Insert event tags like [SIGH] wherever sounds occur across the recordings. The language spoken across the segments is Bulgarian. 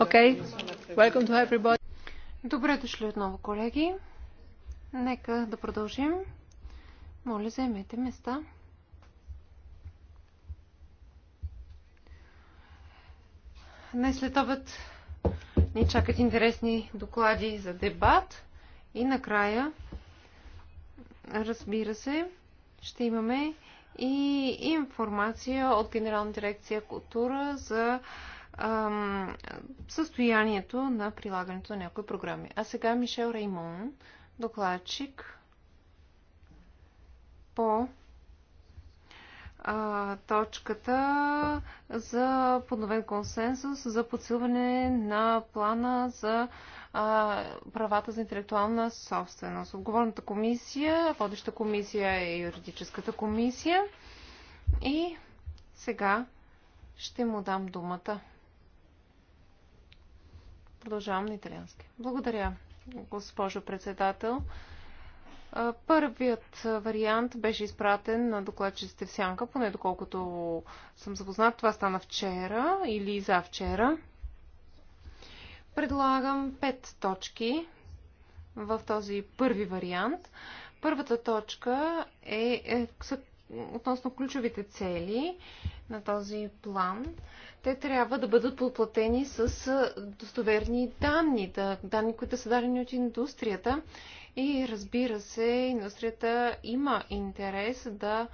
Okay. Welcome to everybody. Добре дошли отново, колеги. Нека да продължим. Моля, заемете места. Днес след обед ни чакат интересни доклади за дебат и накрая, разбира се, ще имаме и информация от Генерална дирекция култура за състоянието на прилагането на някои програми. А сега Мишел Реймон, докладчик по а, точката за подновен консенсус за подсилване на плана за а, правата за интелектуална собственост. Отговорната комисия, водеща комисия е юридическата комисия. И сега ще му дам думата. Продължавам на италиански. Благодаря, госпожо председател. Първият вариант беше изпратен на докладчиците в Сянка, поне доколкото съм запознат. Това стана вчера или за вчера. Предлагам пет точки в този първи вариант. Първата точка е, е са относно ключовите цели на този план, те трябва да бъдат подплатени с достоверни данни, данни, които са дадени от индустрията. И разбира се, индустрията има интерес да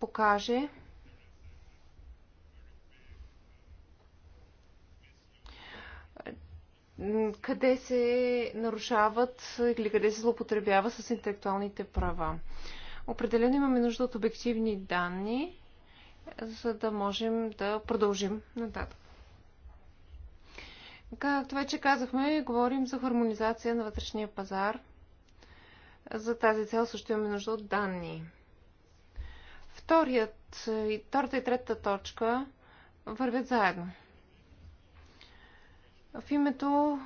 покаже къде се нарушават или къде се злоупотребява с интелектуалните права. Определено имаме нужда от обективни данни, за да можем да продължим нататък. Както вече казахме, говорим за хармонизация на вътрешния пазар. За тази цел също имаме нужда от данни. Вторият, втората и третата точка вървят заедно. В името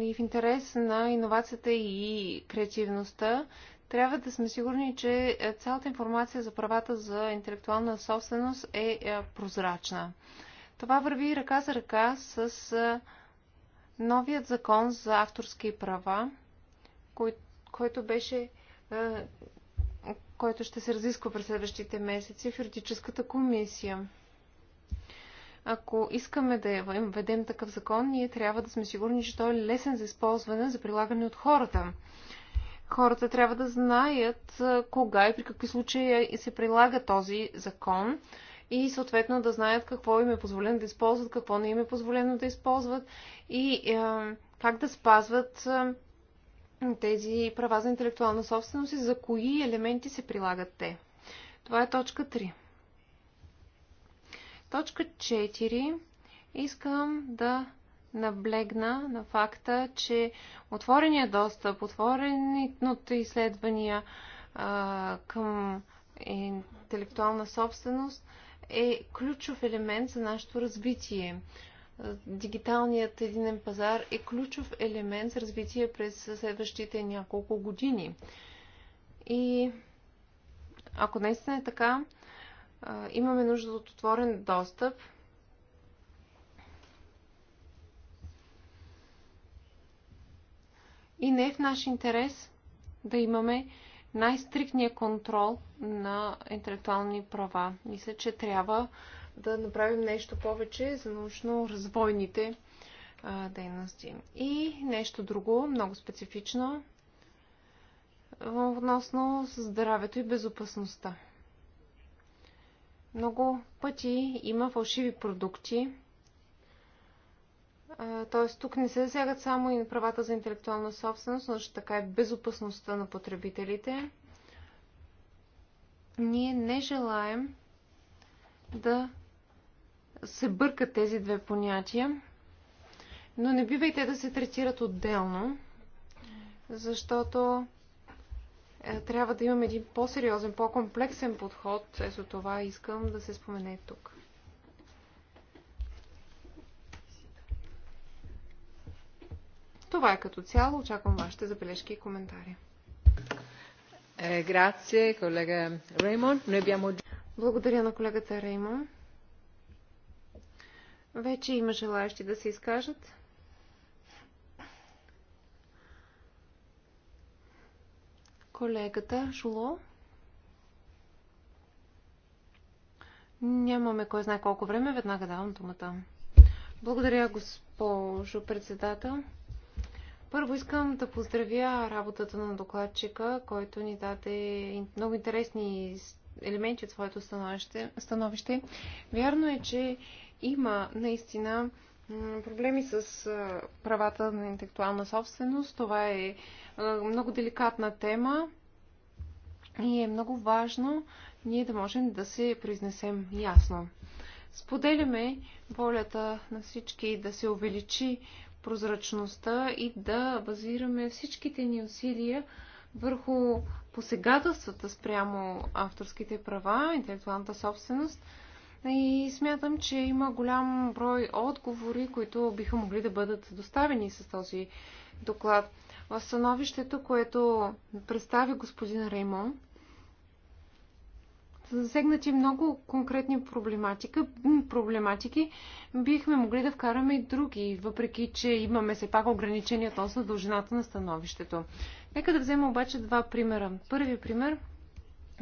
и в интерес на иновацията и креативността трябва да сме сигурни, че е, цялата информация за правата за интелектуална собственост е, е прозрачна. Това върви ръка за ръка с е, новият закон за авторски права, кой, който беше който ще се разисква през следващите месеци в юридическата комисия. Ако искаме да введем такъв закон, ние трябва да сме сигурни, че той е лесен за използване, за прилагане от хората. Хората трябва да знаят кога и при какви случаи се прилага този закон и съответно да знаят какво им е позволено да използват, какво не им е позволено да използват и е, как да спазват е, тези права за интелектуална собственост и за кои елементи се прилагат те. Това е точка 3. Точка 4. Искам да наблегна на факта, че отворения достъп, отворените изследвания а, към интелектуална собственост е ключов елемент за нашето развитие. Дигиталният единен пазар е ключов елемент за развитие през следващите няколко години. И ако наистина е така, имаме нужда от отворен достъп И не е в наш интерес да имаме най-стриктния контрол на интелектуални права. Мисля, че трябва да направим нещо повече за научно-развойните дейности. И нещо друго, много специфично, относно здравето и безопасността. Много пъти има фалшиви продукти, т.е. тук не се засягат само и правата за интелектуална собственост, но ще така и безопасността на потребителите. Ние не желаем да се бъркат тези две понятия, но не бивайте да се третират отделно, защото е, трябва да имаме един по-сериозен, по-комплексен подход. Ето това искам да се спомене тук. Това е като цяло. Очаквам вашите забележки и коментари. Е, Благодаря на колегата Реймон. Вече има желаящи да се изкажат. Колегата Шуло. Нямаме кой знае колко време. Веднага давам думата. Благодаря, госпожо председател. Първо искам да поздравя работата на докладчика, който ни даде много интересни елементи от своето становище. становище. Вярно е, че има наистина проблеми с правата на интелектуална собственост. Това е много деликатна тема и е много важно ние да можем да се произнесем ясно. Споделяме волята на всички да се увеличи прозрачността и да базираме всичките ни усилия върху посегателствата спрямо авторските права, интелектуалната собственост. И смятам, че има голям брой отговори, които биха могли да бъдат доставени с този доклад. В становището, което представи господин Реймон, засегнати много конкретни проблематика, проблематики, бихме могли да вкараме и други, въпреки че имаме все пак ограничения относно дължината на становището. Нека да взема обаче два примера. Първи пример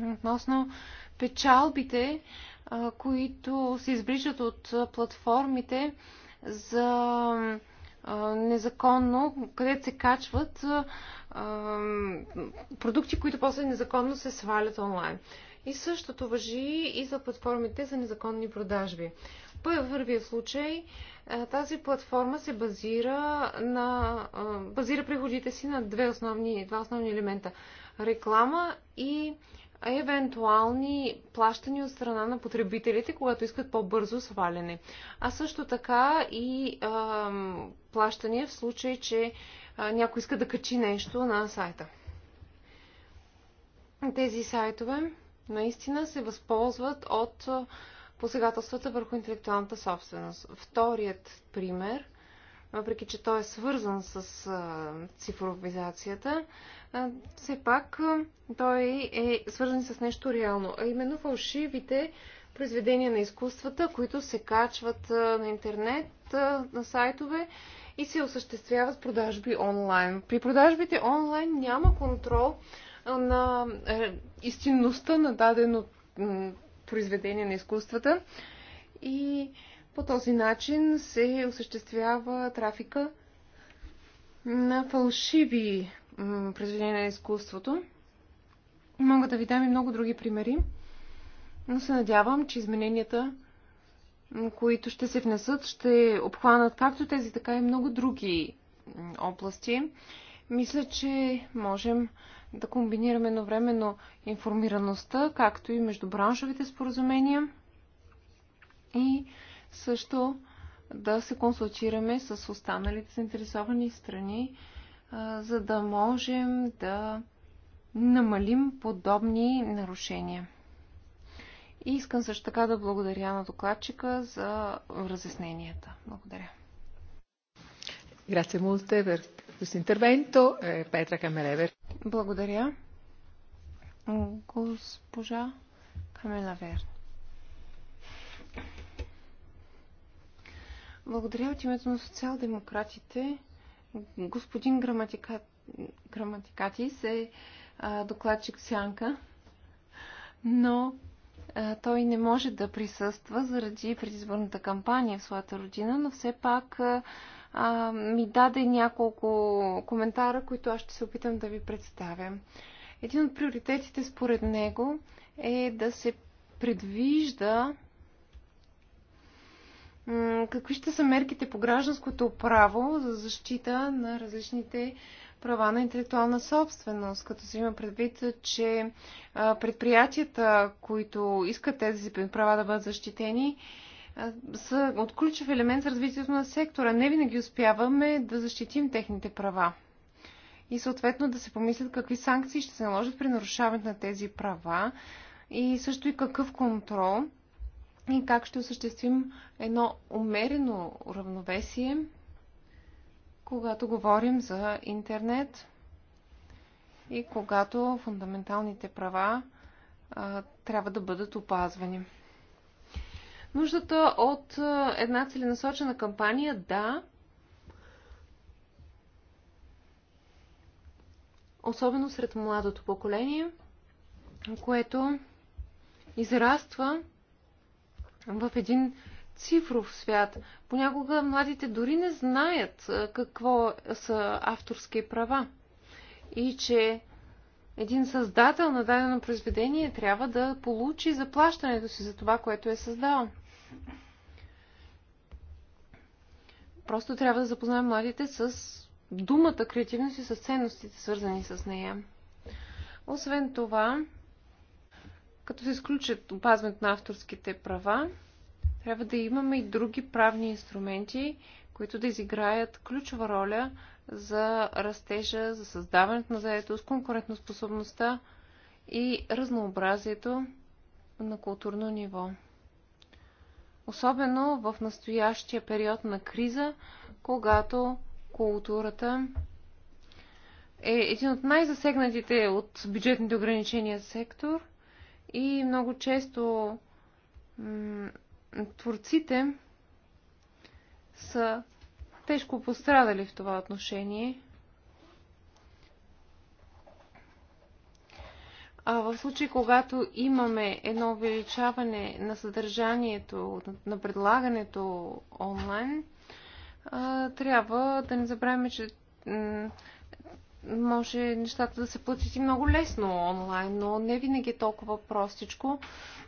относно печалбите, които се изближат от платформите за незаконно, където се качват продукти, които после незаконно се свалят онлайн. И същото въжи и за платформите за незаконни продажби. Първият случай е, тази платформа се базира на е, базира приходите си на две основни, два основни елемента реклама и евентуални плащани от страна на потребителите, когато искат по-бързо сваляне. А също така и а, е, плащане в случай, че а, някой иска да качи нещо на сайта. Тези сайтове наистина се възползват от посегателствата върху интелектуалната собственост. Вторият пример, въпреки че той е свързан с цифровизацията, все пак той е свързан с нещо реално, а именно фалшивите произведения на изкуствата, които се качват на интернет, на сайтове и се осъществяват продажби онлайн. При продажбите онлайн няма контрол на е, истинността на дадено произведение на изкуствата и по този начин се осъществява трафика на фалшиви произведения на изкуството. Мога да ви дам и много други примери, но се надявам, че измененията, които ще се внесат, ще обхванат както тези, така и много други области. Мисля, че можем да комбинираме едновременно информираността, както и между браншовите споразумения и също да се консултираме с останалите заинтересовани страни, за да можем да намалим подобни нарушения. И искам също така да благодаря на докладчика за разясненията. Благодаря. Grazie molte per questo intervento. Петра eh, Камелевер. Благодаря. Госпожа Камелавер. Благодаря от името на социал-демократите. Господин Граматика... Граматикатис е а, докладчик Сянка, но а, той не може да присъства заради предизборната кампания в своята родина, но все пак а, а, ми даде няколко коментара, които аз ще се опитам да ви представя. Един от приоритетите според него е да се предвижда какви ще са мерките по гражданското право за защита на различните права на интелектуална собственост, като се има предвид, че предприятията, които искат тези права да бъдат защитени, са от ключов елемент за развитието на сектора. Не винаги успяваме да защитим техните права. И съответно да се помислят какви санкции ще се наложат при нарушаването на тези права и също и какъв контрол и как ще осъществим едно умерено равновесие, когато говорим за интернет и когато фундаменталните права а, трябва да бъдат опазвани. Нуждата от е, една целенасочена кампания, да. Особено сред младото поколение, което израства в един цифров свят. Понякога младите дори не знаят е, какво са авторски права и че един създател на дадено произведение трябва да получи заплащането си за това, което е създал. Просто трябва да запознаем младите с думата креативност и с ценностите, свързани с нея. Освен това, като се изключат опазването на авторските права, трябва да имаме и други правни инструменти, които да изиграят ключова роля за растежа, за създаването на заетост, конкурентоспособността и разнообразието на културно ниво. Особено в настоящия период на криза, когато културата е един от най-засегнатите от бюджетните ограничения сектор и много често творците са тежко пострадали в това отношение. А в случай, когато имаме едно увеличаване на съдържанието, на предлагането онлайн, трябва да не забравяме, че може нещата да се платят и много лесно онлайн, но не винаги е толкова простичко,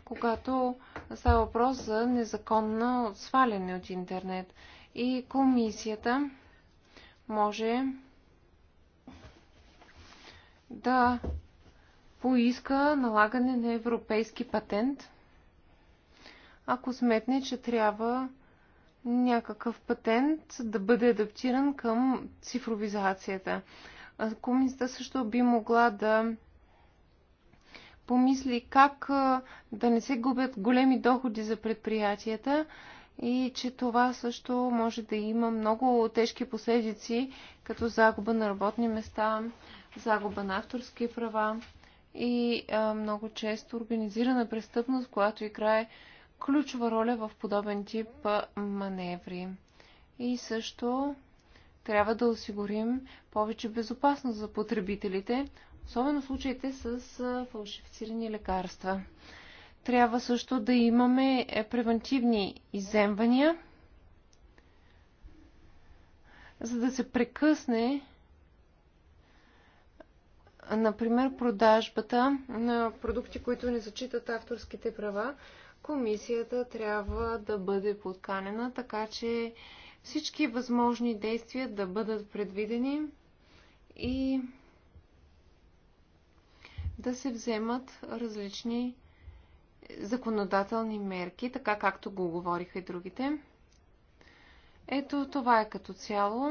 когато става въпрос за незаконно сваляне от интернет. И комисията може да поиска налагане на европейски патент, ако сметне, че трябва някакъв патент да бъде адаптиран към цифровизацията. Комисията също би могла да помисли как да не се губят големи доходи за предприятията и че това също може да има много тежки последици, като загуба на работни места, загуба на авторски права и а, много често организирана престъпност, която играе ключова роля в подобен тип маневри. И също трябва да осигурим повече безопасност за потребителите, особено в случаите с фалшифицирани лекарства. Трябва също да имаме е, превентивни иземвания, за да се прекъсне Например, продажбата на продукти, които не зачитат авторските права, комисията трябва да бъде подканена, така че всички възможни действия да бъдат предвидени и да се вземат различни законодателни мерки, така както го говориха и другите. Ето това е като цяло.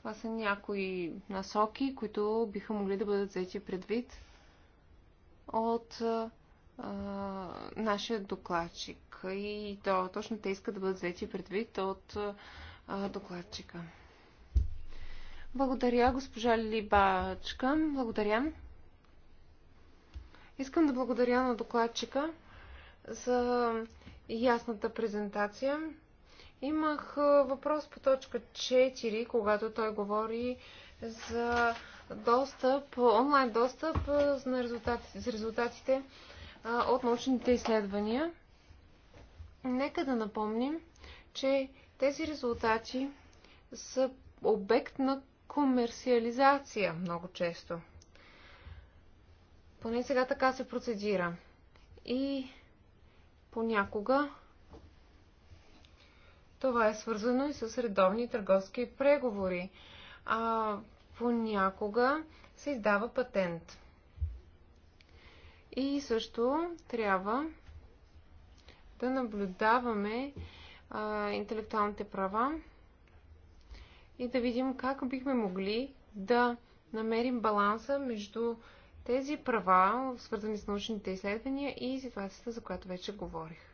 Това са някои насоки, които биха могли да бъдат взети предвид от а, нашия докладчик. И то, точно те искат да бъдат взети предвид от а, докладчика. Благодаря, госпожа Либачка. Благодаря. Искам да благодаря на докладчика за ясната презентация. Имах въпрос по точка 4, когато той говори за достъп, онлайн достъп за резултатите, за резултатите от научните изследвания. Нека да напомним, че тези резултати са обект на комерциализация много често. Поне сега така се процедира. И понякога това е свързано и с редовни търговски преговори. А, понякога се издава патент. И също трябва да наблюдаваме а, интелектуалните права и да видим как бихме могли да намерим баланса между тези права, свързани с научните изследвания и ситуацията, за която вече говорих.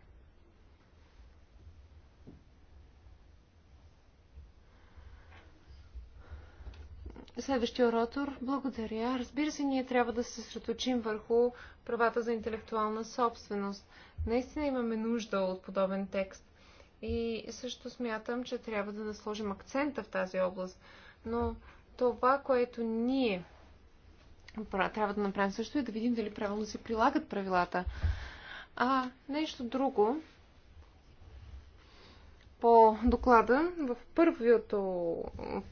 Следващия оратор. Благодаря. Разбира се, ние трябва да се съсредоточим върху правата за интелектуална собственост. Наистина имаме нужда от подобен текст. И също смятам, че трябва да насложим акцента в тази област. Но това, което ние трябва да направим също е да видим дали правилно се прилагат правилата. А нещо друго, по доклада, в първиото,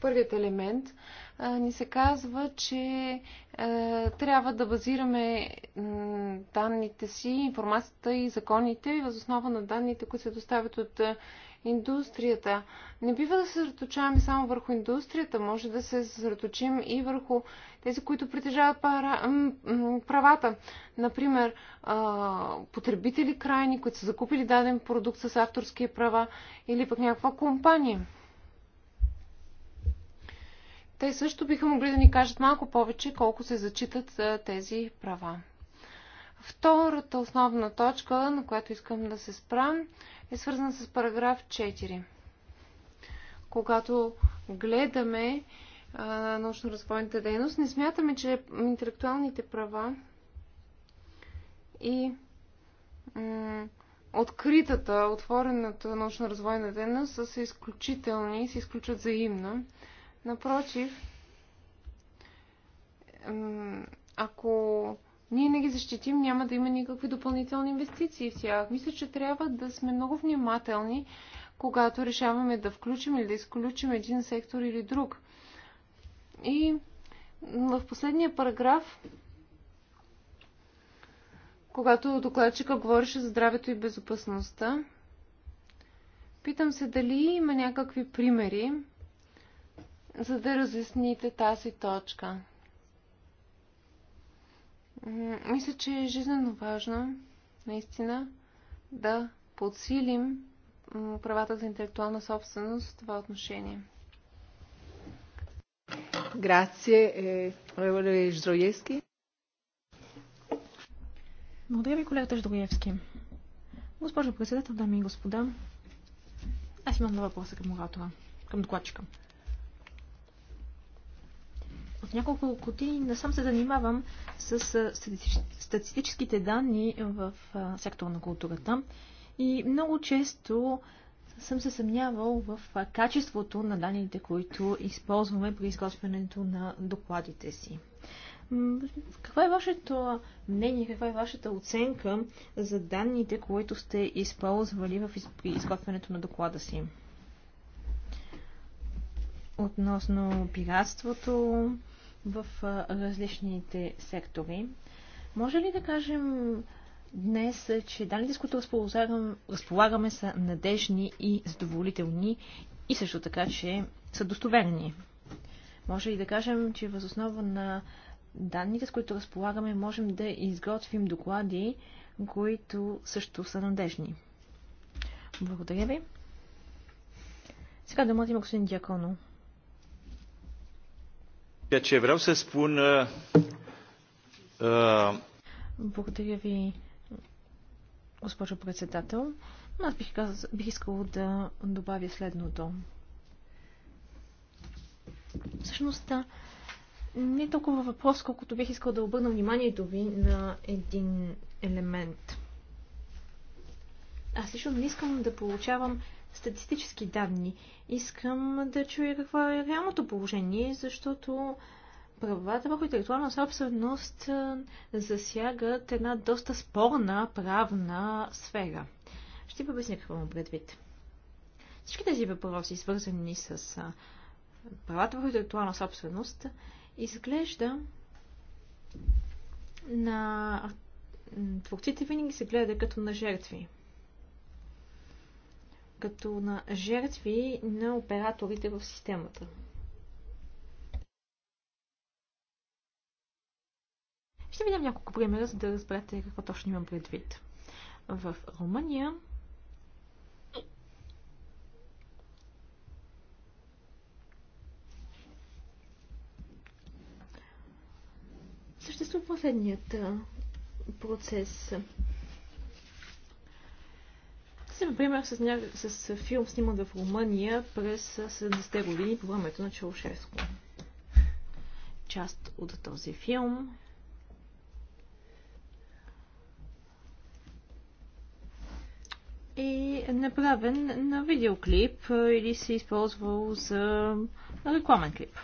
първият елемент, а, ни се казва, че а, трябва да базираме данните си, информацията и законите въз основа на данните, които се доставят от индустрията. Не бива да се съсредоточаваме само върху индустрията, може да се съсредоточим и върху тези, които притежават пара, правата. Например, потребители крайни, които са закупили даден продукт с авторски права или пък някаква компания. Те също биха могли да ни кажат малко повече колко се зачитат тези права. Втората основна точка, на която искам да се спрам е свързан с параграф 4. Когато гледаме научно-развойната дейност, не смятаме, че интелектуалните права и откритата, отворената научно-развойна дейност са изключителни и се изключват взаимно. Напротив, ако ние не ги защитим, няма да има никакви допълнителни инвестиции в тях. Мисля, че трябва да сме много внимателни, когато решаваме да включим или да изключим един сектор или друг. И в последния параграф, когато докладчика говореше за здравето и безопасността, питам се дали има някакви примери, за да разясните тази точка мисля, че е жизненно важно наистина да подсилим правата за интелектуална собственост в това отношение. Грация, е, Ждроевски. Благодаря ви, колегата Ждроевски. Госпожо председател, дами и господа, аз имам два въпроса към оратора, към докладчика. От няколко години не съм се занимавам с статистическите данни в сектора на културата и много често съм се съмнявал в качеството на данните, които използваме при изготвянето на докладите си. Каква е вашето мнение, каква е вашата оценка за данните, които сте използвали в изготвянето на доклада си? Относно пиратството, в различните сектори. Може ли да кажем днес, че данните, с които разполагам, разполагаме, са надежни и задоволителни и също така, че са достоверни? Може ли да кажем, че възоснова на данните, с които разполагаме, можем да изготвим доклади, които също са надежни? Благодаря ви. Сега думата има господин Дяконо. Ce vreau să spun... Uh, Благодаря ви, госпожо председател. Аз бих, каз... бих искал да добавя следното. Всъщност, не е толкова въпрос, колкото бих искал да обърна вниманието ви на един елемент. Аз лично не искам да получавам статистически данни. Искам да чуя какво е реалното положение, защото правата върху интелектуална собственост засягат една доста спорна правна сфера. Ще ви обясня какво му предвид. Всички тези въпроси, свързани с правата върху интелектуална собственост, изглежда на творците винаги се гледа като на жертви като на жертви на операторите в системата. Ще ви дам няколко примера, за да разберете какво точно имам предвид. В Румъния съществува последният процес се, например, с, ня... с филм сниман в Румъния през 70-те години по времето на Чаушеско. Част от този филм е направен на видеоклип или се е използвал за рекламен клип.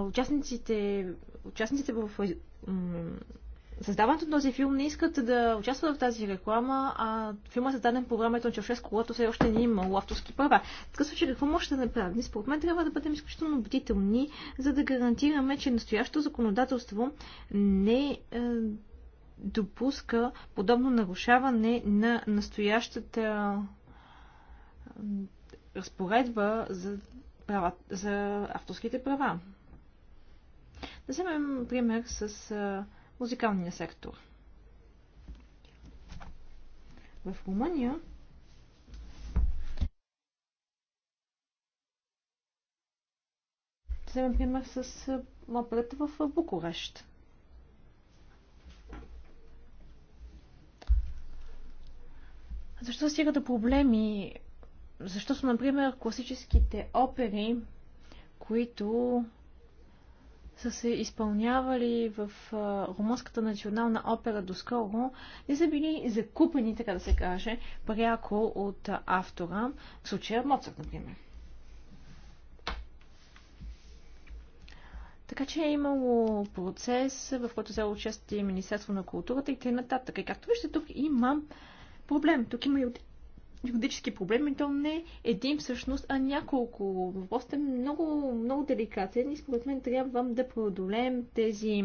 участниците, участниците в създаването на този филм не искат да участват в тази реклама, а филмът е създаден по времето на Чавшес, когато все още не е имало авторски права. Така случай какво може да направим? Според мен трябва да бъдем изключително бдителни, за да гарантираме, че настоящото законодателство не е, допуска подобно нарушаване на настоящата разпоредба за, права, за авторските права. Да вземем пример с а, музикалния сектор. В Румъния да вземем пример с операта в Букурещ. Защо стига до проблеми? Защото, например, класическите опери, които са се изпълнявали в Румънската национална опера доскоро, не са били закупени, така да се каже, пряко от автора, в случая Моцарт, например. Така че е имало процес, в който взело участие Министерство на културата и т.н. И както вижте, тук имам проблем. Тук има и от юридически проблеми, то не един всъщност, а няколко. Въпросът е много, много деликатен и според мен трябва да преодолеем тези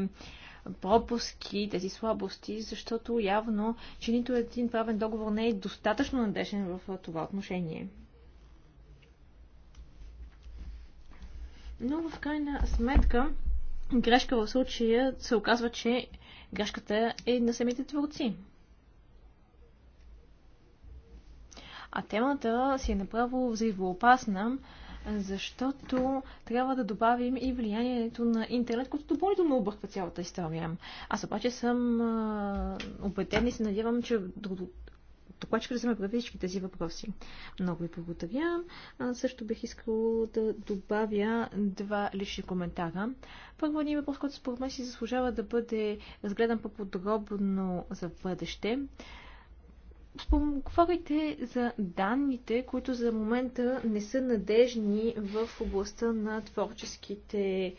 пропуски, тези слабости, защото явно, че нито един правен договор не е достатъчно надежен в това отношение. Но в крайна сметка, грешка в случая се оказва, че грешката е на самите творци. А темата си е направо взривоопасна, защото трябва да добавим и влиянието на интернет, което допълнително обърква цялата история. Аз обаче съм убеден и се надявам, че докладчика ще вземе прави всички тези въпроси. Много ви благодаря. А, също бих искал да добавя два лични коментара. Първо един въпрос, който според мен си заслужава да бъде разгледан по-подробно за бъдеще спом... говорите за данните, които за момента не са надежни в областта на творческите,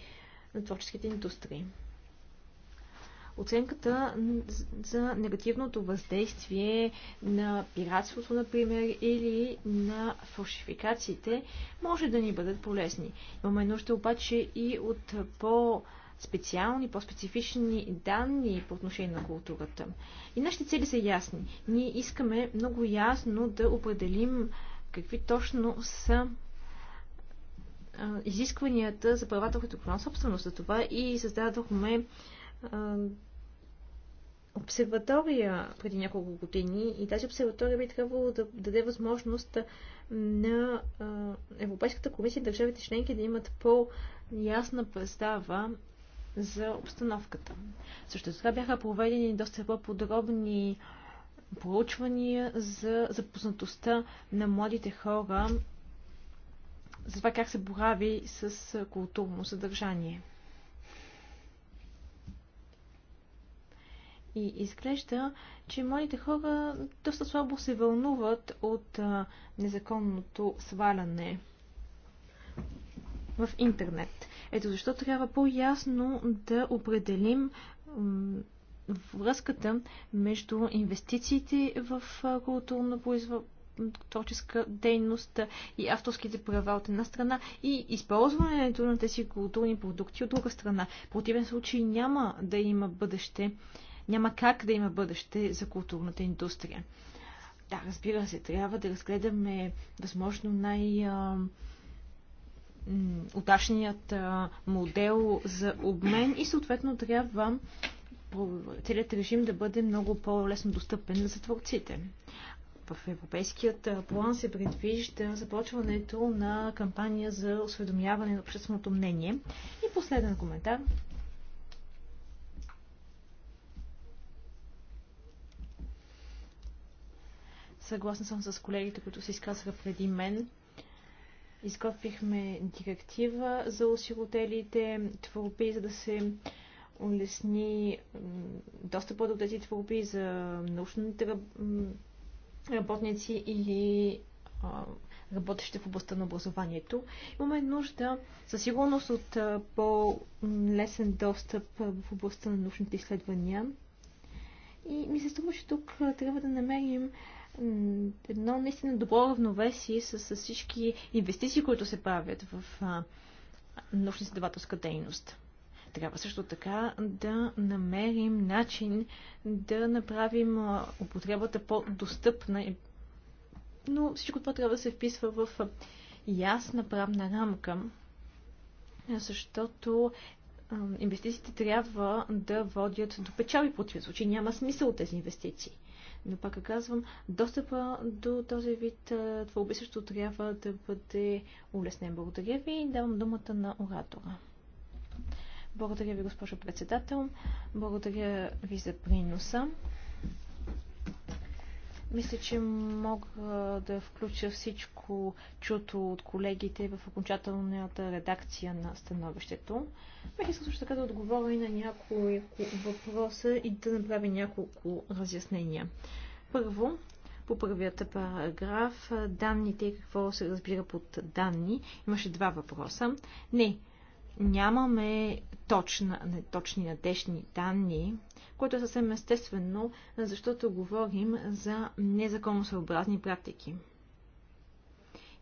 на творческите индустрии. Оценката за негативното въздействие на пиратството, например, или на фалшификациите може да ни бъдат полезни. Имаме нужда обаче и от по- специални, по-специфични данни по отношение на културата. И нашите цели са ясни. Ние искаме много ясно да определим какви точно са изискванията за правата върху на собственост. За това и създадохме обсерватория преди няколко години и тази обсерватория би трябвало да даде възможност на Европейската комисия и държавите членки да имат по-ясна представа за обстановката. Също така бяха проведени доста по-подробни проучвания за запознатостта на младите хора за това как се борави с културно съдържание. И изглежда, че младите хора доста слабо се вълнуват от незаконното сваляне в интернет. Ето защо трябва по-ясно да определим връзката между инвестициите в културно производство творческа дейност и авторските права от една страна и използването на тези културни продукти от друга страна. В противен случай няма да има бъдеще, няма как да има бъдеще за културната индустрия. Да, разбира се, трябва да разгледаме възможно най- удачният модел за обмен и съответно трябва целият режим да бъде много по-лесно достъпен за творците. В европейският план се предвижда започването на кампания за осведомяване на общественото мнение. И последен коментар. Съгласна съм с колегите, които се изказаха преди мен. Изготвихме директива за осиротелите творби, за да се улесни по до тези творби за научните работници или работещи в областта на образованието. Имаме нужда със сигурност от по-лесен достъп в областта на научните изследвания. И ми се струва, че тук трябва да намерим едно наистина добро равновесие с, с всички инвестиции, които се правят в научно-изследователска дейност. Трябва също така да намерим начин да направим употребата по-достъпна, но всичко това трябва да се вписва в ясна правна рамка, защото инвестициите трябва да водят до печали, в случай няма смисъл от тези инвестиции. Но пак казвам, достъпа до този вид творби също трябва да бъде улеснен. Благодаря ви и давам думата на оратора. Благодаря ви, госпожо председател. Благодаря ви за приноса. Мисля, че мога да включа всичко чуто от колегите в окончателната редакция на становището. Бих искал също така да отговоря и на някои въпроса и да направя няколко разяснения. Първо, по първият параграф, данните и какво се разбира под данни, имаше два въпроса. Не, нямаме точна, не, точни надежни данни, което е съвсем естествено, защото говорим за незаконосъобразни практики.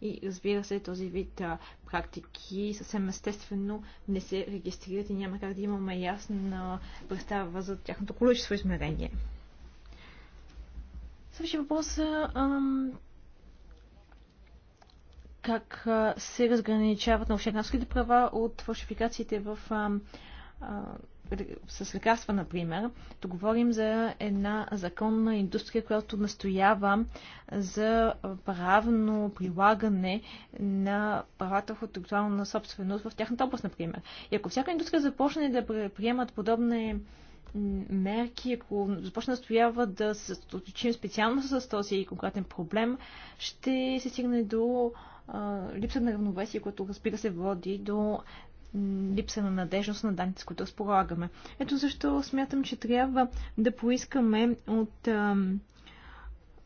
И разбира се, този вид а, практики съвсем естествено не се регистрират и няма как да имаме ясна представа за тяхното количество измерение. Следващия въпрос а, как се разграничават на шенгенските права от фалшификациите в, а, а, с лекарства, например. Тук говорим за една законна индустрия, която настоява за правно прилагане на правата в интелектуална собственост в тяхната област, например. И ако всяка индустрия започне да приемат подобни мерки, ако започне да стоява да се специално с този конкретен проблем, ще се стигне до липса на равновесие, което разбира се води до липса на надежност на данните, с които разполагаме. Ето защо смятам, че трябва да поискаме от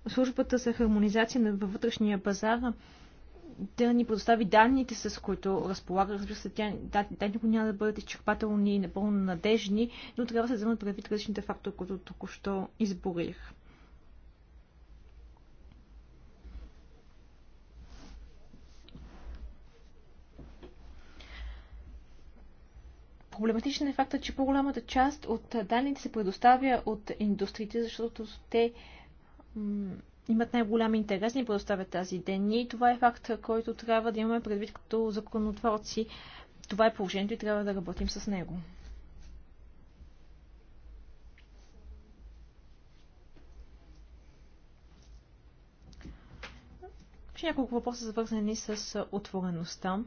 службата за хармонизация на вътрешния пазар да ни предостави данните, с които разполага. Разбира се, тя, данните няма да бъдат изчерпателни и напълно надежни, но трябва да се вземат предвид различните фактори, които току-що изборих. Проблематичен е факта, че по-голямата част от данните се предоставя от индустриите, защото те имат най-голям интерес да ни предоставят тази ден. И това е факт, който трябва да имаме предвид като законотворци. Това е положението и трябва да работим с него. Ще няколко въпроса, свързани с отвореността.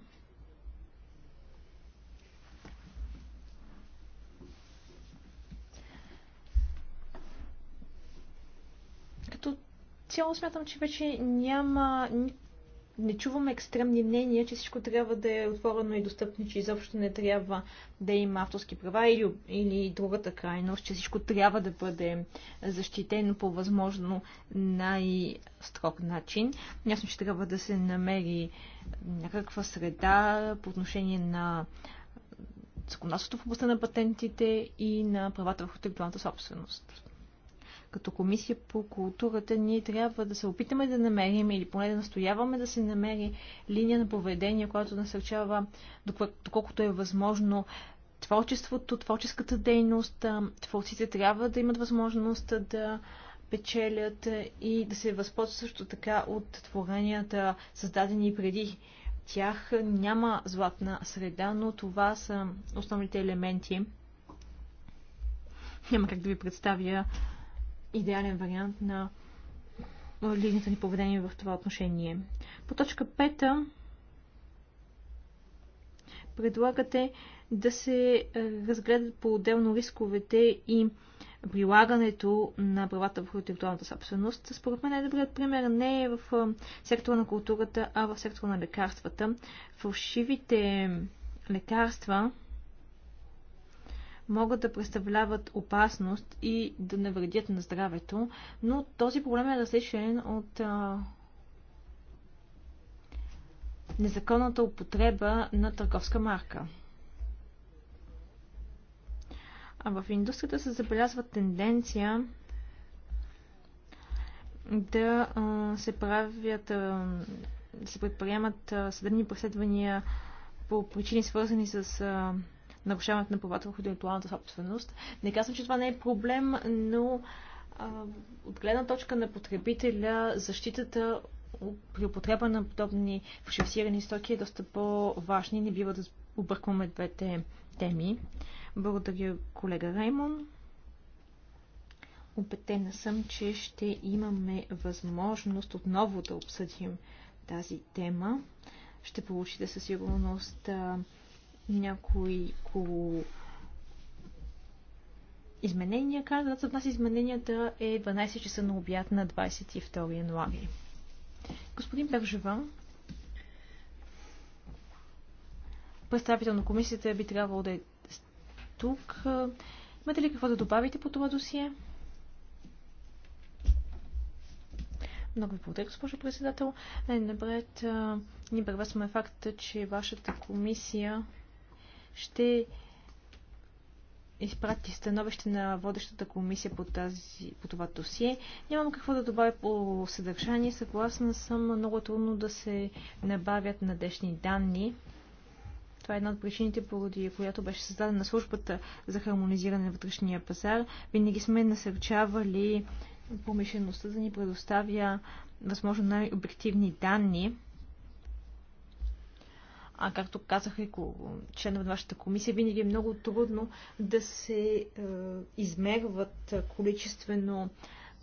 цяло смятам, че вече няма не чуваме екстремни мнения, че всичко трябва да е отворено и достъпно, че изобщо не трябва да има авторски права или, или другата крайност, че всичко трябва да бъде защитено по възможно най-строг начин. Ясно, че трябва да се намери някаква среда по отношение на законодателството в областта на патентите и на правата върху интелектуалната собственост като комисия по културата ние трябва да се опитаме да намерим или поне да настояваме да се намери линия на поведение, която насърчава доколкото е възможно творчеството, творческата дейност, творците трябва да имат възможност да печелят и да се възползват също така от творенията, създадени преди тях. Няма златна среда, но това са основните елементи. Няма как да ви представя идеален вариант на личното ни поведение в това отношение. По точка 5 предлагате да се разгледат по-отделно рисковете и прилагането на правата върху интелектуалната собственост. Според мен най-добрият пример не е в сектора на културата, а в сектора на лекарствата. Фалшивите лекарства могат да представляват опасност и да не вредят на здравето, но този проблем е различен от а, незаконната употреба на търговска марка. А в индустрията се забелязва тенденция да а, се правят, а, да се предприемат а, съдебни преследвания по причини свързани с а, нарушаването на правата върху интелектуалната собственост. Не казвам, че това не е проблем, но а, от гледна точка на потребителя защитата при употреба на подобни фалшифицирани стоки е доста по важни не бива да объркваме двете теми. Благодаря, колега Раймон. Опетена съм, че ще имаме възможност отново да обсъдим тази тема. Ще получите със сигурност няколко изменения. казват, дата за нас измененията е 12 часа на обяд на 22 януари. Господин Бержева, представител на комисията би трябвало да е тук. Имате ли какво да добавите по това досие? Много ви благодаря, госпожо председател. Най-напред, ние приветстваме факта, че вашата комисия ще изпрати становище на водещата комисия по, тази, по това досие. Нямам какво да добавя по съдържание. Съгласна съм, много е трудно да се набавят надежни данни. Това е една от причините, поради която беше създадена службата за хармонизиране на вътрешния пазар. Винаги сме насърчавали промишлеността да ни предоставя възможно най-обективни данни а както казаха и членове на вашата комисия, винаги е много трудно да се е, измерват количествено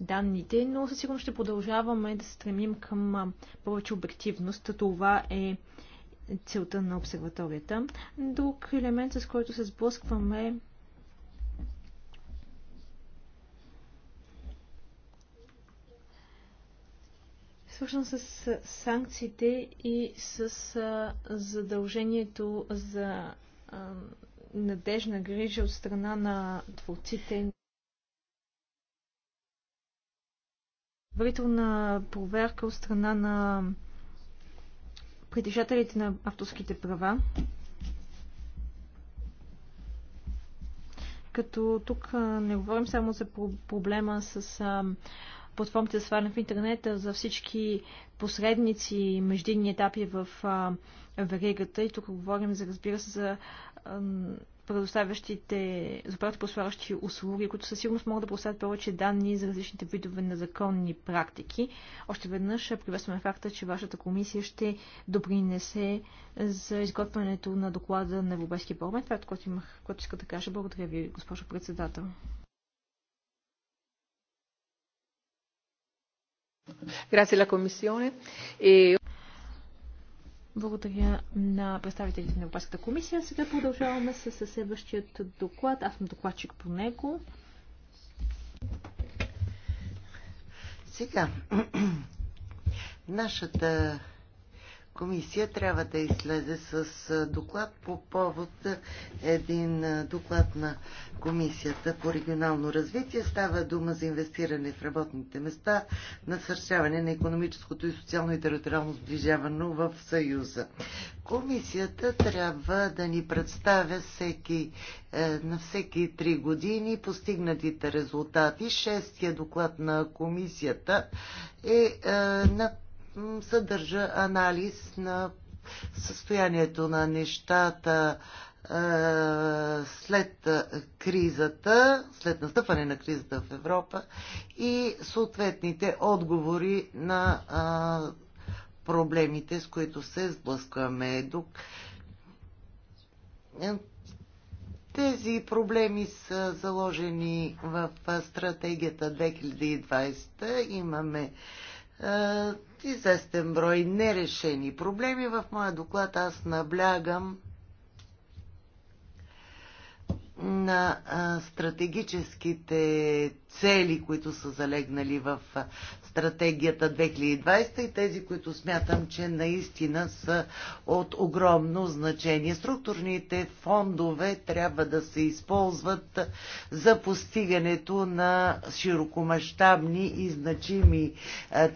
данните, но със сигурност ще продължаваме да стремим към повече обективност. Това е целта на обсерваторията. Друг елемент, с който се сблъскваме Свършвам с санкциите и с задължението за надежна грижа от страна на творците. Предварителна проверка от страна на притежателите на авторските права. Като тук не говорим само за проблема с платформите за сваляне в интернета за всички посредници и междинни етапи в веригата. И тук говорим, за, разбира се, за предоставящите, за предоставящи услуги, които със сигурност могат да представят повече данни за различните видове на законни практики. Още веднъж приветстваме факта, че вашата комисия ще допринесе за изготвянето на доклада на Европейския парламент. Това е което, имах, което иска да кажа. Благодаря ви, госпожо председател. E Благодаря на представителите на Европейската комисия. Сега продължаваме с следващият доклад. Аз съм докладчик по него. Сега, [CLEARS THROAT] нашата комисия трябва да излезе с доклад по повод един доклад на комисията по регионално развитие. Става дума за инвестиране в работните места, насърчаване на економическото и социално и териториално сближаване в Съюза. Комисията трябва да ни представя всеки, е, на всеки три години постигнатите резултати. Шестия доклад на комисията е, е на съдържа анализ на състоянието на нещата е, след кризата, след настъпване на кризата в Европа и съответните отговори на проблемите, с които се сблъскваме. Е, тези проблеми са заложени в стратегията 2020. Имаме известен брой нерешени проблеми. В моя доклад аз наблягам на стратегическите цели, които са залегнали в стратегията 2020 и тези, които смятам, че наистина са от огромно значение. Структурните фондове трябва да се използват за постигането на широкомащабни и значими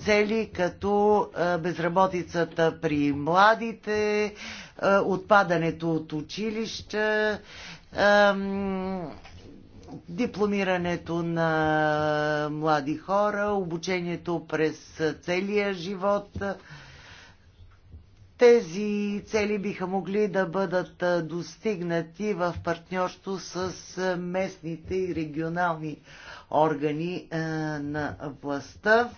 цели, като безработицата при младите, отпадането от училища, дипломирането на млади хора, обучението през целия живот. Тези цели биха могли да бъдат достигнати в партньорство с местните и регионални органи е, на властта.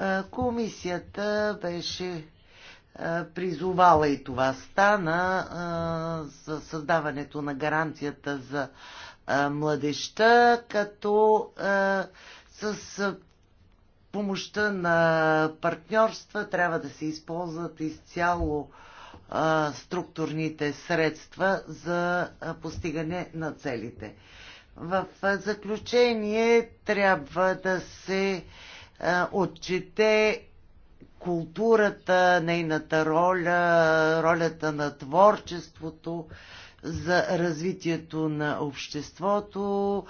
Е, комисията беше призовала и това стана за създаването на гаранцията за младеща, като с помощта на партньорства трябва да се използват изцяло структурните средства за постигане на целите. В заключение трябва да се отчете културата, нейната роля, ролята на творчеството за развитието на обществото,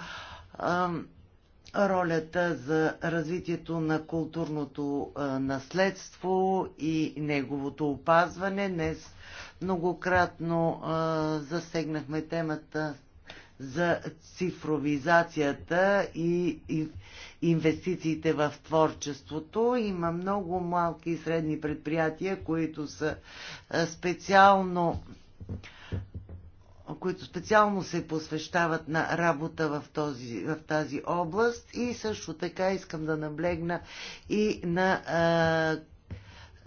ролята за развитието на културното наследство и неговото опазване. Днес многократно засегнахме темата за цифровизацията и инвестициите в творчеството. Има много малки и средни предприятия, които са специално които специално се посвещават на работа в, този, в тази област и също така искам да наблегна и на а,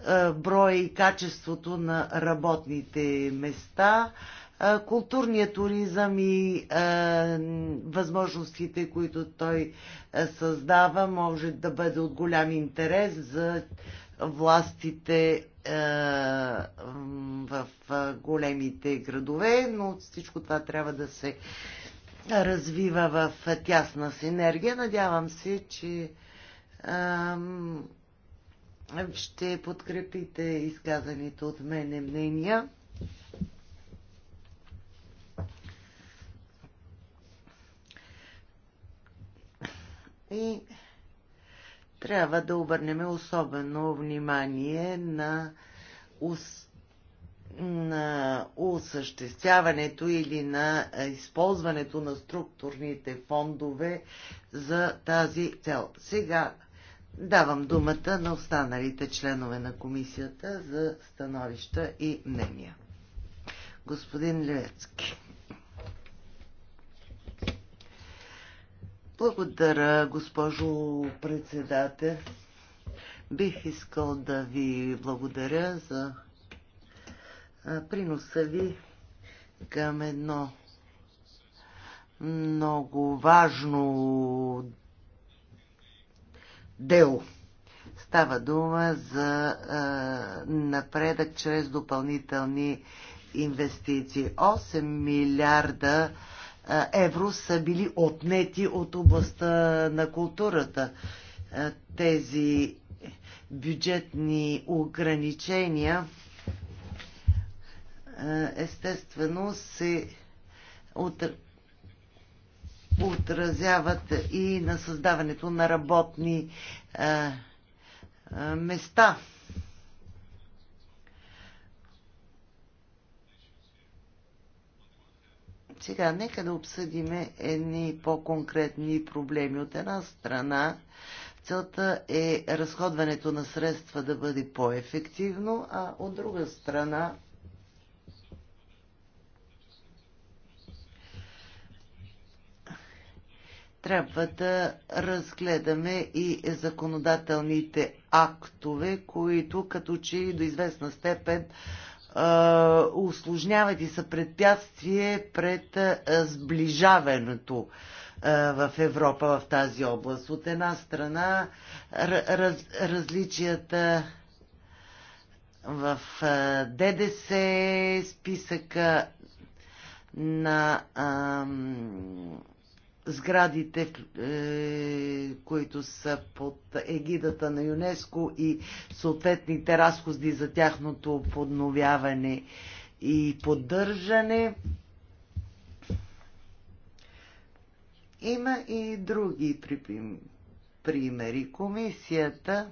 а, броя и качеството на работните места. А, културния туризъм и възможностите, които той създава, може да бъде от голям интерес за властите в големите градове, но всичко това трябва да се развива в тясна синергия. Надявам се, че ще подкрепите изказаните от мене мнения. И трябва да обърнем особено внимание на, ус, на осъществяването или на използването на структурните фондове за тази цел. Сега давам думата на останалите членове на комисията за становища и мнения. Господин Левецки. Благодаря, госпожо председател. Бих искал да ви благодаря за приноса ви към едно много важно дело. Става дума за а, напредък чрез допълнителни инвестиции. 8 милиарда а, е, евро са били отнети от областта на културата. Е, тези бюджетни ограничения е, естествено се отразяват и на създаването на работни места. Сега, нека да обсъдим едни по-конкретни проблеми. От една страна, целта е разходването на средства да бъде по-ефективно, а от друга страна, трябва да разгледаме и законодателните актове, които като че до известна степен усложняват и са предпятствие пред сближаването в Европа в тази област. От една страна раз, различията в ДДС, списъка на сградите, е, които са под егидата на ЮНЕСКО и съответните разходи за тяхното подновяване и поддържане. Има и други примери. Комисията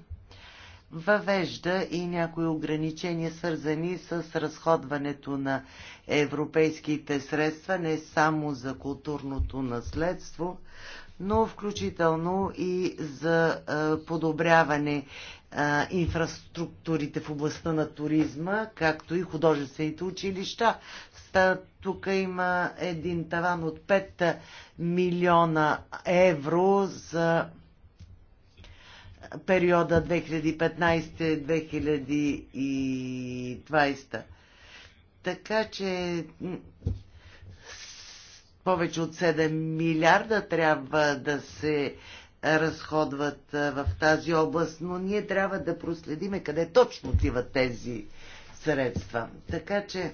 въвежда и някои ограничения, свързани с разходването на европейските средства, не само за културното наследство, но включително и за подобряване инфраструктурите в областта на туризма, както и художествените училища. Тук има един таван от 5 милиона евро за периода 2015-2020. Така че повече от 7 милиарда трябва да се разходват в тази област, но ние трябва да проследиме къде точно отиват тези средства. Така че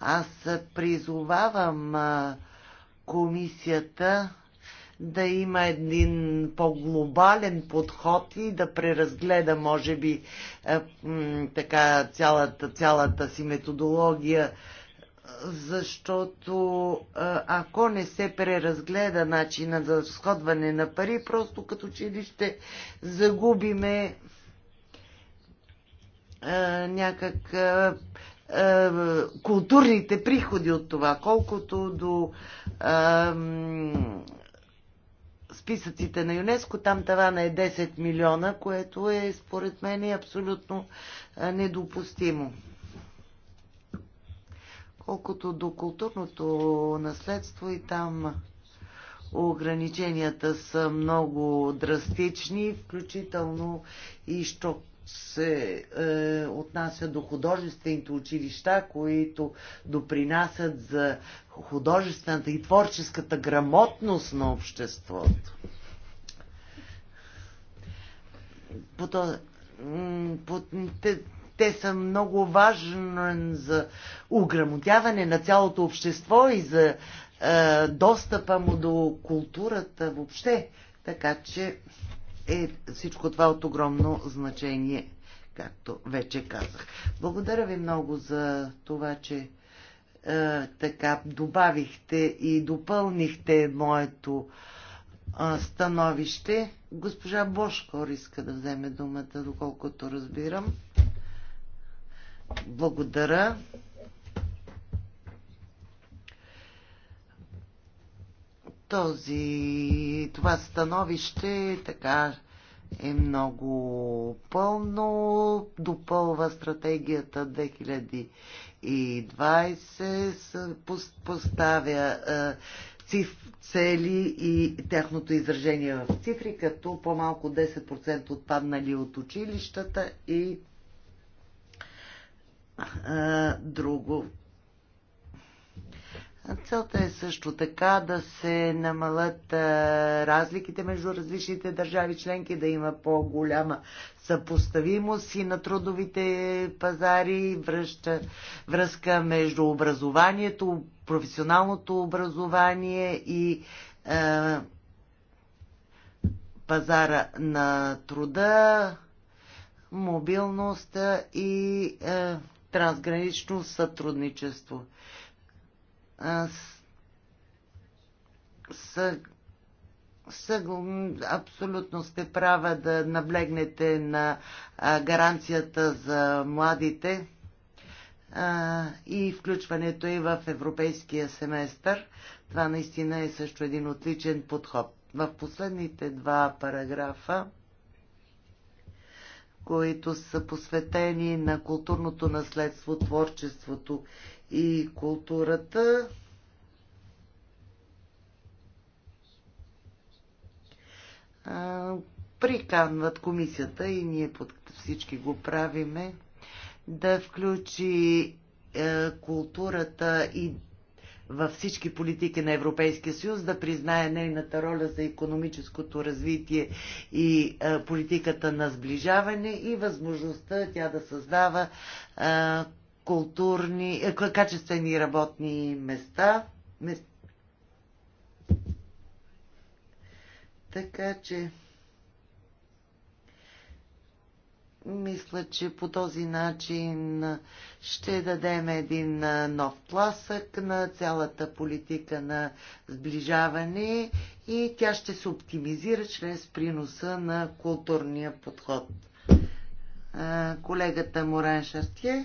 аз призовавам комисията да има един по-глобален подход и да преразгледа, може би, е, така цялата, цялата си методология, защото е, ако не се преразгледа начина за разходване на пари, просто като че ли ще загубиме е, някак културните приходи от това, колкото до списъците на ЮНЕСКО. Там тавана е 10 милиона, което е според мен е абсолютно недопустимо. Колкото до културното наследство и там ограниченията са много драстични, включително и щок се е, отнася до художествените училища, които допринасят за художествената и творческата грамотност на обществото. По то, по, те, те са много важни за ограмотяване на цялото общество и за е, достъпа му до културата въобще. Така че е всичко това от огромно значение, както вече казах. Благодаря ви много за това, че е, така добавихте и допълнихте моето е, становище. Госпожа Бошкор иска да вземе думата, доколкото разбирам. Благодаря. Този, това становище така е много пълно, допълва стратегията 2020, поставя цели и тяхното изражение в цифри, като по-малко 10% отпаднали от училищата и а, друго. Целта е също така да се намалят разликите между различните държави членки, да има по-голяма съпоставимост и на трудовите пазари, връща, връзка между образованието, професионалното образование и е, пазара на труда, мобилността и е, трансгранично сътрудничество са, са, абсолютно сте права да наблегнете на гаранцията за младите и включването и в европейския семестър. Това наистина е също един отличен подход. В последните два параграфа които са посветени на културното наследство, творчеството и културата. приканват комисията и ние под всички го правиме да включи е, културата и във всички политики на Европейския съюз, да признае нейната роля за економическото развитие и е, политиката на сближаване и възможността тя да създава е, културни, е, качествени работни места. Така че. мисля, че по този начин ще дадем един нов пласък на цялата политика на сближаване и тя ще се оптимизира чрез приноса на културния подход. Колегата Моран Шартие.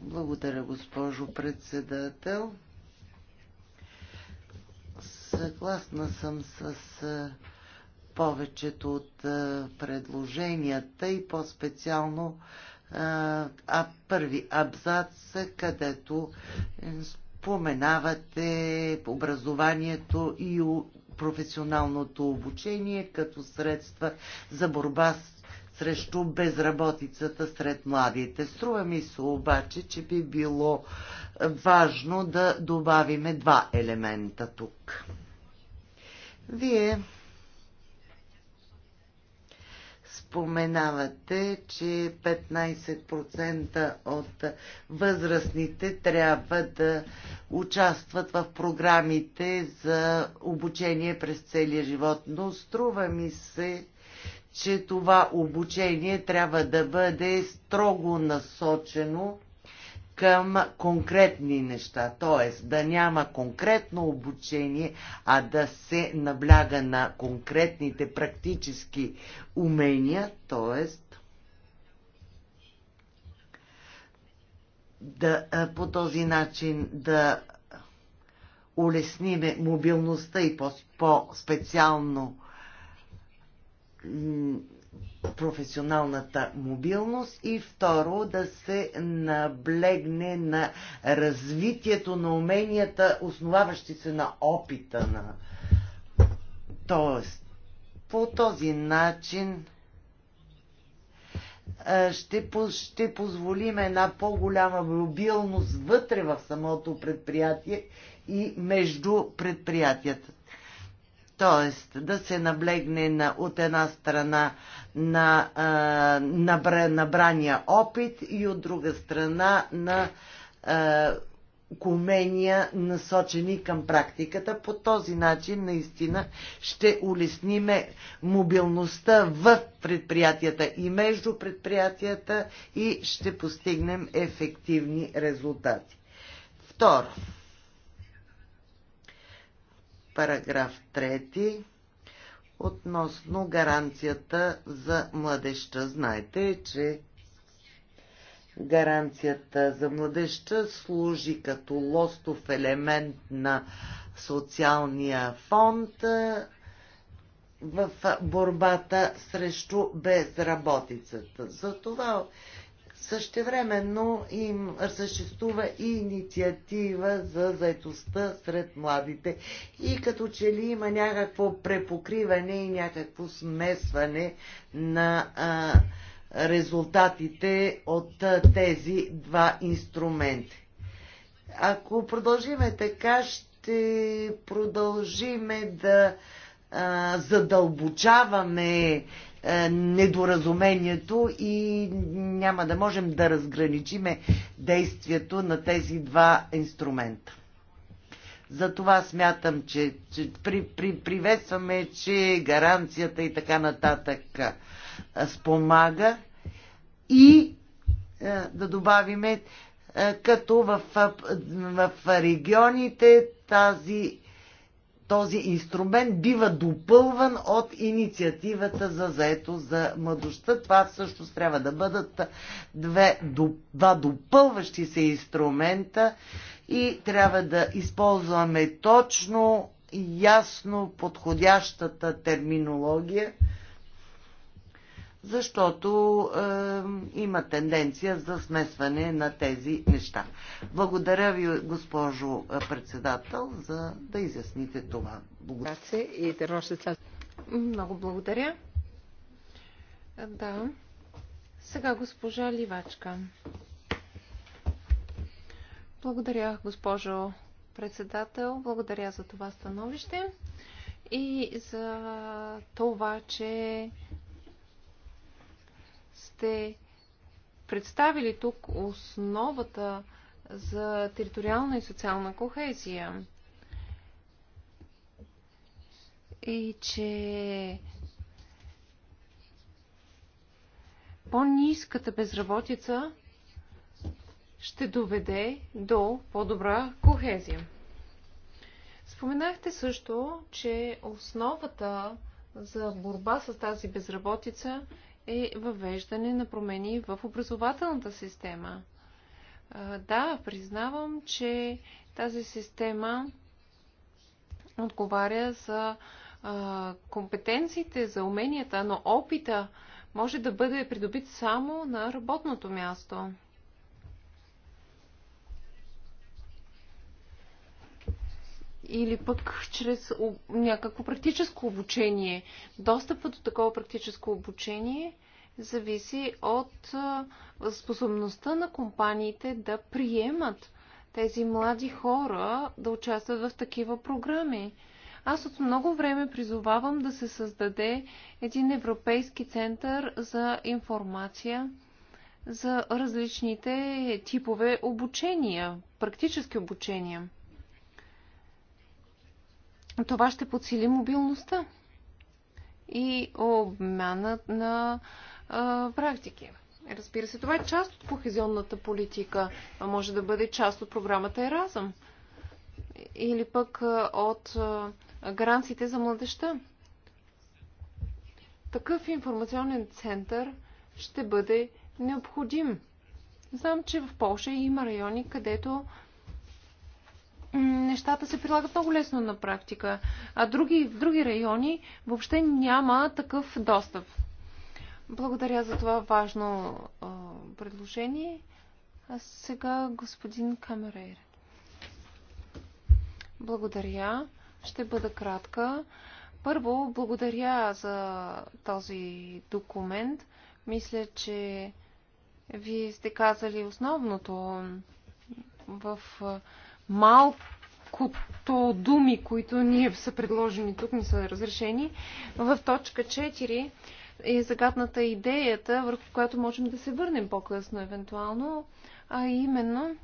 Благодаря, госпожо председател. Съгласна съм с повечето от предложенията и по-специално а, първи абзац, където е, споменавате образованието и професионалното обучение като средства за борба с срещу безработицата сред младите. Струва ми се обаче, че би било е, важно да добавиме два елемента тук. Вие споменавате, че 15% от възрастните трябва да участват в програмите за обучение през целия живот. Но струва ми се, че това обучение трябва да бъде строго насочено към конкретни неща, т.е. да няма конкретно обучение, а да се набляга на конкретните практически умения, т.е. да по този начин да улесниме мобилността и по-специално по специално професионалната мобилност и второ да се наблегне на развитието на уменията, основаващи се на опита на. Тоест, по този начин ще, ще позволим една по-голяма мобилност вътре в самото предприятие и между предприятията. Т.е. да се наблегне на, от една страна на а, набра, набрания опит и от друга страна на а, умения, насочени към практиката. По този начин наистина ще улесниме мобилността в предприятията и между предприятията и ще постигнем ефективни резултати. Второ, параграф 3 относно гаранцията за младеща. Знаете, че гаранцията за младеща служи като лостов елемент на социалния фонд в борбата срещу безработицата. Затова Същевременно им съществува и инициатива за заетостта сред младите. И като че ли има някакво препокриване и някакво смесване на а, резултатите от а, тези два инструмента. Ако продължиме така, ще продължиме да а, задълбочаваме е, недоразумението и няма да можем да разграничиме действието на тези два инструмента. Затова смятам, че, че при, при, приветстваме, че гаранцията и така нататък е, спомага и е, да добавиме, като в, в регионите тази този инструмент бива допълван от инициативата за заето за младостта. Това всъщност трябва да бъдат две, два допълващи се инструмента и трябва да използваме точно, ясно подходящата терминология, защото е, има тенденция за смесване на тези неща. Благодаря ви, госпожо е, председател, за да изясните това. Благодаря. Много благодаря. Да. Сега госпожа Ливачка. Благодаря, госпожо председател. Благодаря за това становище и за това, че сте представили тук основата за териториална и социална кохезия. И че по-низката безработица ще доведе до по-добра кохезия. Споменахте също, че основата за борба с тази безработица е въвеждане на промени в образователната система. Да, признавам, че тази система отговаря за компетенциите, за уменията, но опита може да бъде придобит само на работното място. или пък чрез някакво практическо обучение. Достъпът до такова практическо обучение зависи от способността на компаниите да приемат тези млади хора да участват в такива програми. Аз от много време призовавам да се създаде един европейски център за информация за различните типове обучения, практически обучения това ще подсили мобилността и обмяна на а, практики. Разбира се, това е част от кохезионната политика, а може да бъде част от програмата Еразъм или пък от гаранциите за младеща. Такъв информационен център ще бъде необходим. Знам, че в Польша има райони, където нещата се прилагат много лесно на практика, а други, в други райони въобще няма такъв достъп. Благодаря за това важно а, предложение. А сега господин Камерейр. Благодаря. Ще бъда кратка. Първо, благодаря за този документ. Мисля, че вие сте казали основното в малкото думи, които ние са предложени тук, не са разрешени. В точка 4 е загадната идеята, върху която можем да се върнем по-късно, евентуално, а именно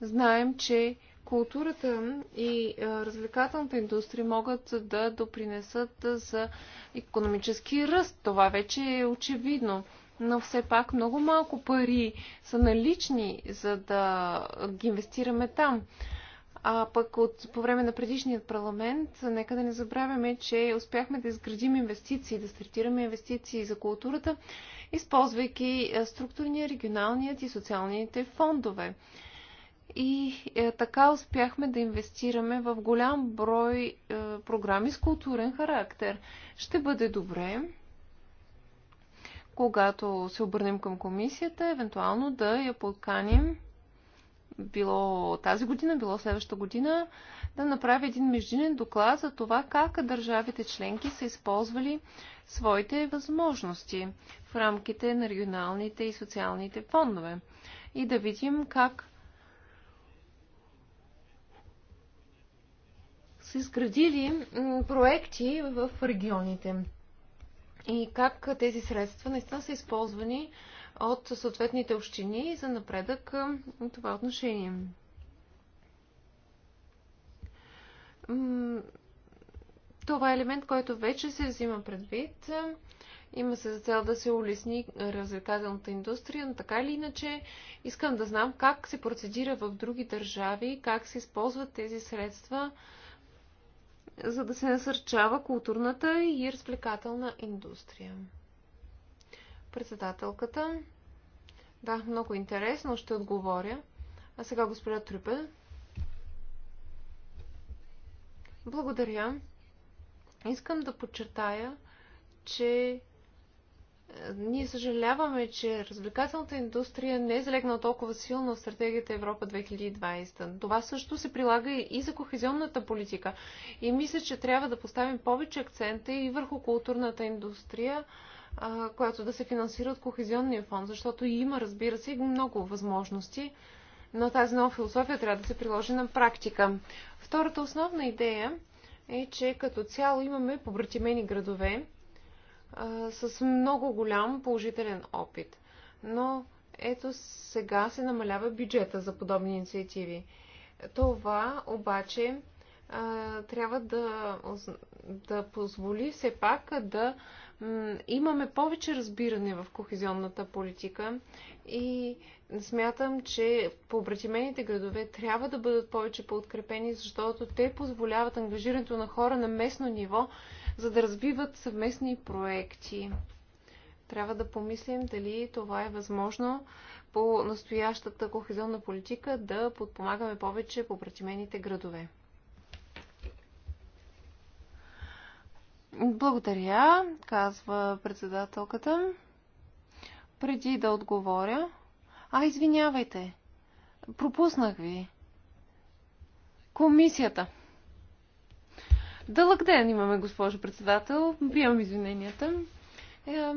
знаем, че културата и развлекателната индустрия могат да допринесат за економически ръст. Това вече е очевидно но все пак много малко пари са налични, за да ги инвестираме там. А пък от, по време на предишния парламент, нека да не забравяме, че успяхме да изградим инвестиции, да стартираме инвестиции за културата, използвайки структурния, регионалният и социалните фондове. И е, така успяхме да инвестираме в голям брой е, програми с културен характер. Ще бъде добре когато се обърнем към комисията, евентуално да я подканим било тази година, било следващата година, да направи един междинен доклад за това как държавите членки са използвали своите възможности в рамките на регионалните и социалните фондове. И да видим как са изградили проекти в регионите и как тези средства наистина са използвани от съответните общини за напредък в това отношение. Това е елемент, който вече се взима предвид. Има се за цел да се улесни развлекателната индустрия, но така или иначе искам да знам как се процедира в други държави, как се използват тези средства, за да се насърчава културната и развлекателна индустрия. Председателката. Да, много интересно, ще отговоря. А сега госпожа Трюпе. Благодаря. Искам да подчертая, че ние съжаляваме, че развлекателната индустрия не е залегнала толкова силно в стратегията Европа 2020. Това също се прилага и за кохезионната политика. И мисля, че трябва да поставим повече акцента и върху културната индустрия, която да се финансира от кохезионния фонд, защото има, разбира се, много възможности, но тази нова философия трябва да се приложи на практика. Втората основна идея е, че като цяло имаме побратимени градове, а, с много голям положителен опит. Но ето сега се намалява бюджета за подобни инициативи. Това обаче а, трябва да, да позволи все пак да имаме повече разбиране в кохезионната политика и смятам, че пообратимените градове трябва да бъдат повече подкрепени, защото те позволяват ангажирането на хора на местно ниво за да разбиват съвместни проекти. Трябва да помислим дали това е възможно по настоящата кохезионна политика да подпомагаме повече по пратимените градове. Благодаря, казва председателката. Преди да отговоря. А, извинявайте. Пропуснах ви. Комисията. Дълъг ден имаме, госпожо председател. Приемам извиненията. Е,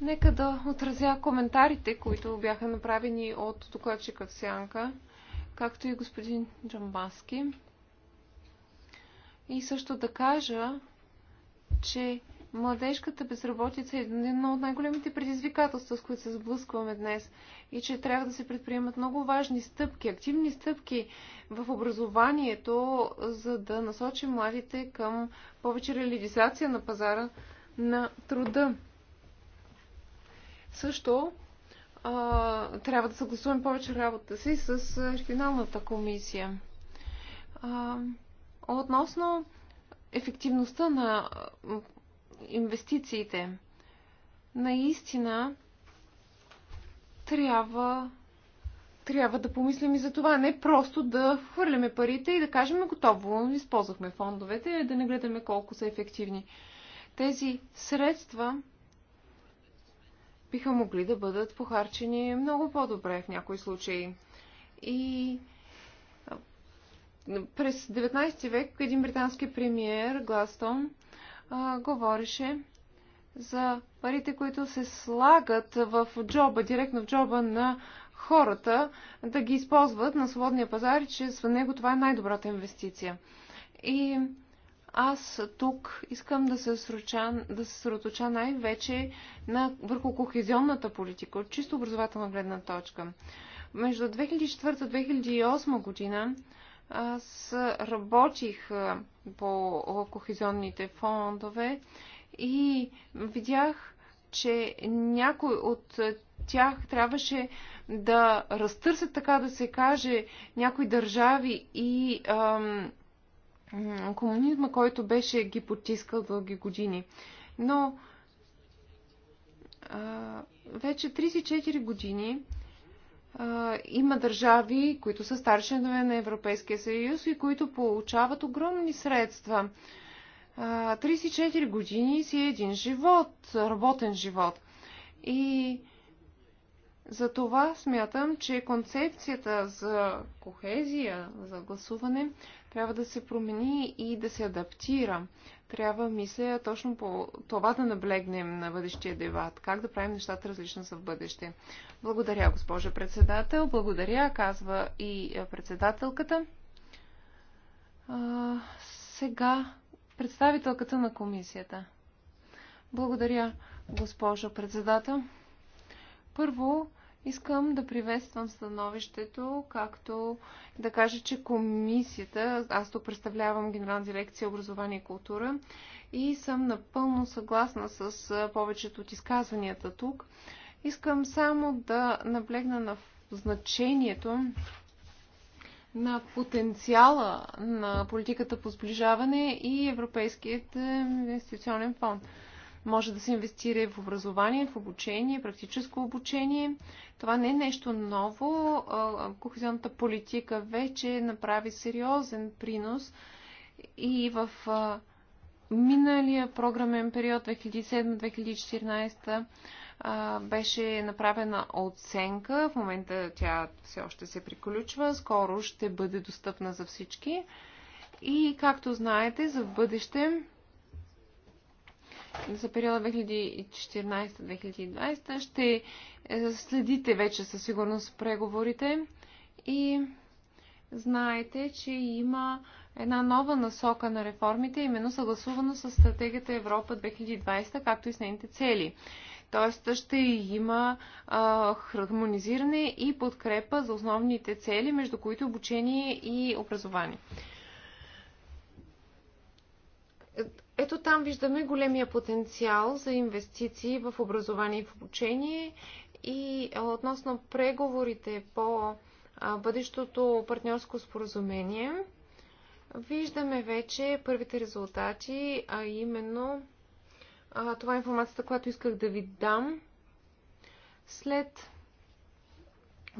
нека да отразя коментарите, които бяха направени от докладчика в Сянка, както и господин Джамбаски. И също да кажа, че младежката безработица е едно от най-големите предизвикателства, с които се сблъскваме днес и че трябва да се предприемат много важни стъпки, активни стъпки в образованието, за да насочим младите към повече реализация на пазара на труда. Също а, трябва да съгласуваме повече работа си с финалната комисия. А, относно ефективността на инвестициите. Наистина трябва, трябва да помислим и за това. Не просто да хвърляме парите и да кажем готово, използвахме фондовете, да не гледаме колко са ефективни. Тези средства биха могли да бъдат похарчени много по-добре в някои случаи. И през 19 век един британски премиер Гластон а, говореше за парите, които се слагат в джоба, директно в джоба на хората, да ги използват на свободния пазар, че за него това е най-добрата инвестиция. И аз тук искам да се сроча, да се сроточа най-вече на, върху кохезионната политика, от чисто образователна гледна точка. Между 2004-2008 година аз работих по кохезионните фондове и видях, че някой от тях трябваше да разтърсят, така да се каже, някои държави и ам, комунизма, който беше ги потискал дълги години. Но а, вече 34 години има държави, които са стари на Европейския съюз и които получават огромни средства. 34 години си е един живот, работен живот. И за това смятам, че концепцията за кохезия, за гласуване, трябва да се промени и да се адаптира. Трябва, мисля, точно по това да наблегнем на бъдещия дебат. Как да правим нещата различно за в бъдеще. Благодаря, госпожа председател. Благодаря, казва и председателката. А, сега представителката на комисията. Благодаря, госпожо председател. Първо, Искам да приветствам становището, както да кажа, че комисията, аз то представлявам Генерална дирекция образование и култура и съм напълно съгласна с повечето от изказванията тук. Искам само да наблегна на значението на потенциала на политиката по сближаване и Европейският е, инвестиционен фонд. Може да се инвестира в образование, в обучение, практическо обучение. Това не е нещо ново. Кохезионната политика вече направи сериозен принос и в миналия програмен период 2007-2014 беше направена оценка. В момента тя все още се приключва. Скоро ще бъде достъпна за всички. И както знаете, за бъдеще за периода 2014-2020. Ще е, следите вече със сигурност преговорите и знаете, че има една нова насока на реформите, именно съгласувано с стратегията Европа 2020, както и с нейните цели. Тоест ще има а, хармонизиране и подкрепа за основните цели, между които обучение и образование. Ето там виждаме големия потенциал за инвестиции в образование и в обучение и относно преговорите по бъдещото партньорско споразумение. Виждаме вече първите резултати, а именно това е информацията, която исках да ви дам след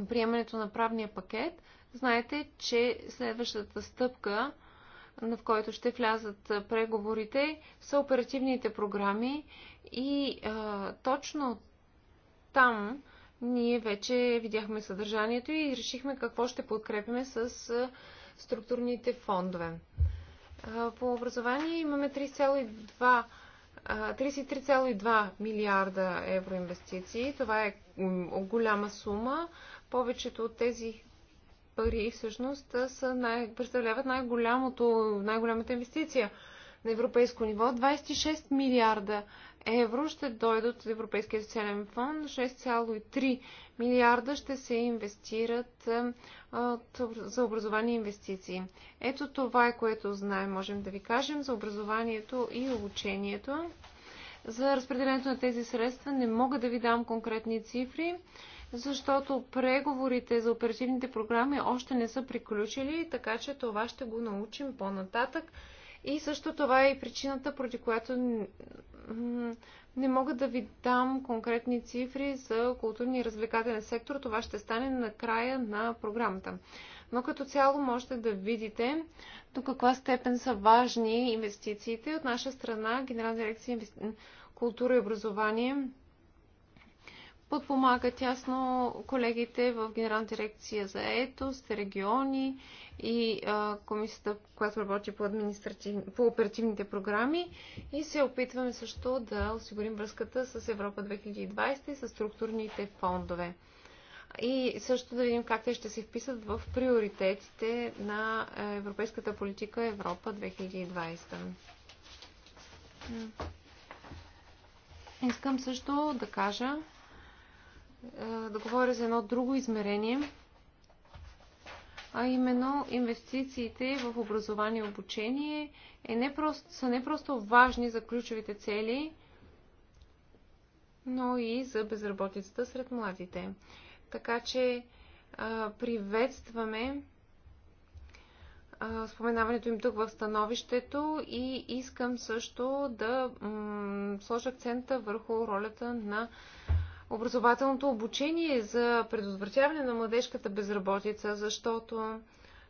приемането на правния пакет. Знаете, че следващата стъпка в който ще влязат преговорите, са оперативните програми и а, точно там ние вече видяхме съдържанието и решихме какво ще подкрепиме с а, структурните фондове. А, по образование имаме 3,2 33,2 милиарда евро инвестиции. Това е голяма сума. Повечето от тези пари всъщност са най- представляват най-голямото, най-голямата инвестиция на европейско ниво. 26 милиарда евро ще дойдат от Европейския социален фонд, 6,3 милиарда ще се инвестират за образование и инвестиции. Ето това е което знаем, можем да ви кажем за образованието и обучението. За разпределението на тези средства не мога да ви дам конкретни цифри защото преговорите за оперативните програми още не са приключили, така че това ще го научим по-нататък. И също това е и причината, поради която не мога да ви дам конкретни цифри за културния и развлекателен сектор. Това ще стане на края на програмата. Но като цяло можете да видите до каква степен са важни инвестициите. От наша страна Генерална дирекция култура и образование подпомага тясно колегите в Генерална дирекция за етост, региони и а, комисията, която работи по, административ... по оперативните програми и се опитваме също да осигурим връзката с Европа 2020 и с структурните фондове. И също да видим как те ще се вписат в приоритетите на европейската политика Европа 2020. Искам също да кажа, е, да говоря за едно друго измерение, а именно инвестициите в образование и обучение е не просто, са не просто важни за ключовите цели, но и за безработицата сред младите. Така че а, е, приветстваме а, е, споменаването им тук в становището и искам също да сложа акцента върху ролята на образователното обучение за предотвратяване на младежката безработица, защото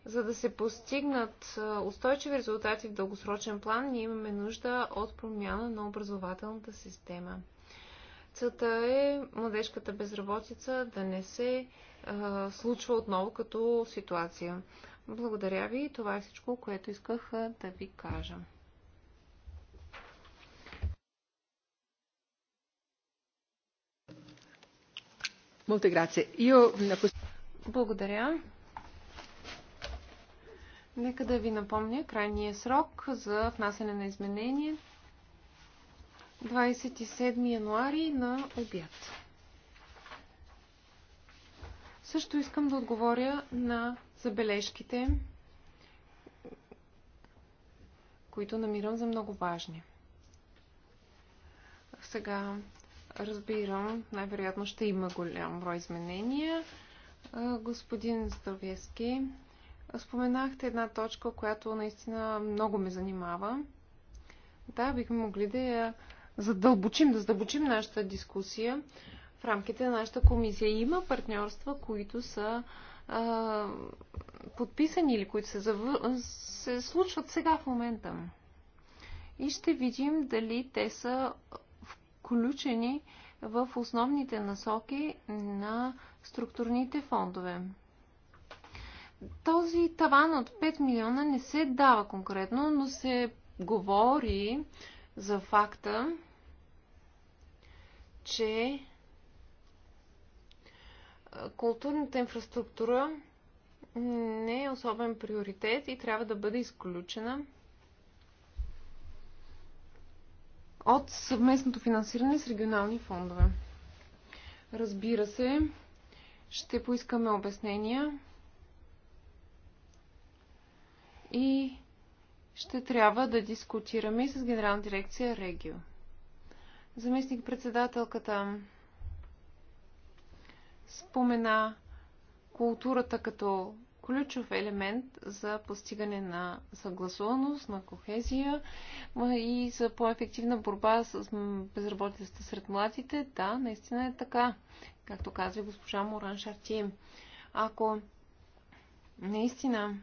за да се постигнат устойчиви резултати в дългосрочен план, ние имаме нужда от промяна на образователната система. Целта е младежката безработица да не се а, случва отново като ситуация. Благодаря ви. Това е всичко, което исках да ви кажа. Благодаря. Нека да ви напомня крайния срок за внасяне на изменение 27 януари на обяд. Също искам да отговоря на забележките, които намирам за много важни. Сега Разбирам, най-вероятно ще има голям брой изменения. Господин Здравески, споменахте една точка, която наистина много ме занимава. Да, бихме могли да я задълбочим, да задълбочим нашата дискусия в рамките на нашата комисия. Има партньорства, които са а, подписани или които се, завър... се случват сега в момента. И ще видим дали те са включени в основните насоки на структурните фондове. Този таван от 5 милиона не се дава конкретно, но се говори за факта, че културната инфраструктура не е особен приоритет и трябва да бъде изключена от съвместното финансиране с регионални фондове. Разбира се, ще поискаме обяснения и ще трябва да дискутираме и с Генерална дирекция Регио. Заместник председателката спомена културата като ключов елемент за постигане на съгласуваност, на кохезия и за по-ефективна борба с безработицата сред младите. Да, наистина е така, както казва госпожа Моран Шарти. Ако наистина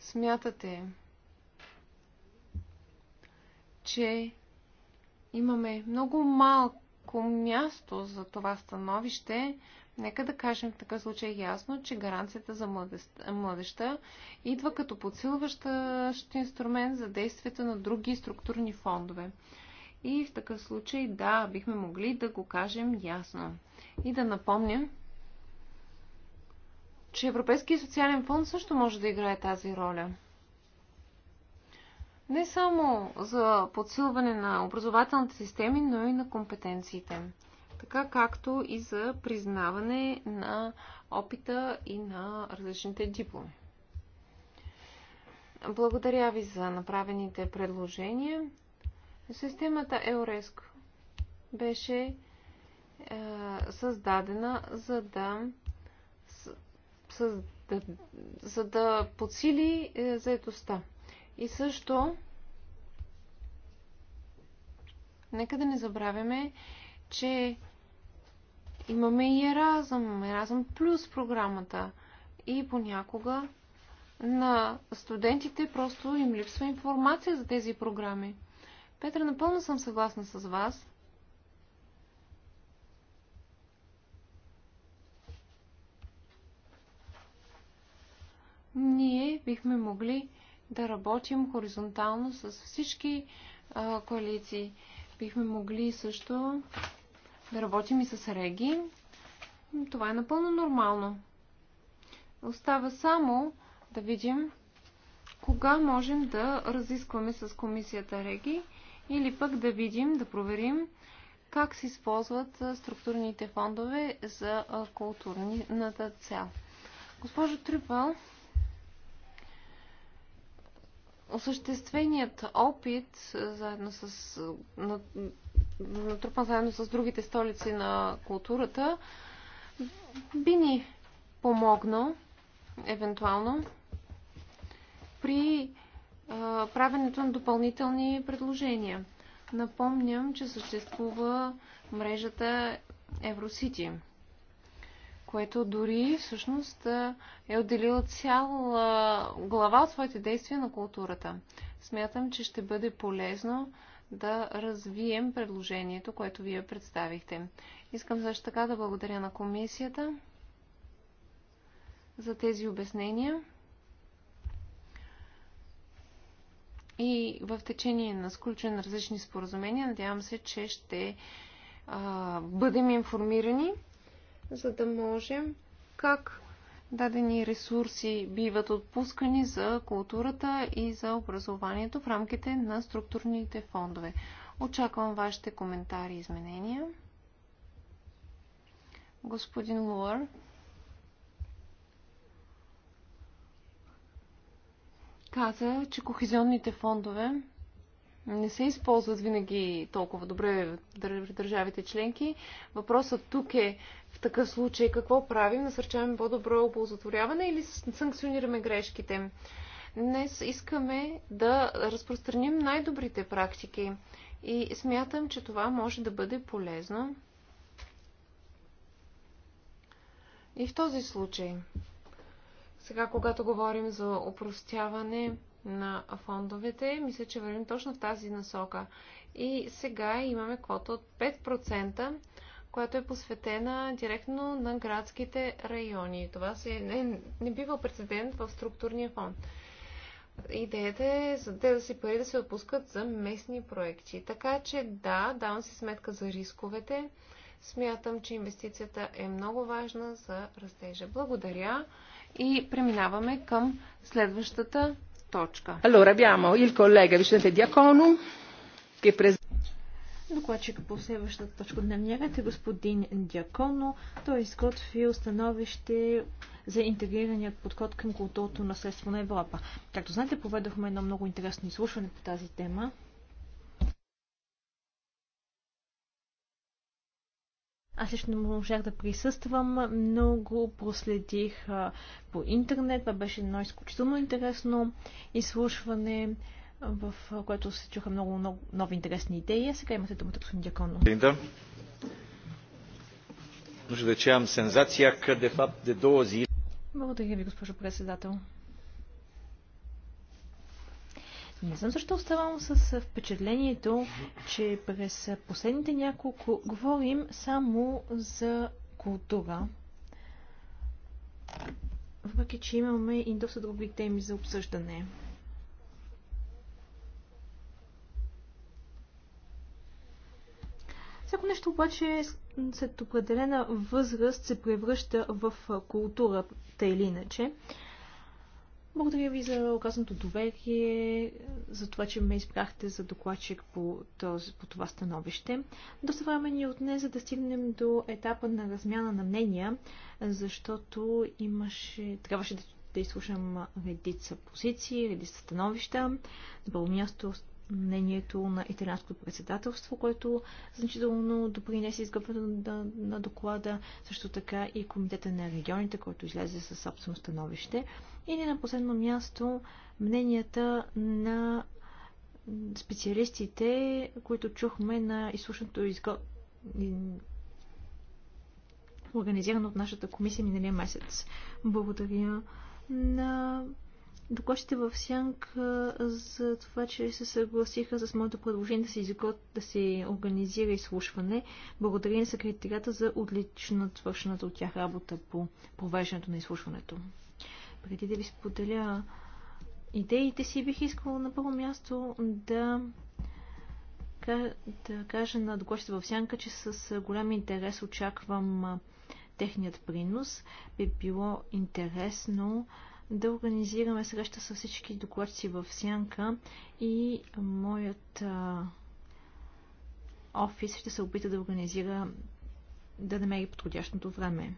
смятате, че имаме много малко място за това становище, Нека да кажем в такъв случай ясно, че гаранцията за младеща, младеща идва като подсилващ инструмент за действията на други структурни фондове. И в такъв случай, да, бихме могли да го кажем ясно. И да напомним, че Европейския социален фонд също може да играе тази роля. Не само за подсилване на образователните системи, но и на компетенциите така както и за признаване на опита и на различните дипломи. Благодаря ви за направените предложения. Системата Еореско беше е, създадена за да, да, за да подсили е, заедостта. И също, нека да не забравяме, че Имаме и Еразъм, Еразъм плюс програмата. И понякога на студентите просто им липсва информация за тези програми. Петра, напълно съм съгласна с вас. Ние бихме могли да работим хоризонтално с всички а, коалиции. Бихме могли също да работим и с реги. Това е напълно нормално. Остава само да видим кога можем да разискваме с комисията Реги или пък да видим, да проверим как се използват структурните фондове за културната цел. Госпожо Трюпел, осъщественият опит заедно с натрупан заедно с другите столици на културата, би ни помогнал, евентуално, при а, правенето на допълнителни предложения. Напомням, че съществува мрежата Евросити, което дори всъщност е отделила цяла глава от своите действия на културата. Смятам, че ще бъде полезно да развием предложението, което вие представихте. Искам също така да благодаря на комисията за тези обяснения. И в течение на сключване на различни споразумения, надявам се, че ще а, бъдем информирани, за да можем как дадени ресурси биват отпускани за културата и за образованието в рамките на структурните фондове. Очаквам вашите коментари и изменения. Господин Луар. Каза, че кохезионните фондове не се използват винаги толкова добре в държавите членки. Въпросът тук е такъв случай какво правим? Насърчаваме по-добро оползотворяване или санкционираме грешките? Днес искаме да разпространим най-добрите практики и смятам, че това може да бъде полезно. И в този случай, сега когато говорим за опростяване на фондовете, мисля, че вървим точно в тази насока. И сега имаме квота от 5%, която е посветена директно на градските райони. Това се, не, не бива прецедент в структурния фонд. Идеята е за си пари да се отпускат за местни проекти. Така че да, давам си сметка за рисковете. Смятам, че инвестицията е много важна за растежа. Благодаря и преминаваме към следващата точка. Allora abbiamo il collega Vicente Diaconu che Докладчик по следващата точка от дневния ред е господин Дяконо. Той е изготви установище за интегрираният подход към културното наследство на Европа. Както знаете, проведохме едно много интересно изслушване по тази тема. Аз лично можах да присъствам, много проследих по интернет. Това беше едно изключително интересно изслушване в което се чуха много, много нови интересни идеи. А сега имате думата, господин Дяконно. Може да чуям сензация, къде факт де дози. Благодаря ви, госпожо председател. Не знам защо оставам с впечатлението, че през последните няколко говорим само за култура. Въпреки, че имаме и доста други теми за обсъждане. Всяко нещо обаче след определена възраст се превръща в културата или иначе. Благодаря ви за оказаното доверие, за това, че ме избрахте за докладчик по, този, по това становище. Доста време ни е отне, за да стигнем до етапа на размяна на мнения, защото имаше, трябваше да, да изслушам редица позиции, редица становища. На първо място мнението на италианското председателство, което значително допринесе изготвянето на, на доклада, също така и комитета на регионите, който излезе със собствено становище. И на последно място мненията на специалистите, които чухме на изслушното изго... организирано от нашата комисия миналия месец. Благодаря на Докладчите в сянка за това, че се съгласиха с моето предложение да се, изгод, да се организира изслушване. Благодаря на секретарята за отлично свършената от тях работа по провеждането на изслушването. Преди да ви споделя идеите си, бих искала на първо място да да кажа на докладчите в сянка, че с голям интерес очаквам техният принос. Би било интересно да организираме среща с всички докладци в Сянка и моят а, офис ще се опита да организира да намери подходящото време.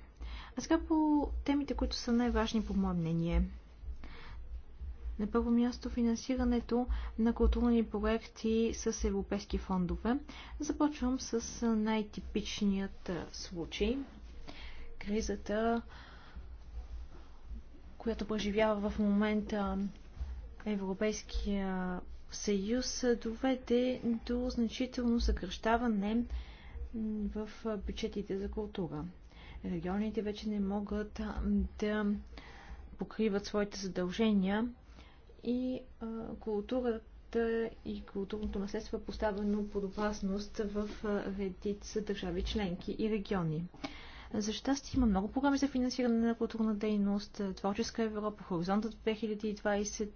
А сега по темите, които са най-важни по мое мнение. На първо място финансирането на културни проекти с европейски фондове. Започвам с най-типичният случай. Кризата която преживява в момента Европейския съюз, доведе до значително съкръщаване в бюджетите за култура. Регионите вече не могат да покриват своите задължения и културата и културното наследство е поставено под опасност в редица държави членки и региони. За щастие има много програми за финансиране на културна дейност, Творческа Европа, Хоризонта 2020,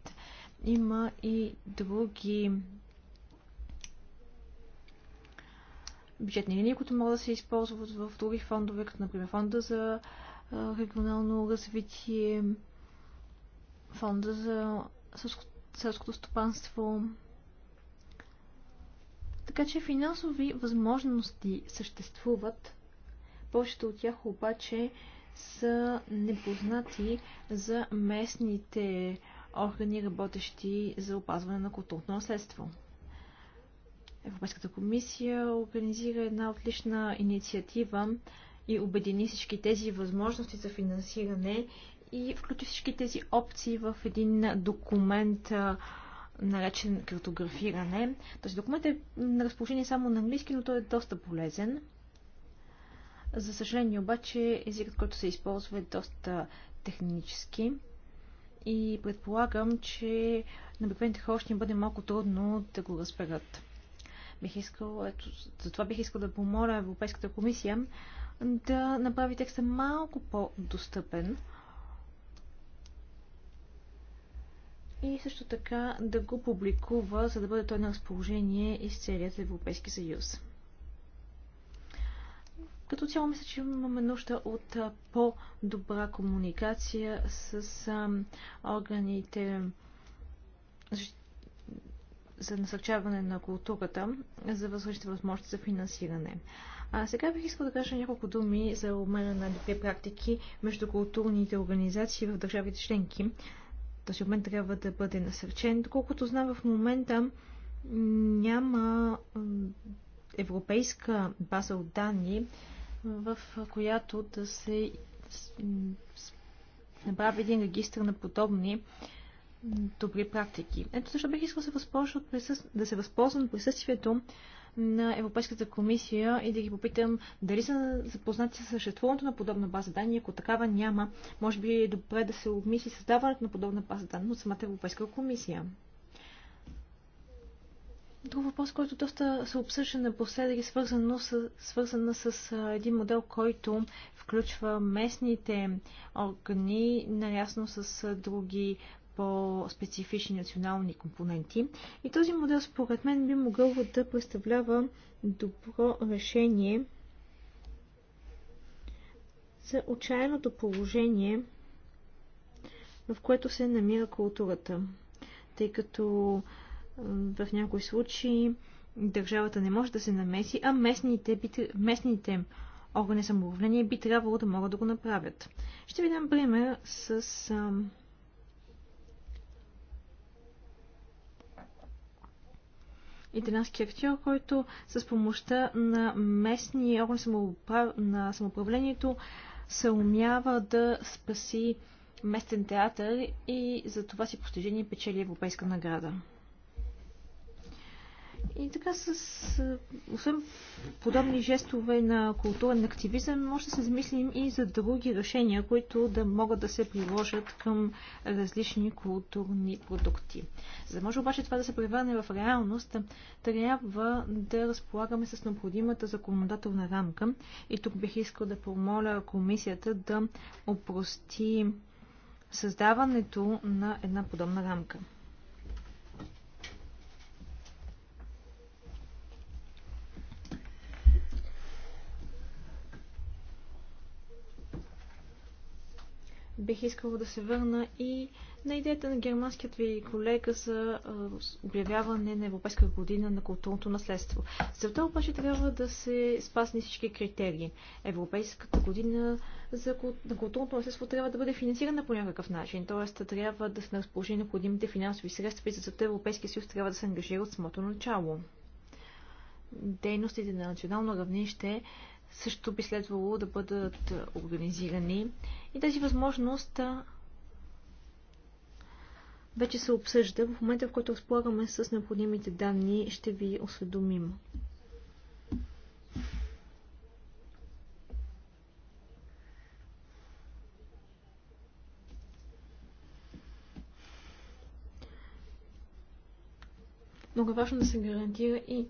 има и други бюджетни линии, които могат да се използват в други фондове, като например фонда за регионално развитие, фонда за селското стопанство. Така че финансови възможности съществуват повечето от тях обаче са непознати за местните органи, работещи за опазване на културно наследство. Европейската комисия организира една отлична инициатива и обедини всички тези възможности за финансиране и включи всички тези опции в един документ, наречен картографиране. Този документ е на разположение само на английски, но той е доста полезен. За съжаление обаче езикът, който се използва е доста технически и предполагам, че на обикновените хора ще им бъде малко трудно да го разберат. Бих искал, ето, затова бих искал да помоля Европейската комисия да направи текста малко по-достъпен и също така да го публикува, за да бъде той на разположение из целият Европейски съюз. Като цяло мисля, че имаме нужда от по-добра комуникация с а, органите за насърчаване на културата, за възможните възможности за финансиране. А сега бих искал да кажа няколко думи за обмена на две практики между културните организации в държавите членки. Този обмен трябва да бъде насърчен. Доколкото знам, в момента няма европейска база от данни в която да се направи един регистр на подобни добри практики. Ето защо бих искал да се възползвам от присъствието на Европейската комисия и да ги попитам дали са запознати с съществуването на подобна база данни. Ако такава няма, може би е добре да се обмисли създаването на подобна база данни от самата Европейска комисия. Друг въпрос, който доста се обсъжда напоследък е свързано с, свързана с един модел, който включва местните органи, наясно с други по-специфични национални компоненти. И този модел, според мен, би могъл да представлява добро решение за отчаяното положение, в което се намира културата. Тъй като в някои случаи държавата не може да се намеси, а местните, местните органи самоуправление би трябвало да могат да го направят. Ще ви дам пример с ам, италиански актьор, който с помощта на местни органи на самоуправлението се умява да спаси местен театър и за това си постижение печели европейска награда. И така с, освен подобни жестове на културен активизъм, може да се замислим и за други решения, които да могат да се приложат към различни културни продукти. За да може обаче това да се превърне в реалност, трябва да разполагаме с необходимата законодателна рамка. И тук бих искал да помоля комисията да опрости създаването на една подобна рамка. бих искала да се върна и на идеята на германският ви колега за обявяване на Европейска година на културното наследство. това обаче трябва да се спасни всички критерии. Европейската година за на културното наследство трябва да бъде финансирана по някакъв начин, т.е. трябва да се разположи необходимите финансови средства и за това Европейския съюз трябва да се ангажира от самото начало дейностите на национално равнище също би следвало да бъдат организирани. И тази възможност вече се обсъжда. В момента, в който разполагаме с необходимите данни, ще ви осведомим. Много важно да се гарантира и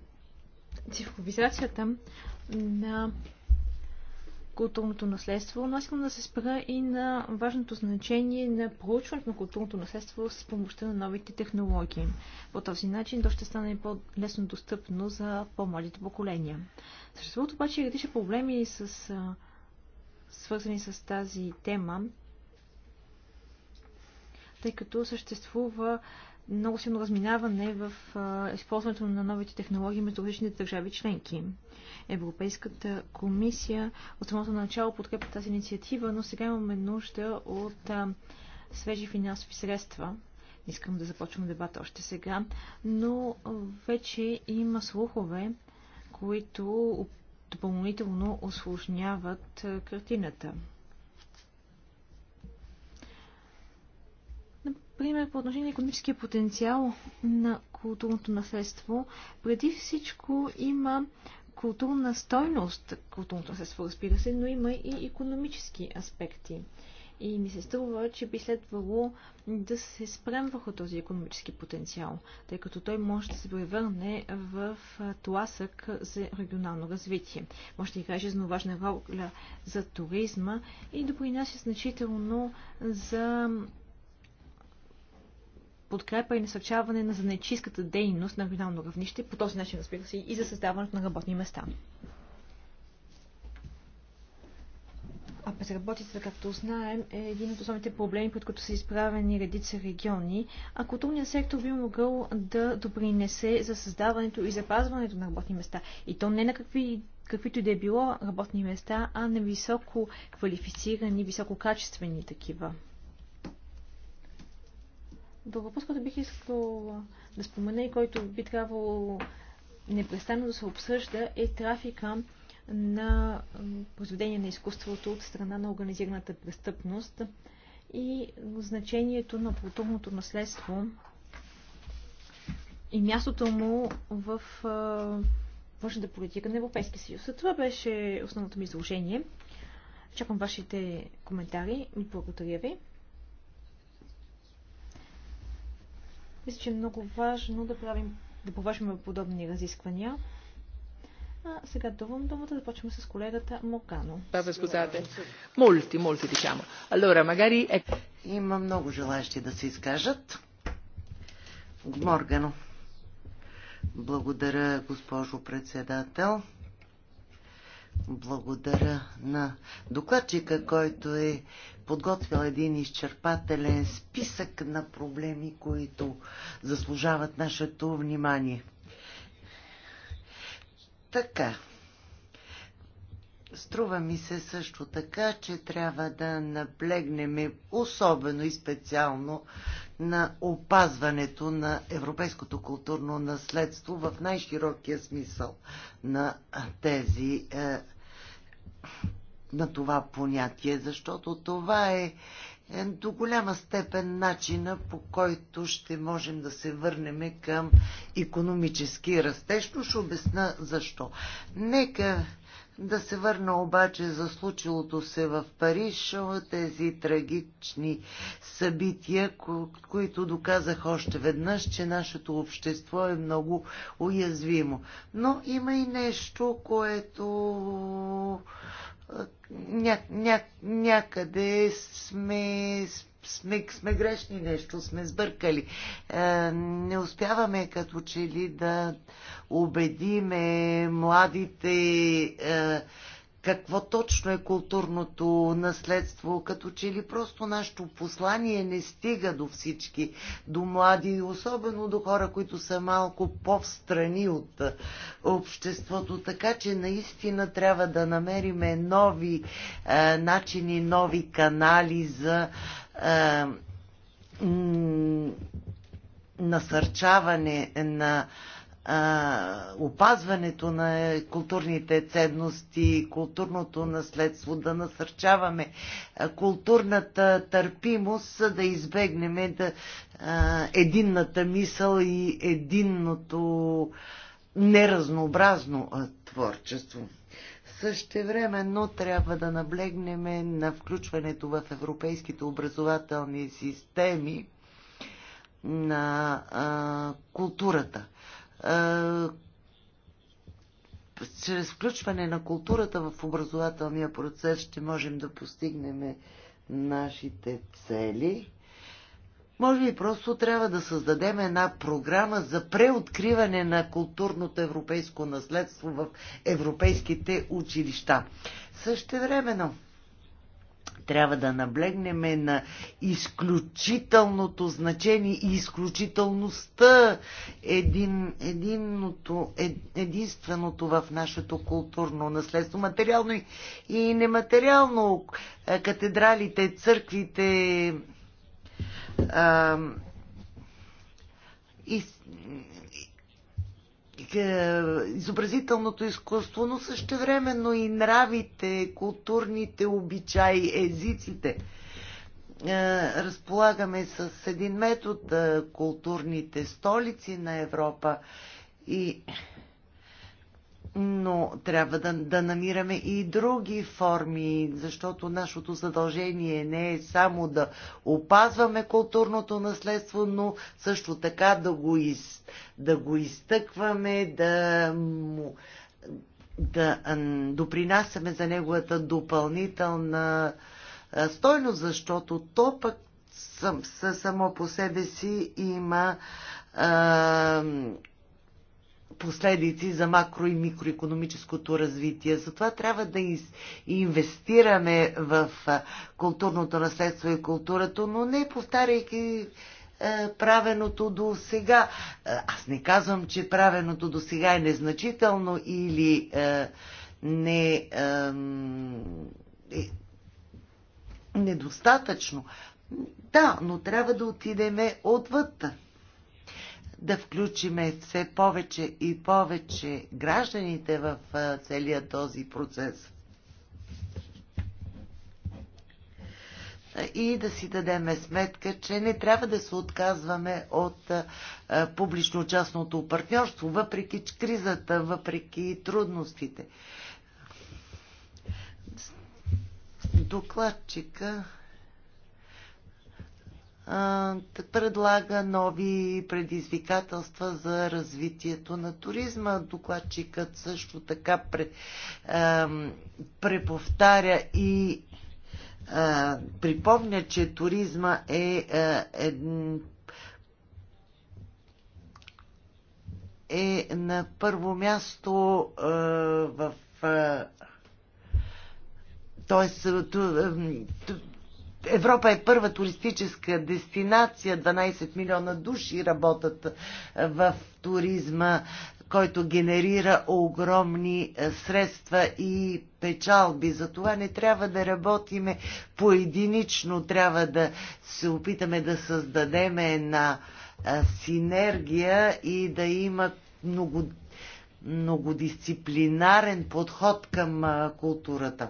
цифровизацията на културното наследство, но искам да се спра и на важното значение на проучването на културното наследство с помощта на новите технологии. По този начин то ще стане по-лесно достъпно за по-младите поколения. Съществуват обаче редиша проблеми с, свързани с тази тема, тъй като съществува много силно разминаване в използването на новите технологии между различните държави членки. Европейската комисия от самото начало подкрепя тази инициатива, но сега имаме нужда от свежи финансови средства. Искам да започвам дебата още сега, но вече има слухове, които допълнително осложняват картината. пример по отношение на економическия потенциал на културното наследство. Преди всичко има културна стойност, културното наследство, разбира се, но има и економически аспекти. И ми се струва, че би следвало да се спрем върху този економически потенциал, тъй като той може да се превърне в тласък за регионално развитие. Може да играе жизненно важна роля за туризма и допринася значително за подкрепа и насърчаване на занечистката дейност на регионално равнище, по този начин, разбира се, и за създаването на работни места. А безработицата, както знаем, е един от основните проблеми, пред които са изправени редица региони, а културният сектор би могъл да допринесе за създаването и запазването на работни места. И то не на какви, каквито и да е било работни места, а на високо квалифицирани, високо качествени такива. Друг въпрос, който бих искал да спомена и който би трябвало непрестанно да се обсъжда е трафика на произведения на изкуството от страна на организираната престъпност и значението на културното наследство и мястото му в външната политика на Европейския съюз. това беше основното ми изложение. Чакам вашите коментари. Благодаря ви. Мисля, че е много важно да правим, да повършим подобни разисквания. А сега давам думата да почваме с колегата Мокано. Папа, скузате. Молти, молти, дичамо. магари е. Има много желащи да се изкажат. Моргано. Благодаря, госпожо председател. Благодаря на докладчика, който е подготвил един изчерпателен списък на проблеми, които заслужават нашето внимание. Така. Струва ми се също така, че трябва да наблегнем особено и специално на опазването на европейското културно наследство в най-широкия смисъл на тези е, на това понятие, защото това е, е до голяма степен начина по който ще можем да се върнем към економически растеж, но ще обясна защо. Нека да се върна обаче за случилото се в Париж, тези трагични събития, които доказах още веднъж, че нашето общество е много уязвимо. Но има и нещо, което ня, ня, някъде сме, сме, сме грешни нещо, сме сбъркали. Е, не успяваме като че ли да убедиме младите е, какво точно е културното наследство, като че ли просто нашето послание не стига до всички, до млади, особено до хора, които са малко по-встрани от е, обществото. Така че наистина трябва да намериме нови е, начини, нови канали за е, насърчаване на а, е, опазването на културните ценности, културното наследство, да насърчаваме е, културната търпимост, за да избегнем да, единната мисъл и единното неразнообразно творчество. Същевременно трябва да наблегнем на включването в европейските образователни системи на а, културата. А, чрез включване на културата в образователния процес ще можем да постигнем нашите цели може би просто трябва да създадем една програма за преоткриване на културното европейско наследство в европейските училища. времено трябва да наблегнем на изключителното значение и изключителността, един, единното, единственото в нашето културно наследство, материално и, и нематериално, катедралите, църквите, е, изобразителното изкуство, но също времено и нравите, културните обичаи, езиците. Е, разполагаме с един метод е, културните столици на Европа и но трябва да, да намираме и други форми, защото нашето задължение не е само да опазваме културното наследство, но също така да го, из, да го изтъкваме, да му да допринасяме за неговата допълнителна стойност, защото то пък само по себе си има последици за макро и микроекономическото развитие. Затова трябва да инвестираме в културното наследство и културата, но не повтаряйки е, правеното до сега. Е, аз не казвам, че правеното до сега е незначително или е, не е, е, недостатъчно. Да, но трябва да отидеме отвъд да включиме все повече и повече гражданите в целия този процес. И да си дадеме сметка, че не трябва да се отказваме от публично-частното партньорство, въпреки кризата, въпреки трудностите. Докладчика предлага нови предизвикателства за развитието на туризма. Докладчикът също така пре, а, преповтаря и а, припомня, че туризма е, а, един е на първо място е, в. е, Тоест, Европа е първа туристическа дестинация, 12 милиона души работят е, в туризма, който генерира огромни е, средства и печалби. За това не трябва да работиме поединично, трябва да се опитаме да създадеме една е, синергия и да има много, многодисциплинарен подход към културата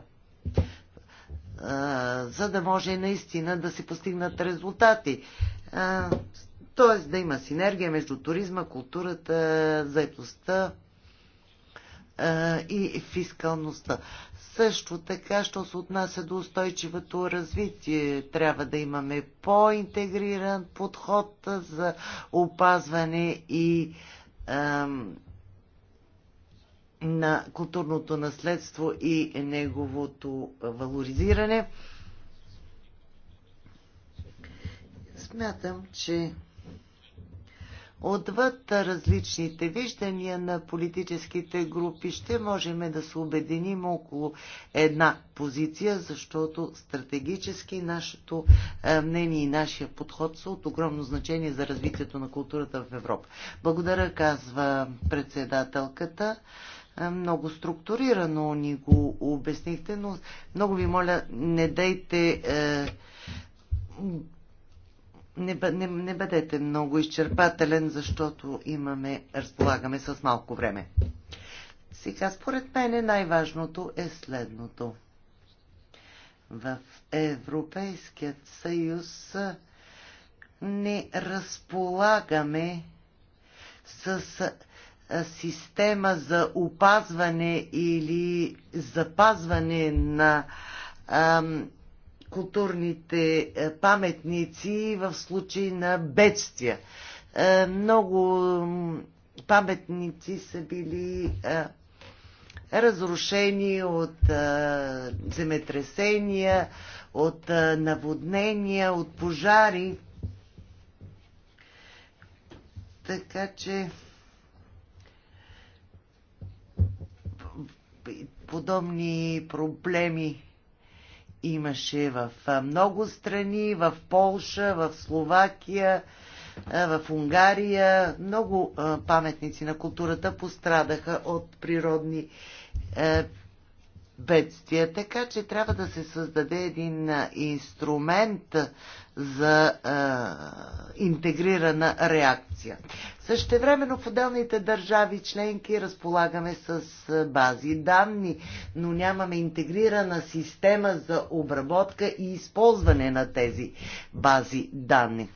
за да може наистина да се постигнат резултати. Т.е. да има синергия между туризма, културата, заедостта и фискалността. Също така, що се отнася до устойчивото развитие, трябва да имаме по-интегриран подход за опазване и на културното наследство и неговото валоризиране. Смятам, че отвъд различните виждания на политическите групи ще можем да се обединим около една позиция, защото стратегически нашето е, мнение и нашия подход са от огромно значение за развитието на културата в Европа. Благодаря, казва председателката много структурирано ни го обяснихте, но много ви моля, не дайте. Е, не, не, не бъдете много изчерпателен, защото имаме, разполагаме с малко време. Сега, според мен, най-важното е следното. В Европейският съюз не разполагаме с система за опазване или запазване на ам, културните е, паметници в случай на бедствия. А, е, много паметници са били а, е, разрушени от а, земетресения, от а, наводнения, от пожари. Така че подобни проблеми имаше в много страни, в Полша, в Словакия, в Унгария. Много паметници на културата пострадаха от природни бедствия. Така че трябва да се създаде един инструмент за интегрирана реакция. Същевременно в отделните държави членки разполагаме с бази данни, но нямаме интегрирана система за обработка и използване на тези бази данни.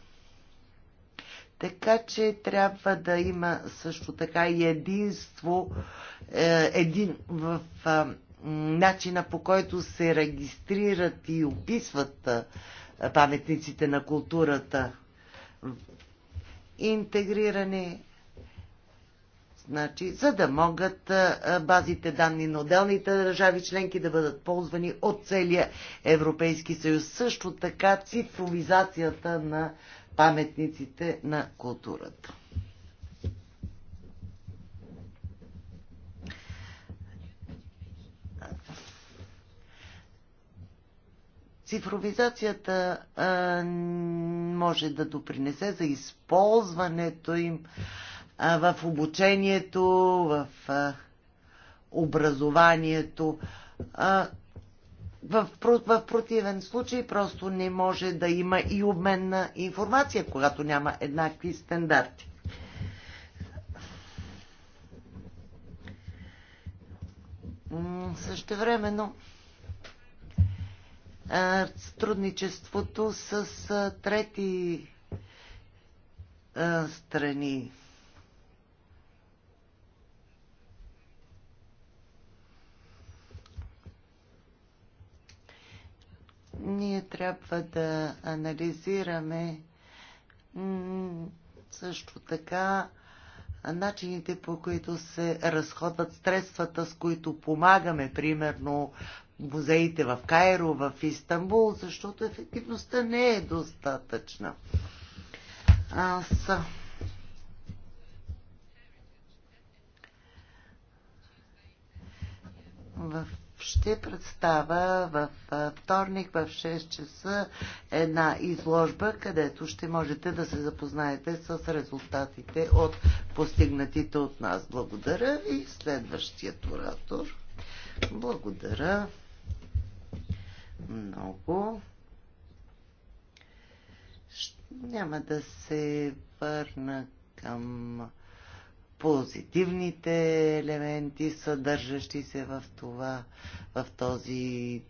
Така че трябва да има също така и единство, е, един в начина по който се регистрират и описват паметниците на културата интегриране Значи, за да могат базите данни на отделните държави членки да бъдат ползвани от целия Европейски съюз. Също така цифровизацията на паметниците на културата. Цифровизацията а, може да допринесе за използването им а, в обучението, в а, образованието. А, в, в противен случай просто не може да има и обмен на информация, когато няма еднакви стандарти. Също времено. Но сътрудничеството с трети страни. Ние трябва да анализираме също така начините по които се разходват средствата, с които помагаме, примерно музеите в Кайро, в Истанбул, защото ефективността не е достатъчна. Аз в ще представя в вторник в 6 часа една изложба, където ще можете да се запознаете с резултатите от постигнатите от нас. Благодаря ви. Следващият оратор. Благодаря много. Няма да се върна към позитивните елементи, съдържащи се в това, в този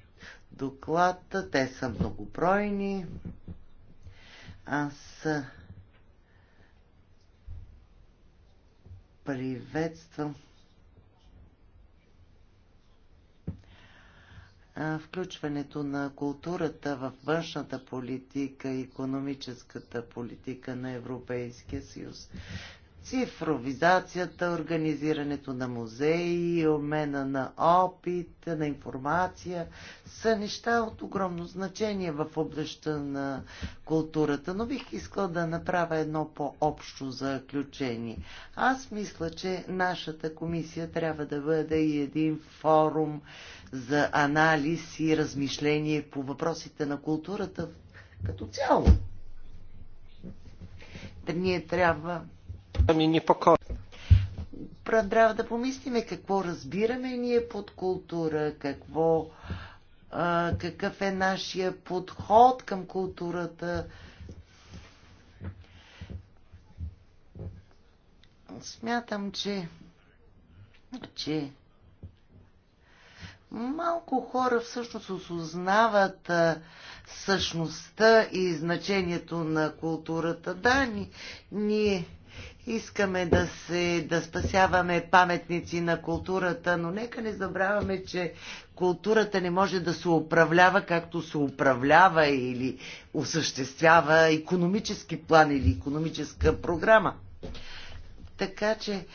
доклад. Те са многобройни. Аз приветствам включването на културата в външната политика и економическата политика на Европейския съюз цифровизацията, организирането на музеи, обмена на опит, на информация са неща от огромно значение в областта на културата, но бих искала да направя едно по-общо заключение. Аз мисля, че нашата комисия трябва да бъде и един форум за анализ и размишление по въпросите на културата като цяло. Ние трябва Ами, трябва да помислиме какво разбираме ние под култура, какво, а, какъв е нашия подход към културата. Смятам, че, че малко хора всъщност осознават а, същността и значението на културата. Да, ни, Искаме да, се, да спасяваме паметници на културата, но нека не забравяме, че културата не може да се управлява както се управлява или осъществява економически план или економическа програма. Така че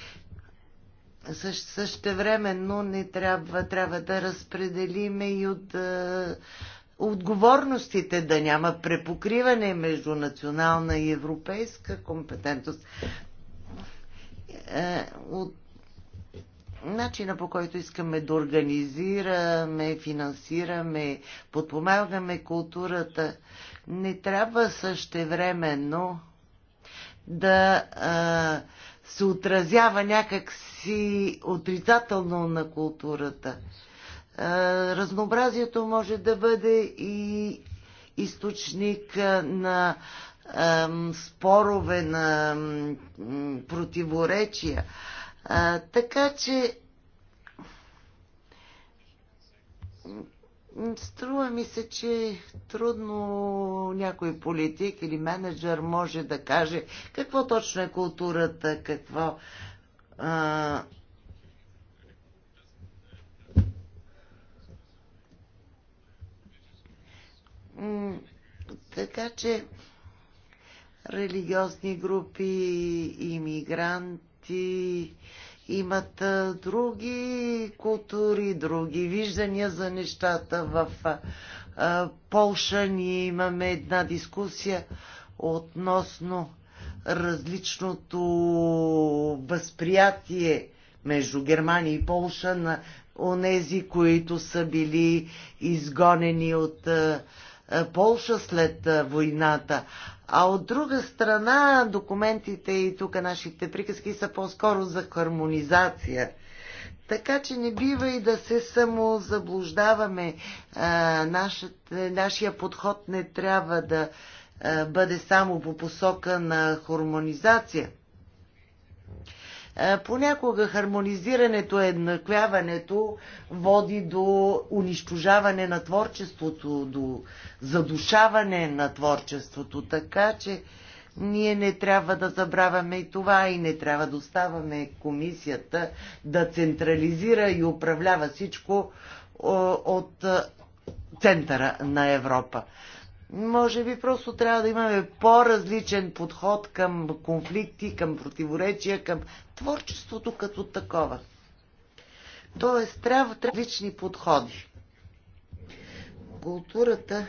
също, но не трябва, трябва да разпределиме и от е, отговорностите, да няма препокриване между национална и европейска компетентност. Е, от начина по който искаме да организираме, финансираме, подпомагаме културата, не трябва същевременно да а, се отразява някакси отрицателно на културата. А, разнообразието може да бъде и източник на спорове, на противоречия. Така че Струва ми се, че трудно някой политик или менеджер може да каже какво точно е културата, какво. Така че религиозни групи, иммигранти, имат други култури, други виждания за нещата. В Полша ние имаме една дискусия относно различното възприятие между Германия и Полша на онези, които са били изгонени от е, Полша след е, войната. А от друга страна, документите и тук нашите приказки са по-скоро за хармонизация. Така че не бива и да се самозаблуждаваме. Е, нашия подход не трябва да бъде само по посока на хармонизация. Е, понякога хармонизирането, еднаквяването води до унищожаване на творчеството, до задушаване на творчеството, така че ние не трябва да забравяме и това и не трябва да оставаме комисията да централизира и управлява всичко от е, центъра на Европа. Може би просто трябва да имаме по-различен подход към конфликти, към противоречия, към творчеството като такова. Тоест, трябва различни подходи. Културата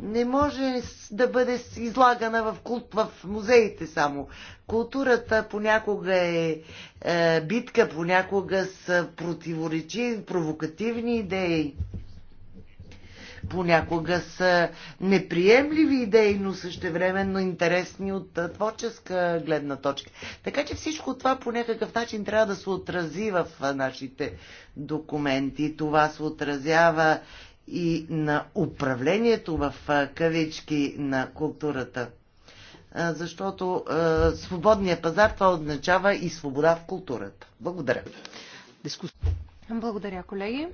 не може да бъде излагана в, култ, в музеите само. Културата понякога е, е битка, понякога са противоречиви, провокативни идеи понякога са неприемливи идеи, но същевременно интересни от творческа гледна точка. Така че всичко това по някакъв начин трябва да се отрази в нашите документи. Това се отразява и на управлението в кавички на културата. Защото е, свободния пазар това означава и свобода в културата. Благодаря. Дискус... Благодаря, колеги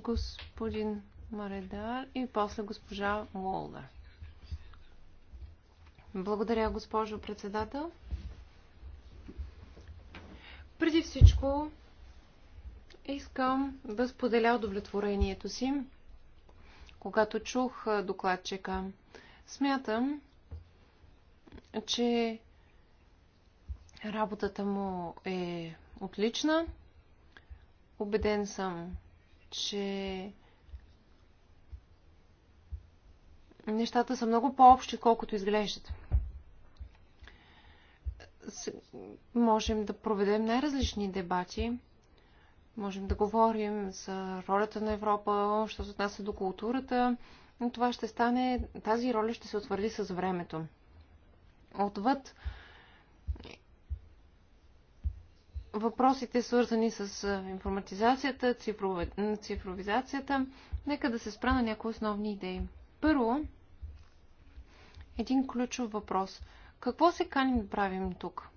господин Маредар и после госпожа Молда. Благодаря, госпожо председател. Преди всичко искам да споделя удовлетворението си, когато чух докладчика. Смятам, че работата му е отлична. Обеден съм, че нещата са много по-общи, колкото изглеждат. Можем да проведем най-различни дебати. Можем да говорим за ролята на Европа, що се отнася до културата, но това ще стане, тази роля ще се утвърди с времето. Отвъд въпросите, свързани с информатизацията, цифровизацията, нека да се спра на някои основни идеи. Първо, един ключов въпрос. Какво се каним да правим тук?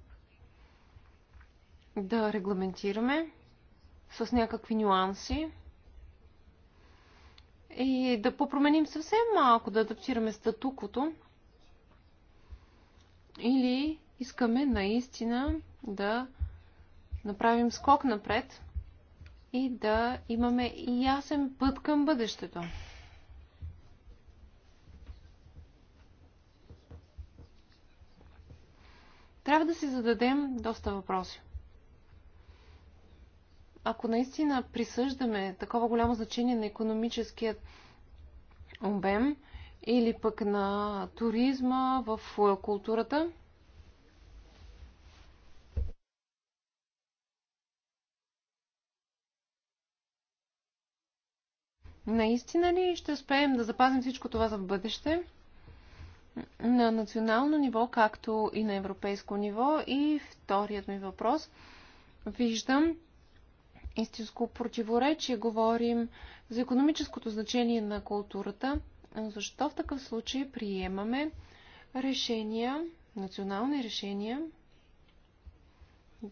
Да регламентираме с някакви нюанси и да попроменим съвсем малко, да адаптираме статуквото или искаме наистина да направим скок напред и да имаме ясен път към бъдещето. Трябва да си зададем доста въпроси. Ако наистина присъждаме такова голямо значение на економическият обем или пък на туризма в културата, Наистина ли ще успеем да запазим всичко това за в бъдеще? На национално ниво, както и на европейско ниво. И вторият ми въпрос. Виждам истинско противоречие. Говорим за економическото значение на културата. Защо в такъв случай приемаме решения, национални решения,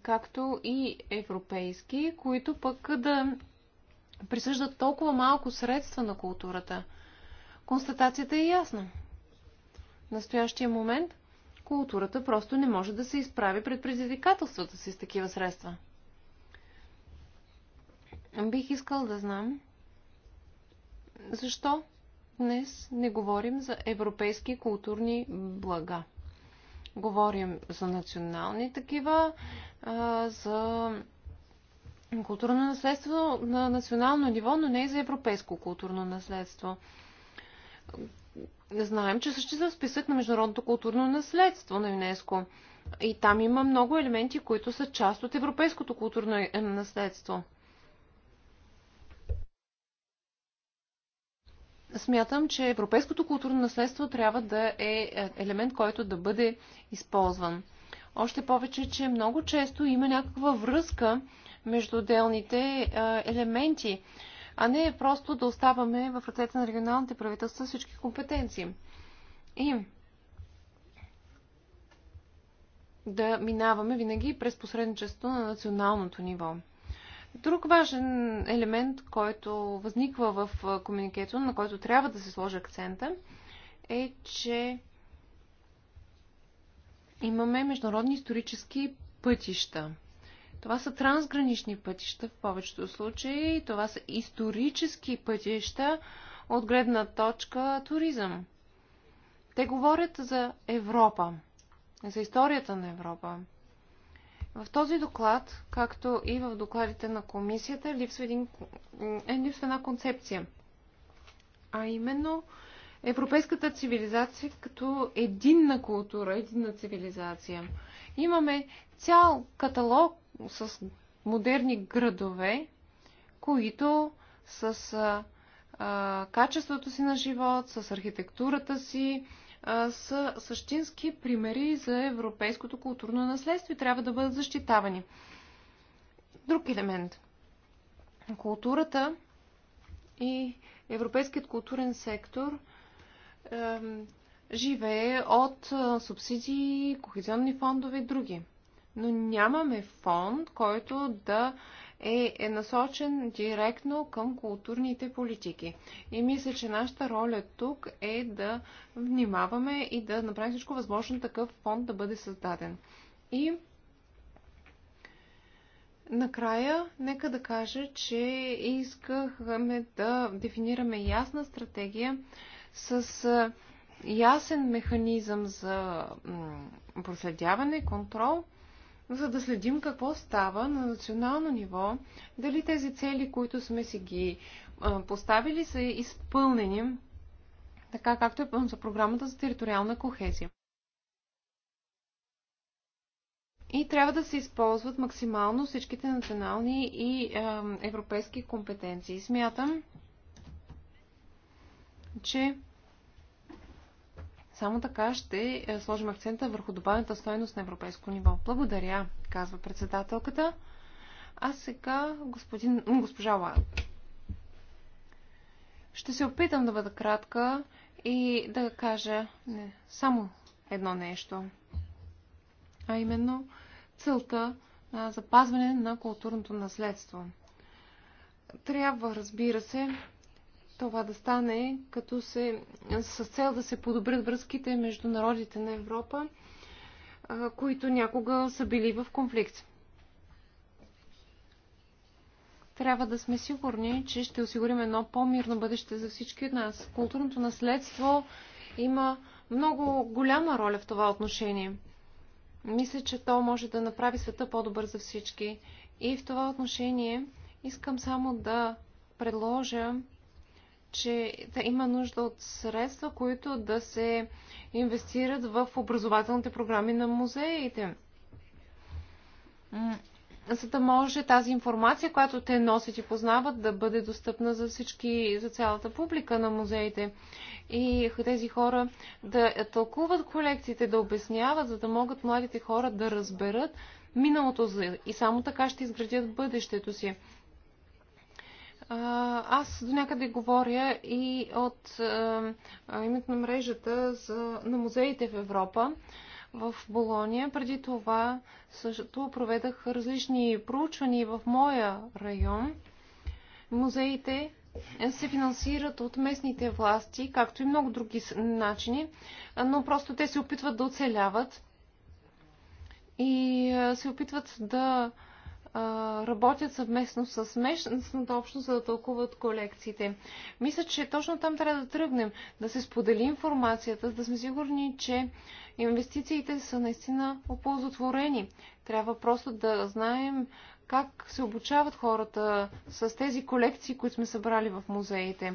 както и европейски, които пък да присъждат толкова малко средства на културата. Констатацията е ясна. В настоящия момент културата просто не може да се изправи пред предизвикателствата си с такива средства. Бих искал да знам защо днес не говорим за европейски културни блага. Говорим за национални такива, за културно наследство на национално ниво, но не и за европейско културно наследство. Знаем, че съществува списък на международното културно наследство на ЮНЕСКО. И там има много елементи, които са част от европейското културно наследство. Смятам, че европейското културно наследство трябва да е елемент, който да бъде използван. Още повече, че много често има някаква връзка между отделните е, елементи, а не просто да оставаме в ръцете на регионалните правителства всички компетенции. И да минаваме винаги през посредничество на националното ниво. Друг важен елемент, който възниква в е, комуникето, на който трябва да се сложи акцента, е, че имаме международни исторически пътища. Това са трансгранични пътища в повечето случаи. Това са исторически пътища от гледна точка туризъм. Те говорят за Европа, за историята на Европа. В този доклад, както и в докладите на комисията, липсва, един, е, липсва една концепция. А именно европейската цивилизация като единна култура, единна цивилизация. Имаме цял каталог с модерни градове, които с а, а, качеството си на живот, с архитектурата си, а, са същински примери за европейското културно наследство и трябва да бъдат защитавани. Друг елемент. Културата и европейският културен сектор – живее от е, субсидии, кохезионни фондове и други. Но нямаме фонд, който да е, е насочен директно към културните политики. И мисля, че нашата роля тук е да внимаваме и да направим всичко възможно такъв фонд да бъде създаден. И накрая, нека да кажа, че искахме да дефинираме ясна стратегия с ясен механизъм за проследяване и контрол, за да следим какво става на национално ниво, дали тези цели, които сме си ги поставили, са изпълнени, така както е за програмата за териториална кохезия. И трябва да се използват максимално всичките национални и е, европейски компетенции. Смятам, че само така ще е, сложим акцента върху добавената стоеност на европейско ниво. Благодаря, казва председателката. А сега господин, госпожа Лан. Ще се опитам да бъда кратка и да кажа не, само едно нещо. А именно целта на запазване на културното наследство. Трябва, разбира се, това да стане като се, с цел да се подобрят връзките между народите на Европа, които някога са били в конфликт. Трябва да сме сигурни, че ще осигурим едно по-мирно бъдеще за всички от нас. Културното наследство има много голяма роля в това отношение. Мисля, че то може да направи света по-добър за всички. И в това отношение искам само да предложа че да има нужда от средства, които да се инвестират в образователните програми на музеите. За да може тази информация, която те носят и познават, да бъде достъпна за всички, за цялата публика на музеите. И тези хора да тълкуват колекциите, да обясняват, за да могат младите хора да разберат миналото и само така ще изградят бъдещето си. Аз до някъде говоря и от името на мрежата за, на музеите в Европа в Болония. Преди това също проведах различни проучвания в моя район. Музеите се финансират от местните власти, както и много други начини, но просто те се опитват да оцеляват и се опитват да работят съвместно с местната общност, за да тълкуват колекциите. Мисля, че точно там трябва да тръгнем, да се сподели информацията, да сме сигурни, че инвестициите са наистина оползотворени. Трябва просто да знаем как се обучават хората с тези колекции, които сме събрали в музеите.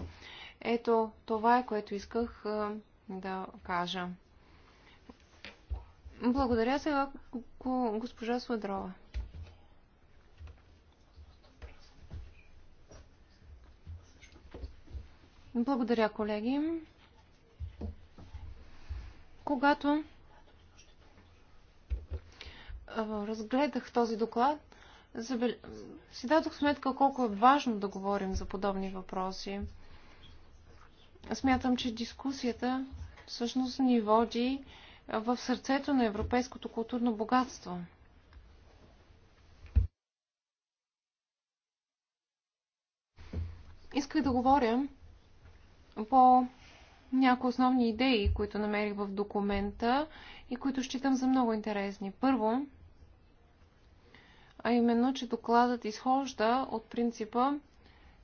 Ето, това е което исках да кажа. Благодаря сега госпожа Сладрова. Благодаря, колеги. Когато разгледах този доклад, си дадох сметка колко е важно да говорим за подобни въпроси. Смятам, че дискусията всъщност ни води в сърцето на европейското културно богатство. Исках да говоря по някои основни идеи, които намерих в документа и които считам за много интересни. Първо, а именно, че докладът изхожда от принципа,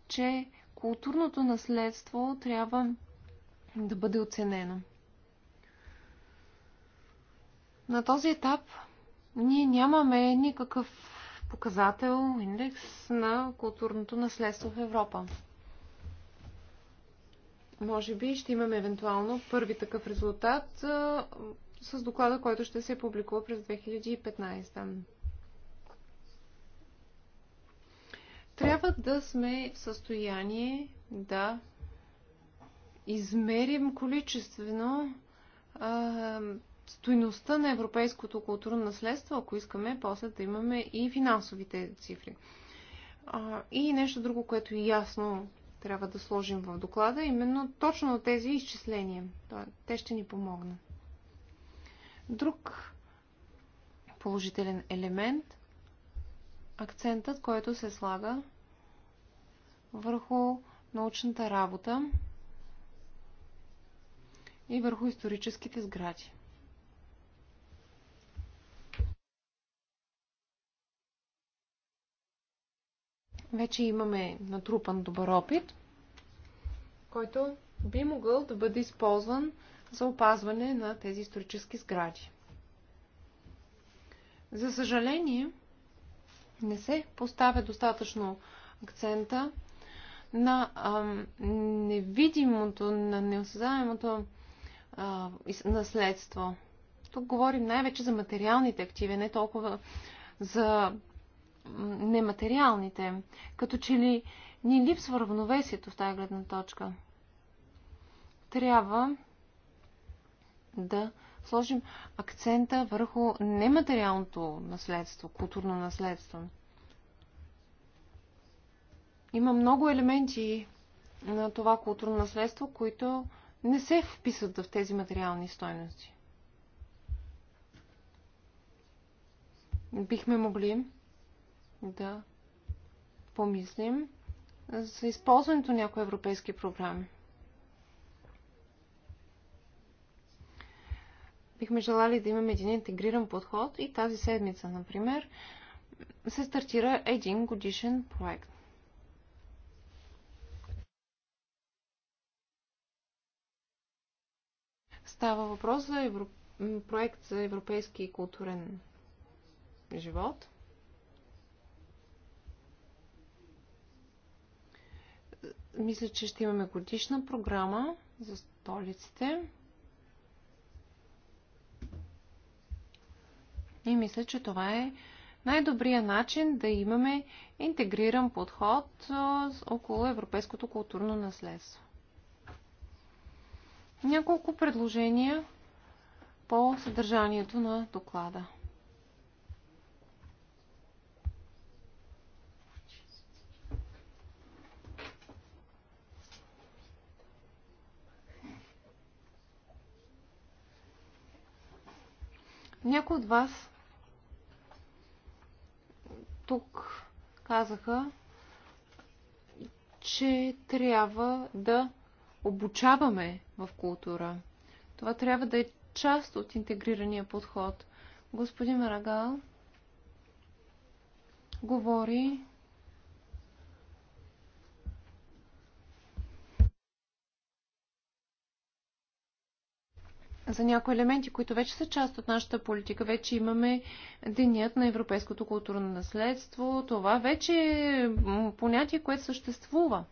че културното наследство трябва да бъде оценено. На този етап ние нямаме никакъв показател, индекс на културното наследство в Европа. Може би ще имаме евентуално първи такъв резултат а, с доклада, който ще се публикува през 2015. Трябва да сме в състояние да измерим количествено а, стойността на европейското културно наследство, ако искаме после да имаме и финансовите цифри. А, и нещо друго, което ясно трябва да сложим в доклада, именно точно тези изчисления. Те ще ни помогнат. Друг положителен елемент акцентът, който се слага върху научната работа и върху историческите сгради. Вече имаме натрупан добър опит, който би могъл да бъде използван за опазване на тези исторически сгради. За съжаление, не се поставя достатъчно акцента на ам, невидимото, на неосъзнаемото наследство. Тук говорим най-вече за материалните активи, не толкова за нематериалните. Като че ли ни липсва равновесието в тази гледна точка. Трябва да сложим акцента върху нематериалното наследство, културно наследство. Има много елементи на това културно наследство, които не се вписват в тези материални стойности. Бихме могли да помислим за използването на някои европейски програми. Бихме желали да имаме един интегриран подход и тази седмица, например, се стартира един годишен проект. Става въпрос за евро... проект за европейски културен живот – мисля, че ще имаме годишна програма за столиците. И мисля, че това е най-добрият начин да имаме интегриран подход около европейското културно наследство. Няколко предложения по съдържанието на доклада. Някои от вас тук казаха, че трябва да обучаваме в култура. Това трябва да е част от интегрирания подход. Господин Марагал говори за някои елементи, които вече са част от нашата политика. Вече имаме Денят на европейското културно наследство. Това вече е понятие, което съществува.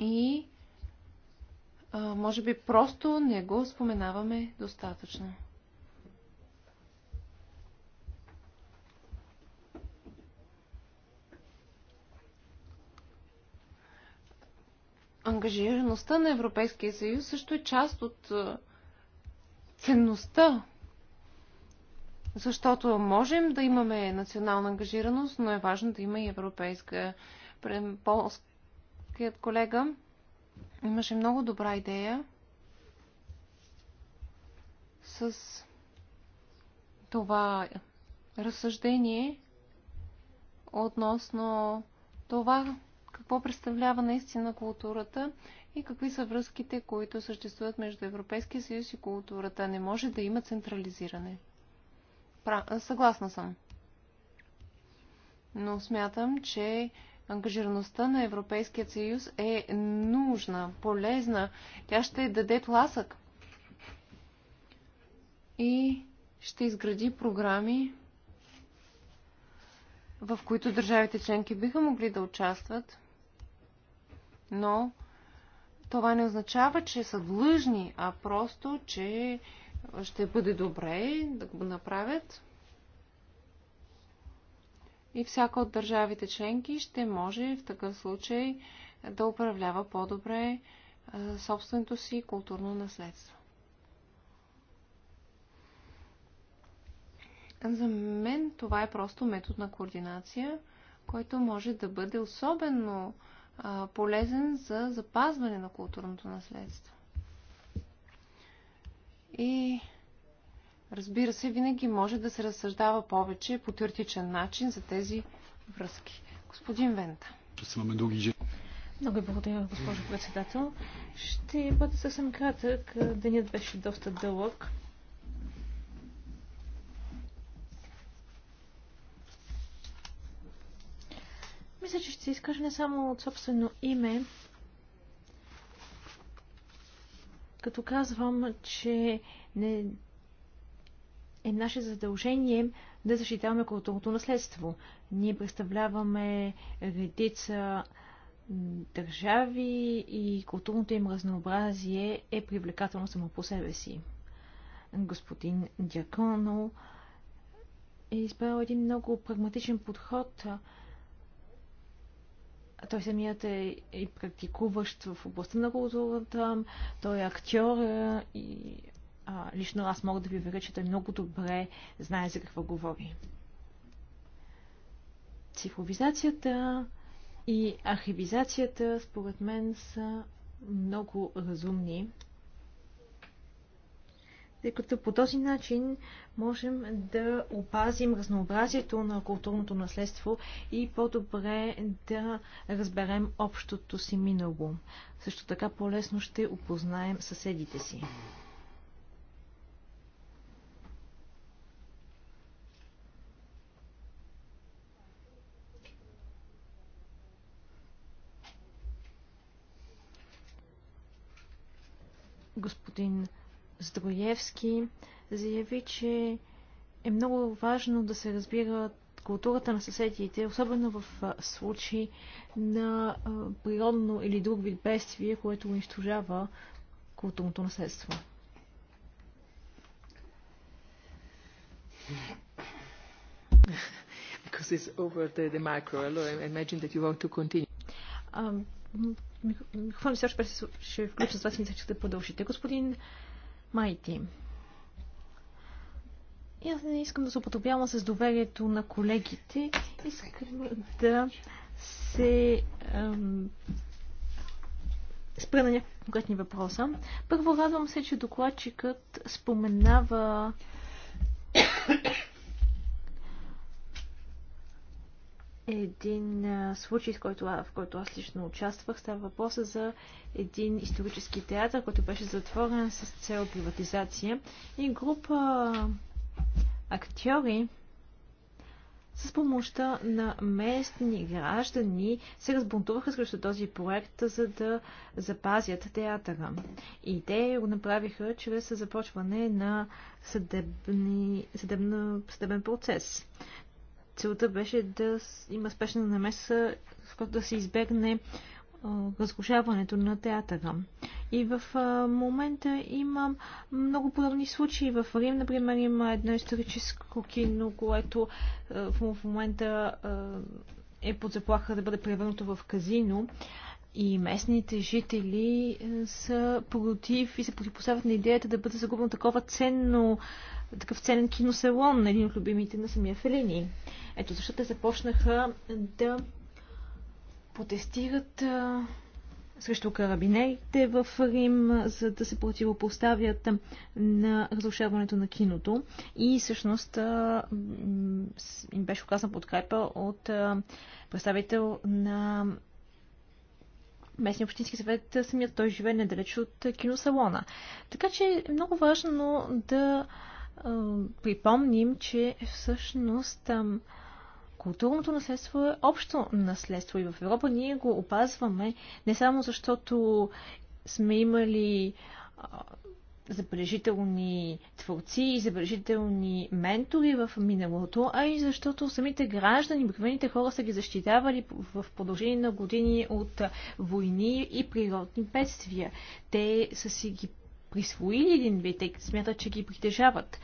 И а, може би просто не го споменаваме достатъчно. ангажираността на Европейския съюз също е част от е, ценността. Защото можем да имаме национална ангажираност, но е важно да има и европейска. Полският колега имаше много добра идея с това разсъждение относно това какво представлява наистина културата и какви са връзките, които съществуват между Европейския съюз и културата. Не може да има централизиране. Пра... Съгласна съм. Но смятам, че ангажираността на Европейския съюз е нужна, полезна. Тя ще даде тласък и ще изгради програми, в които държавите членки биха могли да участват но това не означава, че са длъжни, а просто, че ще бъде добре да го направят. И всяка от държавите членки ще може в такъв случай да управлява по-добре собственото си културно наследство. За мен това е просто метод на координация, който може да бъде особено полезен за запазване на културното наследство. И разбира се, винаги може да се разсъждава повече по теоретичен начин за тези връзки. Господин Вента. Много ви благодаря, госпожо председател. Ще бъда съвсем кратък. Денят беше доста дълъг. Мисля, че ще се изкажа не само от собствено име, като казвам, че не е наше задължение да защитаваме културното наследство. Ние представляваме редица държави и културното им разнообразие е привлекателно само по себе си. Господин Дяконо е избрал един много прагматичен подход той самият е и практикуващ в областта на културата, той е актьор е, и а, лично аз мога да ви уверя, че той много добре знае за какво говори. Цифровизацията и архивизацията, според мен, са много разумни тъй като по този начин можем да опазим разнообразието на културното наследство и по-добре да разберем общото си минало. Също така по-лесно ще опознаем съседите си. Господин Здроевски заяви, че е много важно да се разбира културата на съседите, особено в случаи на природно или друг вид бедствие, което унищожава културното наследство. Because it's over the, the micro, I imagine that you want to continue. Микрофон все още ще включа с вас, мисля, че ще продължите. Господин майти. И аз не искам да се уподобявам с доверието на колегите. Искам да се ам, спра на някакви конкретни въпроса. Първо радвам се, че докладчикът споменава един случай, в който, в който аз лично участвах. Става въпроса за един исторически театър, който беше затворен с цел приватизация и група актьори с помощта на местни граждани се разбунтуваха срещу този проект, за да запазят театъра. И те го направиха чрез започване на съдебни, съдебна, съдебен процес целта беше да има спешна намеса, в която да се избегне разрушаването на театъра. И в момента има много подобни случаи. В Рим, например, има едно историческо кино, което в момента е под заплаха да бъде превърнато в казино. И местните жители са против и се противопоставят на идеята да бъде загубено такова ценно такъв ценен киносалон, един от любимите на самия Фелини. Ето защо те започнаха да протестират а, срещу карабинерите в Рим, за да се противопоставят на разрушаването на киното. И всъщност а, им беше оказана подкрепа от а, представител на местния общински съвет, самият той живее недалеч от киносалона. Така че е много важно да припомним, че всъщност културното наследство е общо наследство и в Европа ние го опазваме не само защото сме имали забележителни творци и забележителни ментори в миналото, а и защото самите граждани, обикновените хора са ги защитавали в продължение на години от войни и природни бедствия. Те са си ги присвоили един вид, те смятат, че ги притежават.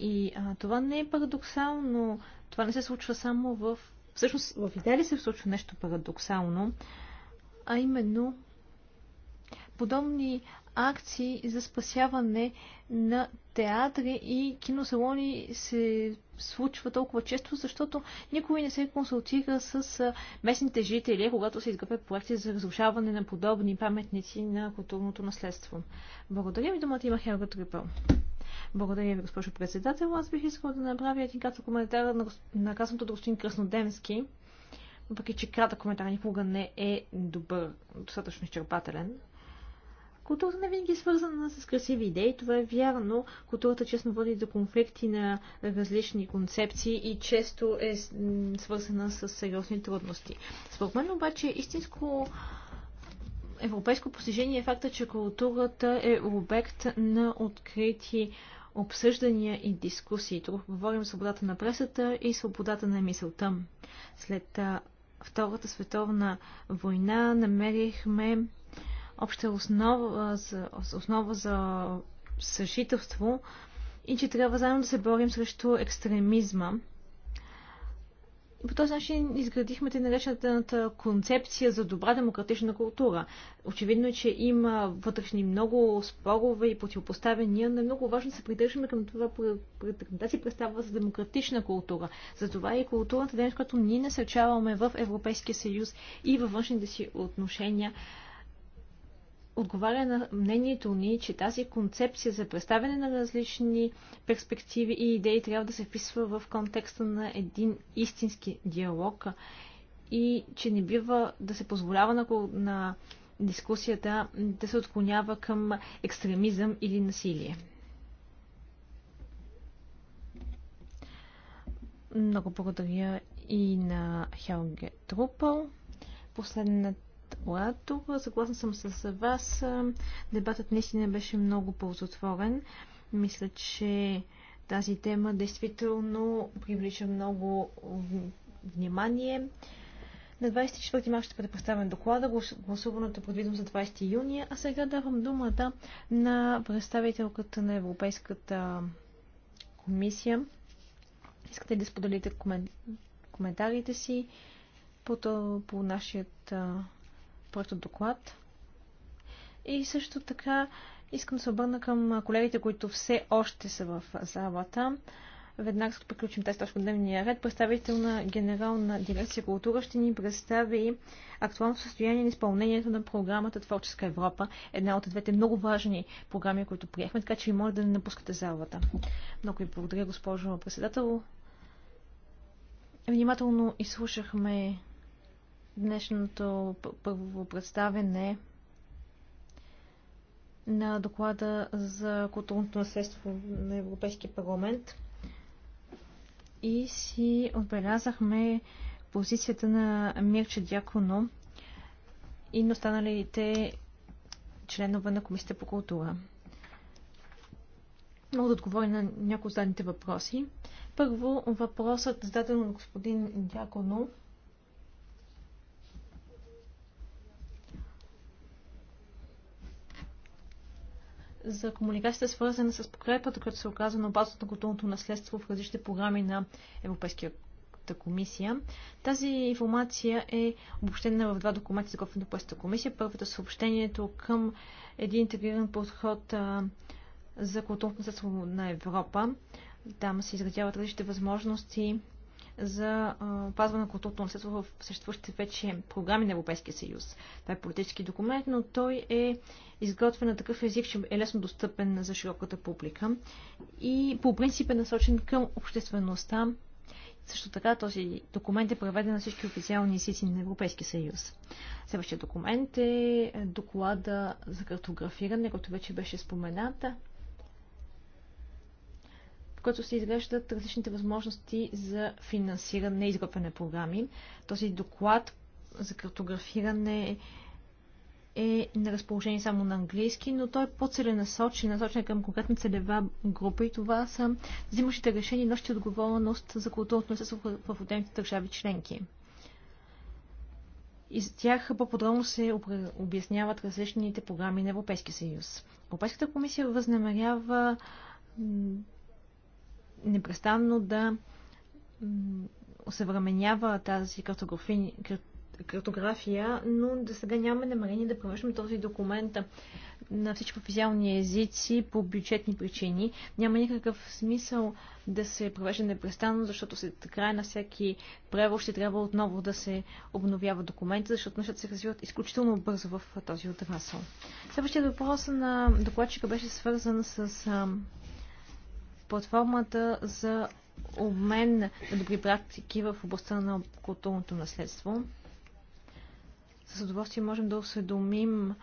И а, това не е парадоксално. Това не се случва само в... Всъщност, в Италия се случва нещо парадоксално, а именно подобни акции за спасяване на театри и киносалони се случва толкова често, защото никой не се консултира с местните жители, когато се изгъпят проекти за разрушаване на подобни паметници на културното наследство. Благодаря ви, думата има Хелга Трипъл. Благодаря ви, госпожо председател. Аз бих искала да направя един кратък коментар на, на казаното от господин Краснодемски, въпреки че кратък коментар никога не е добър, достатъчно изчерпателен. Културата не винаги е свързана с красиви идеи, това е вярно. Културата честно води до конфликти на различни концепции и често е свързана с сериозни трудности. Според мен обаче истинско европейско постижение е факта, че културата е обект на открити обсъждания и дискусии. Тук говорим свободата на пресата и свободата на мисълта. След Втората световна война намерихме обща основа за, основа за съжителство и че трябва заедно да се борим срещу екстремизма. по този начин изградихме те наречената концепция за добра демократична култура. Очевидно е, че има вътрешни много спорове и противопоставяния, но е много важно да се придържаме към това, да си представа за демократична култура. Затова и културната дейност, която ние насърчаваме в Европейския съюз и във външните си отношения, отговаря на мнението ни, че тази концепция за представяне на различни перспективи и идеи трябва да се вписва в контекста на един истински диалог и че не бива да се позволява на, на дискусията да се отклонява към екстремизъм или насилие. Много благодаря и на Хелге Трупъл. Последната оратор. Съгласна съм с вас. Дебатът наистина беше много ползотворен. Мисля, че тази тема действително привлича много внимание. На 24 марта ще бъде представен доклада, гласуването е предвидено за 20 юни, а сега давам думата на представителката на Европейската комисия. Искате да споделите коментарите си по, по нашият проекто доклад. И също така искам да се обърна към колегите, които все още са в залата. Веднага като приключим тази точка дневния ред, представител на Генерална дирекция култура ще ни представи актуалното състояние на изпълнението на програмата Творческа Европа, една от двете много важни програми, които приехме, така че ви моля да не напускате залата. Много ви благодаря, госпожо председател. Внимателно изслушахме днешното първо представене на доклада за културното наследство на Европейския парламент и си отбелязахме позицията на Мирче Дяконо и на останалите членове на Комисията по култура. Мога да отговоря на някои от задните въпроси. Първо, въпросът зададен от господин Дяконо за комуникацията, свързана с подкрепата, която се оказва на опасност на културното наследство в различните програми на Европейската комисия. Тази информация е обобщена в два документа, за от Европейската комисия. Първото е съобщението към един интегриран подход за културното наследство на Европа. Там се изразяват различните възможности за опазване на културното наследство в съществуващите вече програми на Европейския съюз. Това е политически документ, но той е изготвен на такъв език, че е лесно достъпен за широката публика и по принцип е насочен към обществеността. Също така този документ е преведен на всички официални езици на Европейския съюз. Следващия документ е доклада за картографиране, който вече беше спомената в който се изглеждат различните възможности за финансиране и изготвяне програми. Този доклад за картографиране е на разположение само на английски, но той е по-целенасочен, насочен към конкретна целева група и това са взимащите решения и нощи отговорност за културното наследство в отделните държави членки. И за тях по-подробно се обясняват различните програми на Европейския съюз. Европейската комисия възнамерява непрестанно да осъвременява тази картография, но да сега нямаме намерение да превършим този документ на всички официални езици по бюджетни причини. Няма никакъв смисъл да се превежда непрестанно, защото след края на всеки превод ще трябва отново да се обновява документа, защото нещата се развиват изключително бързо в този отрасъл. Следващия въпрос на докладчика беше свързан с платформата за обмен на добри практики в областта на културното наследство. С удоволствие можем да осведомим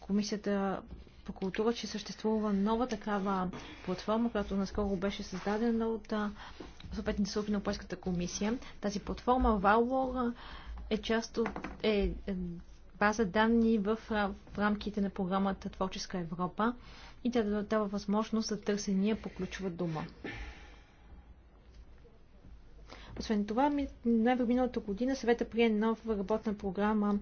Комисията по култура, че съществува нова такава платформа, която наскоро беше създадена от съответните служби на Европейската комисия. Тази платформа Valor е част от е, е база данни в, в рамките на програмата Творческа Европа и тя да дава възможност за търсения по ключова дума. Освен това, ноември миналата година съвета прие нова работна програма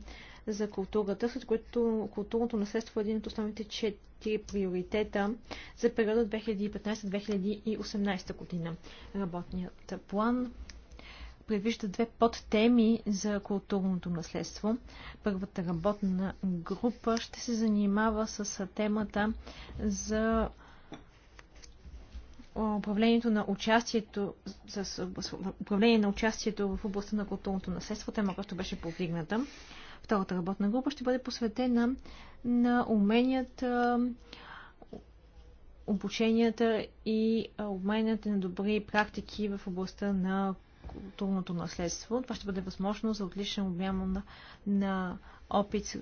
за културата, след което културното наследство е един от основните четири приоритета за периода 2015-2018 година. Работният план предвижда две подтеми за културното наследство. Първата работна група ще се занимава с темата за управлението на участието, за управление на участието в областта на културното наследство, тема, която беше повдигната. Втората работна група ще бъде посветена на уменията, обученията и обменът на добри практики в областта на културното наследство. Това ще бъде възможно за отличен обмяна на, на опит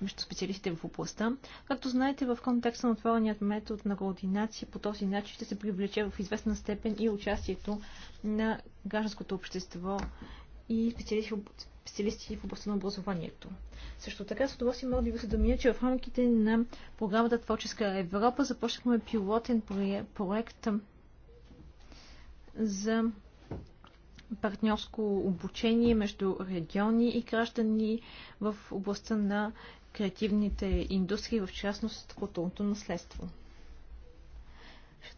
между специалистите в областта. Както знаете, в контекста на отвореният метод на координация по този начин ще се привлече в известна степен и участието на гражданското общество и специалисти, специалисти в областта на образованието. Също така с удоволствие мога да ви осъдомя, че в рамките на програмата Творческа Европа започнахме пилотен проект за партньорско обучение между региони и граждани в областта на креативните индустрии, в частност културното наследство.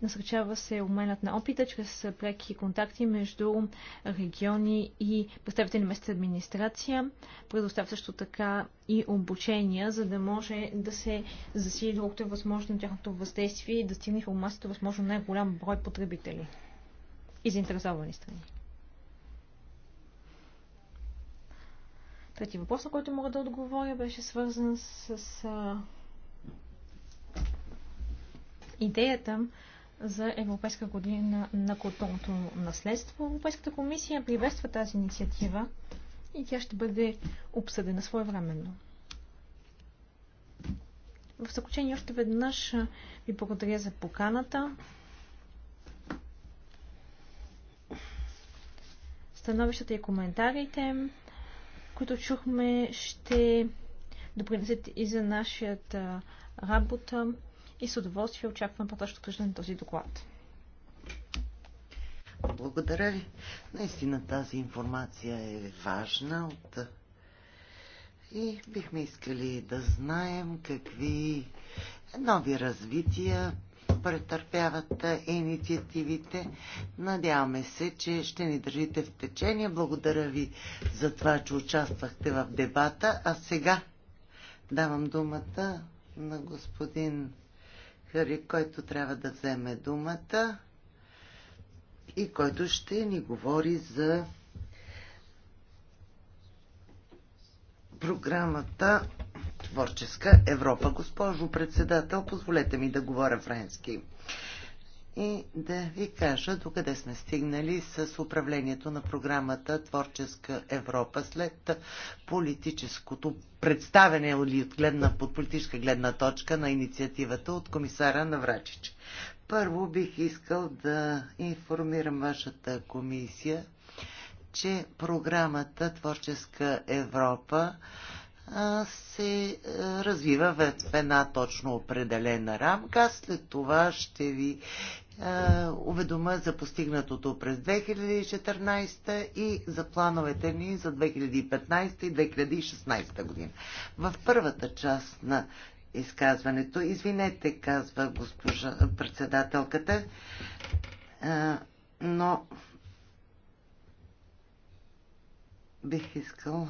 Насръчава се обменът на опита чрез преки контакти между региони и представители на местната администрация. Предоставя също така и обучения, за да може да се засили доколкото е възможно тяхното въздействие и да стигне в масата възможно най-голям брой потребители и заинтересовани страни. Трети въпрос, на който мога да отговоря, беше свързан с а, идеята за Европейска година на културното наследство. Европейската комисия приветства тази инициатива и тя ще бъде обсъдена своевременно. В заключение още веднъж ви благодаря за поканата. Становищата и коментарите които чухме, ще допринесат и за нашата работа и с удоволствие очаквам по-точно обсъждане на този доклад. Благодаря ви. Наистина тази информация е важна от... и бихме искали да знаем какви нови развития претърпяват инициативите. Надяваме се, че ще ни държите в течение. Благодаря ви за това, че участвахте в дебата. А сега давам думата на господин Хари, който трябва да вземе думата и който ще ни говори за програмата творческа Европа. Госпожо председател, позволете ми да говоря френски и да ви кажа докъде сме стигнали с управлението на програмата Творческа Европа след политическото представене от, гледна, от политическа гледна точка на инициативата от комисара Наврачич. Първо бих искал да информирам вашата комисия, че програмата Творческа Европа се развива в една точно определена рамка. След това ще ви уведома за постигнатото през 2014 и за плановете ни за 2015 и 2016 година. В първата част на изказването, извинете, казва госпожа председателката, но бих искала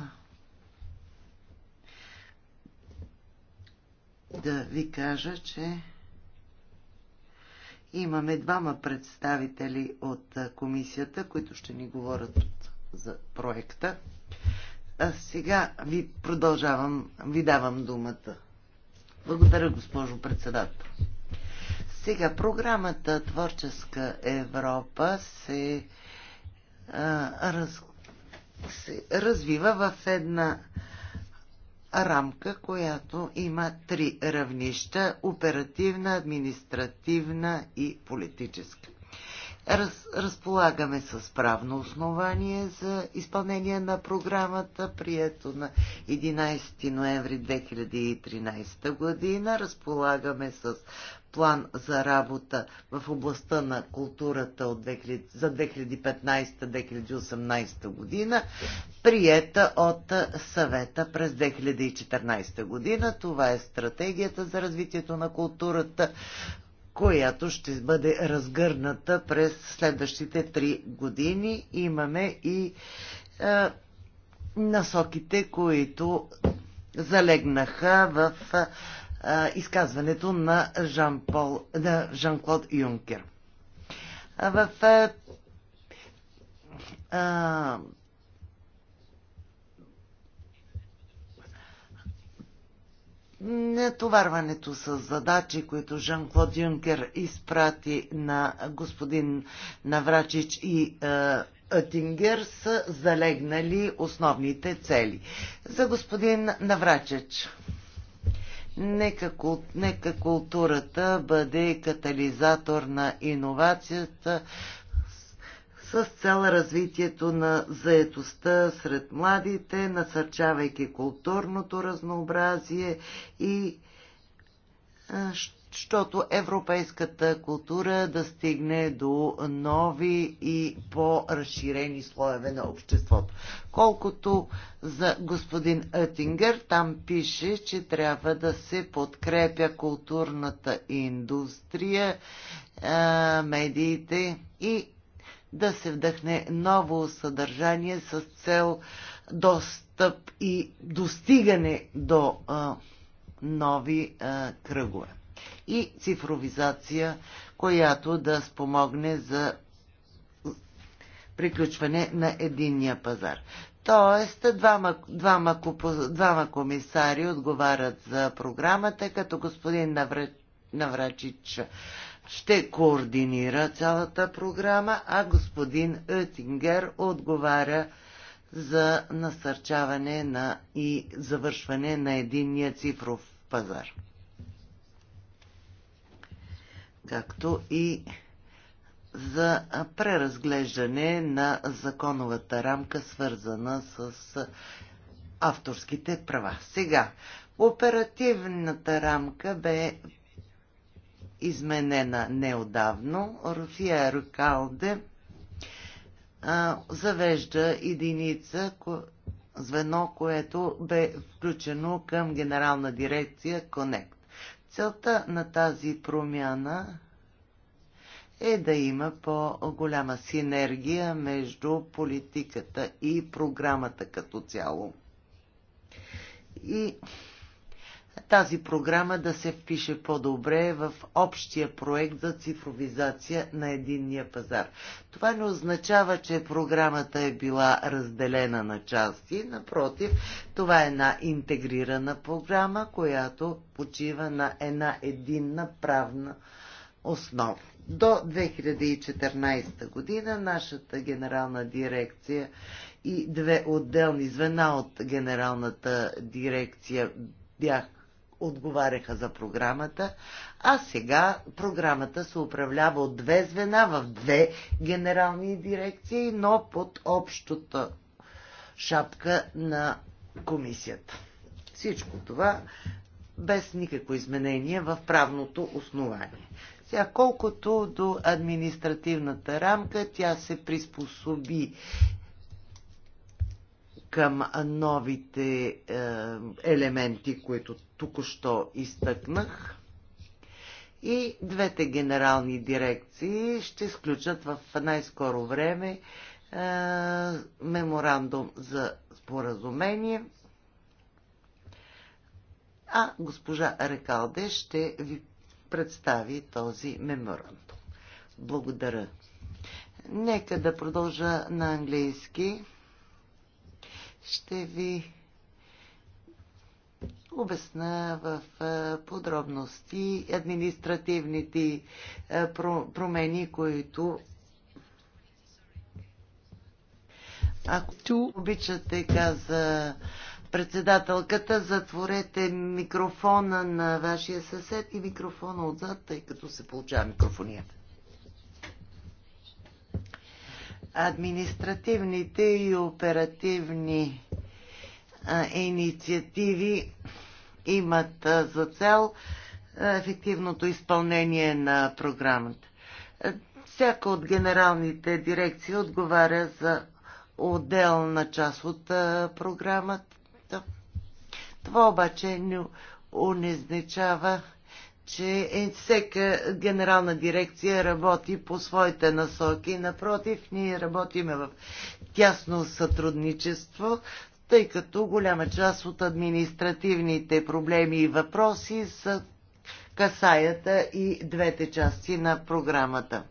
да ви кажа, че имаме двама представители от комисията, които ще ни говорят за проекта. А сега ви продължавам, ви давам думата. Благодаря, госпожо председател. Сега програмата Творческа Европа се, а, раз, се развива в една рамка, която има три равнища оперативна, административна и политическа. Раз, разполагаме с правно основание за изпълнение на програмата, прието на 11 ноември 2013 година. Разполагаме с план за работа в областта на културата от 2000, за 2015-2018 година, приета от съвета през 2014 година. Това е стратегията за развитието на културата, която ще бъде разгърната през следващите три години. Имаме и е, насоките, които залегнаха в е, изказването на Жан-Пол, на Жан-Клод Юнкер. В а, натоварването с задачи, които Жан-Клод Юнкер изпрати на господин Наврачич и Атингер са залегнали основните цели. За господин Наврачич. Нека, Нека културата бъде катализатор на иновацията с цел развитието на заетостта сред младите, насърчавайки културното разнообразие и защото европейската култура да стигне до нови и по-разширени слоеве на обществото. Колкото за господин Оттингер, там пише, че трябва да се подкрепя културната индустрия, медиите и да се вдъхне ново съдържание с цел достъп и достигане до нови кръгове и цифровизация, която да спомогне за приключване на единния пазар. Тоест, двама, двама, двама комисари отговарят за програмата, като господин Наврачич ще координира цялата програма, а господин Оетингер отговаря за насърчаване на и завършване на единния цифров пазар както и за преразглеждане на законовата рамка, свързана с авторските права. Сега, оперативната рамка бе изменена неодавно. Руфия Рукалде завежда единица, звено, което бе включено към генерална дирекция Connect. Целта на тази промяна е да има по-голяма синергия между политиката и програмата като цяло. И тази програма да се впише по-добре в общия проект за цифровизация на единния пазар. Това не означава, че програмата е била разделена на части. Напротив, това е една интегрирана програма, която почива на една единна правна основа. До 2014 година нашата генерална дирекция и две отделни звена от генералната дирекция бях отговаряха за програмата, а сега програмата се управлява от две звена в две генерални дирекции, но под общата шапка на комисията. Всичко това без никакво изменение в правното основание. Сега, колкото до административната рамка, тя се приспособи към новите е, елементи, които току-що изтъкнах. И двете генерални дирекции ще сключат в най-скоро време е, меморандум за споразумение. А госпожа Рекалде ще ви представи този меморандум. Благодаря. Нека да продължа на английски. Ще ви обясна в подробности административните промени, които ако обичате, каза председателката, затворете микрофона на вашия съсед и микрофона отзад, тъй като се получава микрофонията. Административните и оперативни а, инициативи имат за цел ефективното изпълнение на програмата. Всяка от генералните дирекции отговаря за отделна част от програмата. Това обаче не унезначава, че е, всяка генерална дирекция работи по своите насоки. Напротив, ние работиме в тясно сътрудничество, тъй като голяма част от административните проблеми и въпроси са касаята и двете части на програмата.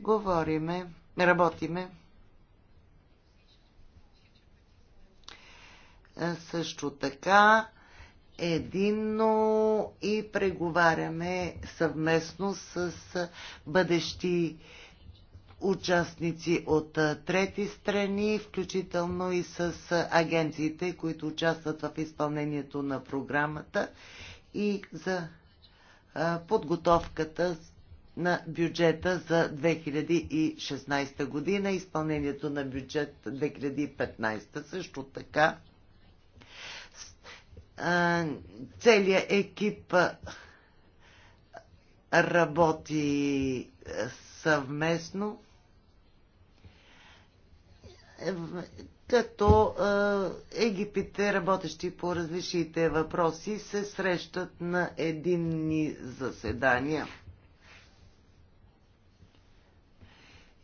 Говориме, работиме. Също така единно и преговаряме съвместно с бъдещи участници от трети страни, включително и с агенциите, които участват в изпълнението на програмата и за подготовката на бюджета за 2016 година, изпълнението на бюджет 2015. Също така целият екип работи съвместно като е, египите, работещи по различните въпроси, се срещат на единни заседания.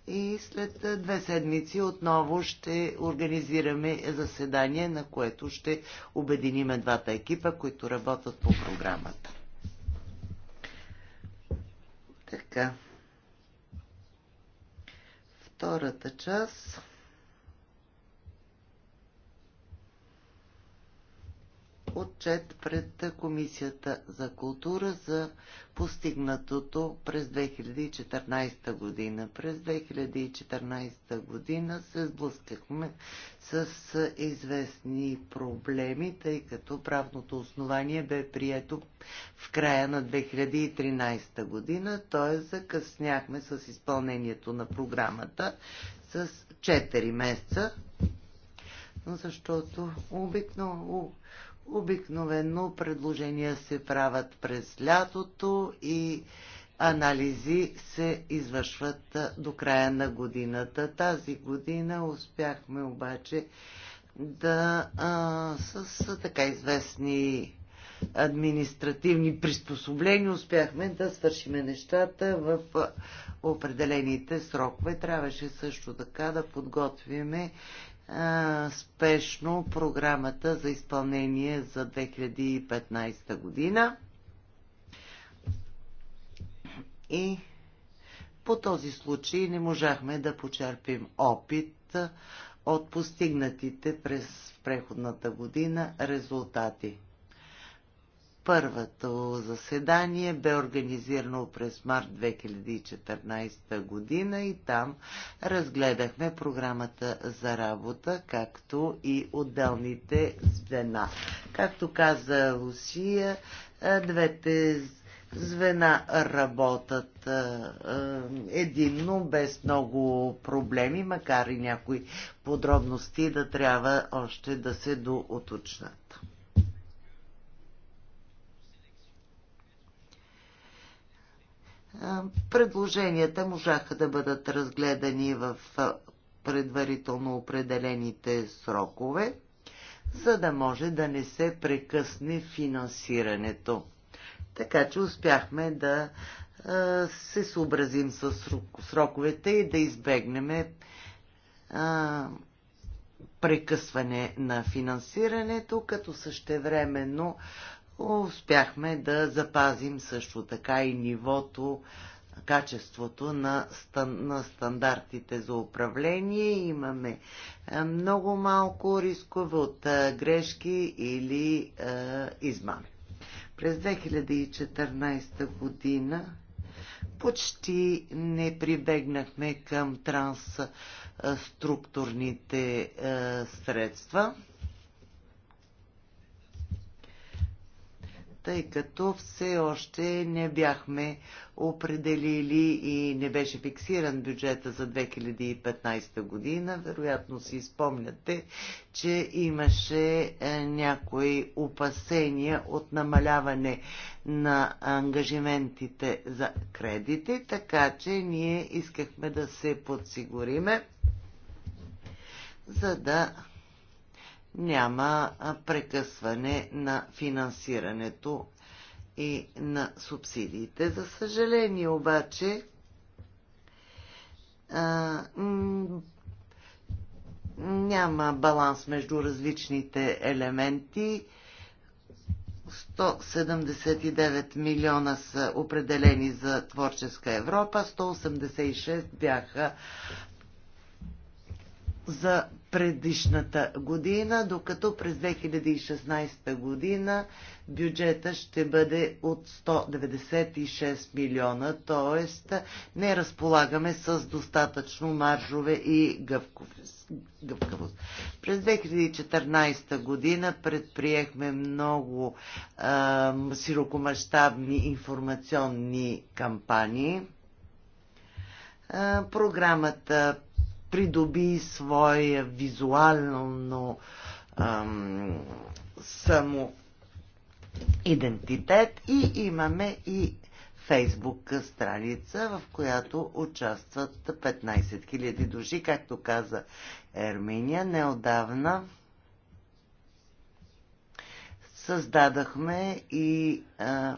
И след е, две седмици отново ще организираме заседание, на което ще обединиме двата екипа, които работят по програмата. Така. Втората част. отчет пред Комисията за култура за постигнатото през 2014 година. През 2014 година се сблъскахме с известни проблеми, тъй като правното основание бе прието в края на 2013 година, т.е. закъсняхме с изпълнението на програмата с 4 месеца, защото обикновено Обикновено предложения се правят през лятото и анализи се извършват до края на годината. Тази година успяхме обаче да а, с, така известни административни приспособления успяхме да свършиме нещата в определените срокове. Трябваше също така да подготвиме а, спешно програмата за изпълнение за 2015 година. И по този случай не можахме да почерпим опит от постигнатите през преходната година резултати. Първото заседание бе организирано през март 2014 година и там разгледахме програмата за работа, както и отделните звена. Както каза Русия, двете звена работят единно, без много проблеми, макар и някои подробности да трябва още да се доуточнат. Предложенията можаха да бъдат разгледани в предварително определените срокове, за да може да не се прекъсне финансирането. Така че успяхме да се съобразим с сроковете и да избегнем прекъсване на финансирането, като същевременно успяхме да запазим също така и нивото, качеството на, стан, на стандартите за управление. Имаме е, много малко рискове от е, грешки или е, измами. През 2014 година почти не прибегнахме към трансструктурните е, средства тъй като все още не бяхме определили и не беше фиксиран бюджета за 2015 година. Вероятно си спомняте, че имаше е, някои опасения от намаляване на ангажиментите за кредити, така че ние искахме да се подсигуриме, за да няма прекъсване на финансирането и на субсидиите. За съжаление обаче, няма баланс между различните елементи. 179 милиона са определени за Творческа Европа, 186 бяха за предишната година, докато през 2016 година бюджета ще бъде от 196 милиона, т.е. не разполагаме с достатъчно маржове и гъвкавост. През 2014 година предприехме много е, широкомащабни информационни кампании. Е, програмата придоби своя визуално ам, само идентитет и имаме и Фейсбук страница, в която участват 15 000 души, както каза Ерминия неодавна. Създадахме и а,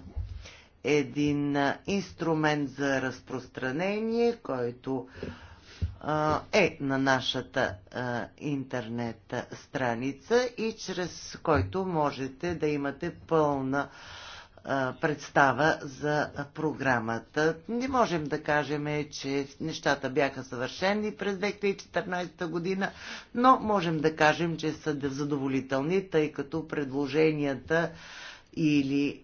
един инструмент за разпространение, който а, е на нашата интернет страница и чрез който можете да имате пълна представа за програмата. Не можем да кажем, че нещата бяха съвършени през 2014 година, но можем да кажем, че са задоволителни, тъй като предложенията или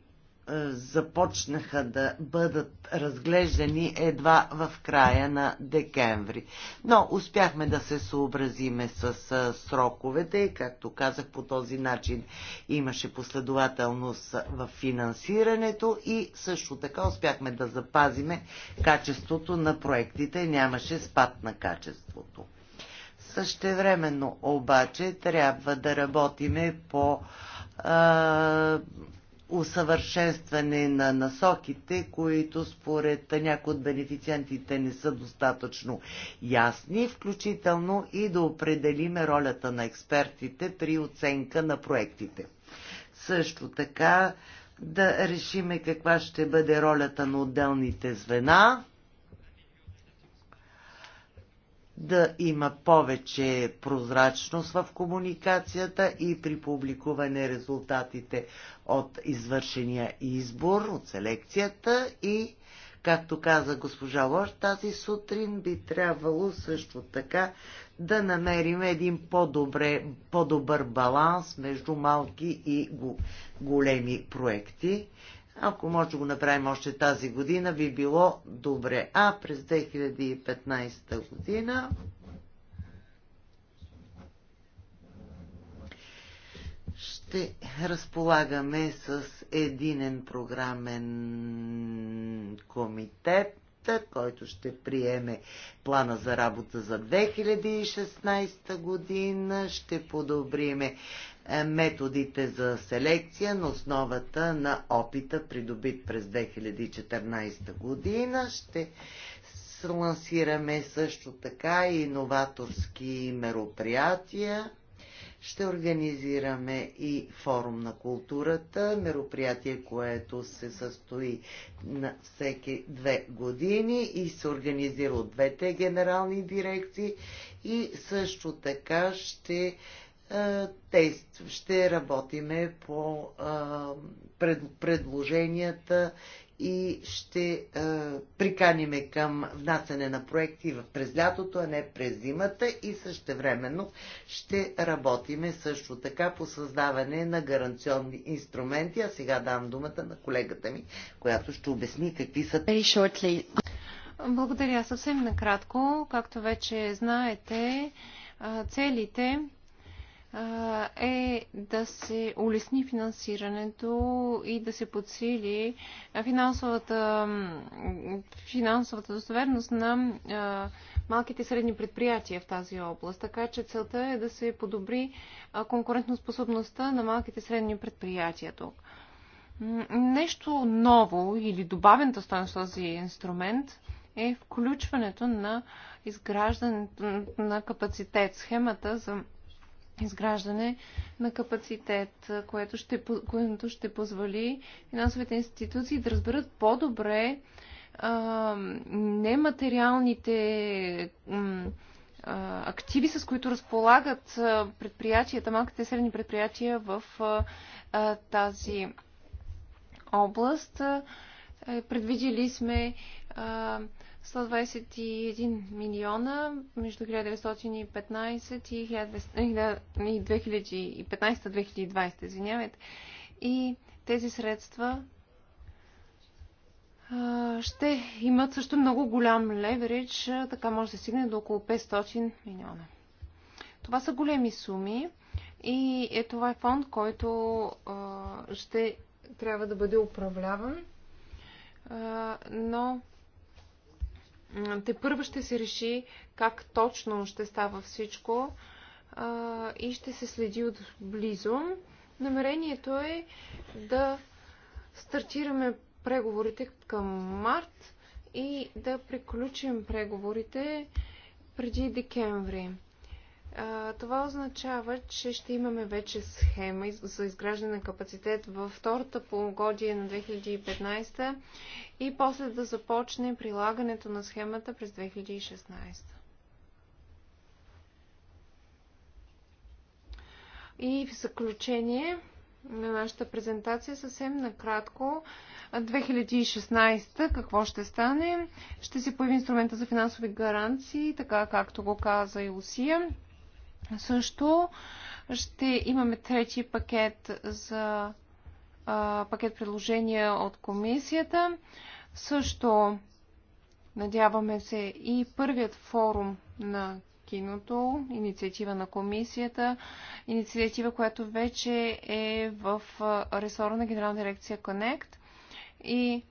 е, започнаха да бъдат разглеждани едва в края на декември. Но успяхме да се съобразиме с е, сроковете и, както казах, по този начин имаше последователност в финансирането и също така успяхме да запазиме качеството на проектите. Нямаше спад на качеството. Същевременно обаче трябва да работиме по е, усъвършенстване на насоките, които според някои от бенефициентите не са достатъчно ясни, включително и да определиме ролята на експертите при оценка на проектите. Също така да решиме каква ще бъде ролята на отделните звена да има повече прозрачност в комуникацията и при публикуване резултатите от извършения избор, от селекцията и, както каза госпожа Лош, тази сутрин би трябвало също така да намерим един по-добре, по-добър баланс между малки и големи проекти. Ако може да го направим още тази година, би било добре. А през 2015 година ще разполагаме с единен програмен комитет, който ще приеме плана за работа за 2016 година, ще подобриме е, методите за селекция на основата на опита, придобит през 2014 година. Ще лансираме също така и иноваторски мероприятия. Ще организираме и форум на културата, мероприятие, което се състои на всеки две години и се организира от двете генерални дирекции. И също така ще е, Тест. Ще работиме по е, предложенията и ще е, приканиме към внасене на проекти през лятото, а не през зимата и същевременно ще работиме също така по създаване на гаранционни инструменти. А сега дам думата на колегата ми, която ще обясни какви са... Благодаря. Съвсем накратко, както вече знаете, целите е да се улесни финансирането и да се подсили финансовата, финансовата достоверност на малките и средни предприятия в тази област. Така че целта е да се подобри конкурентоспособността на малките и средни предприятия тук. Нещо ново или добавената стоеност този инструмент е включването на изграждането на капацитет, схемата за изграждане на капацитет, което ще, което ще позволи финансовите институции да разберат по-добре нематериалните активи, с които разполагат предприятията, малките и средни предприятия в а, тази област. Е, предвидили сме а, 121 милиона между 1915 и 2015-2020, извинявайте. И тези средства ще имат също много голям леверидж, така може да стигне до около 500 милиона. Това са големи суми и е това е фонд, който ще трябва да бъде управляван, но те първо ще се реши как точно ще става всичко а, и ще се следи от близо. Намерението е да стартираме преговорите към март и да приключим преговорите преди декември това означава, че ще имаме вече схема за изграждане на капацитет във втората полугодие на 2015 и после да започне прилагането на схемата през 2016. И в заключение на нашата презентация съвсем накратко 2016 какво ще стане? Ще се появи инструмента за финансови гаранции, така както го каза и Усия. Също ще имаме трети пакет за а, пакет предложения от комисията. Също надяваме се и първият форум на киното, инициатива на комисията, инициатива, която вече е в ресора на Генерална дирекция Connect. И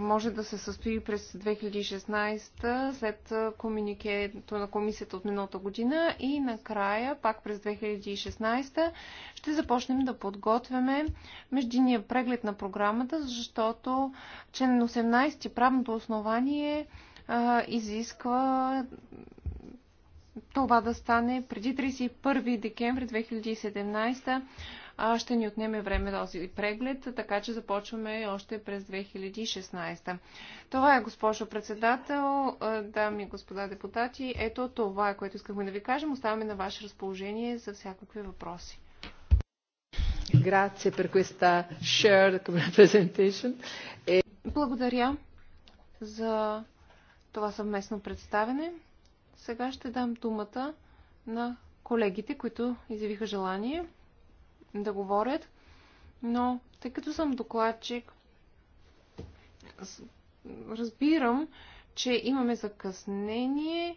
може да се състои през 2016 след комуникето на комисията от миналата година и накрая, пак през 2016, ще започнем да подготвяме междиния преглед на програмата, защото член 18 правното основание а, изисква това да стане преди 31 декември 2017 а ще ни отнеме време този преглед, така че започваме още през 2016. Това е, госпожо председател, е, дами и господа депутати. Ето това е, което искахме да ви кажем. Оставаме на ваше разположение за всякакви въпроси. E- Благодаря за това съвместно представене. Сега ще дам думата на колегите, които изявиха желание да говорят, но тъй като съм докладчик, разбирам, че имаме закъснение.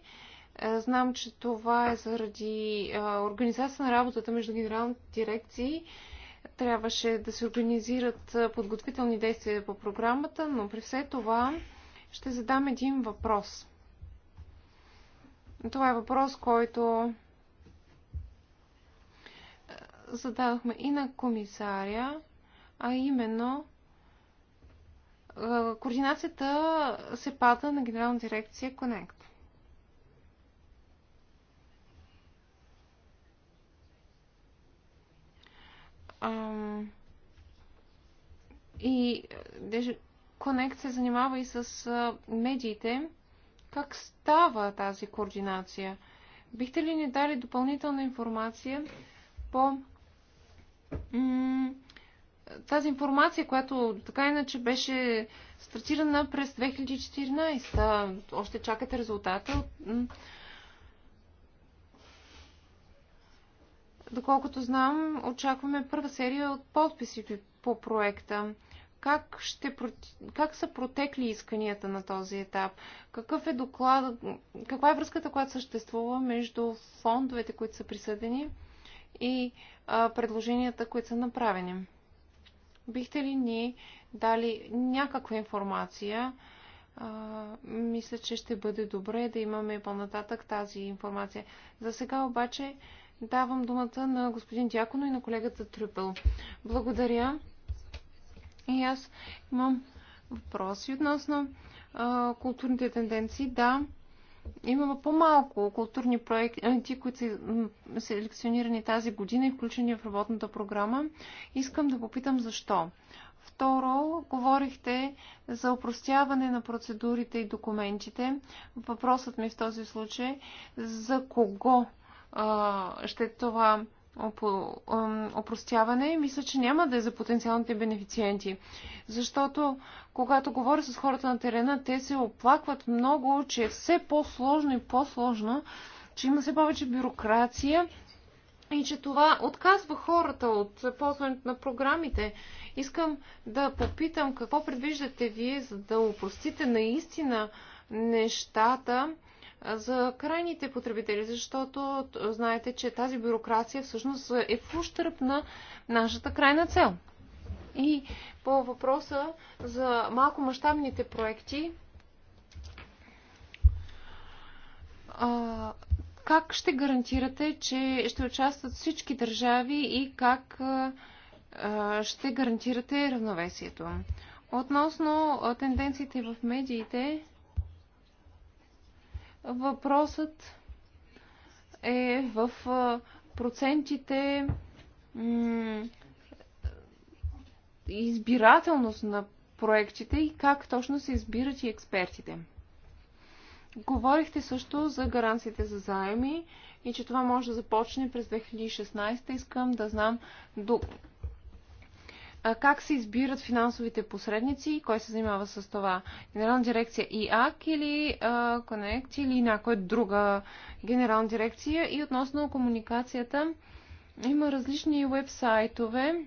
Е, знам, че това е заради е, организация на работата между генералните дирекции. Трябваше да се организират е, подготвителни действия по програмата, но при все това ще задам един въпрос. Това е въпрос, който задавахме и на комисаря, а именно координацията се пада на генерална дирекция Connect. и Connect се занимава и с медиите. Как става тази координация? Бихте ли ни дали допълнителна информация по тази информация, която така иначе беше стартирана през 2014. Още чакате резултата. Доколкото знам, очакваме първа серия от подписите по проекта. Как, ще, как са протекли исканията на този етап? Какъв е доклад, каква е връзката, която съществува между фондовете, които са присъдени? и а, предложенията, които са направени. Бихте ли ни дали някаква информация? А, мисля, че ще бъде добре да имаме по-нататък тази информация. За сега обаче давам думата на господин Дяконо и на колегата Трюпел. Благодаря. И аз имам въпроси относно а, културните тенденции. Да, Имаме по-малко културни проекти, които са селекционирани тази година и включени в работната програма. Искам да попитам защо. Второ, говорихте за упростяване на процедурите и документите. Въпросът ми в този случай за кого ще това опростяване, мисля, че няма да е за потенциалните бенефициенти. Защото, когато говоря с хората на терена, те се оплакват много, че е все по-сложно и по-сложно, че има все повече бюрокрация и че това отказва хората от ползването на програмите. Искам да попитам какво предвиждате вие, за да упростите наистина нещата за крайните потребители, защото знаете, че тази бюрокрация всъщност е в ущърп на нашата крайна цел. И по въпроса за малко мащабните проекти, как ще гарантирате, че ще участват всички държави и как ще гарантирате равновесието? Относно тенденциите в медиите, Въпросът е в процентите избирателност на проектите и как точно се избират и експертите. Говорихте също за гаранциите за заеми и че това може да започне през 2016. Искам да знам до как се избират финансовите посредници, кой се занимава с това? Генерална дирекция ИАК или а, или някоя друга генерална дирекция? И относно комуникацията, има различни вебсайтове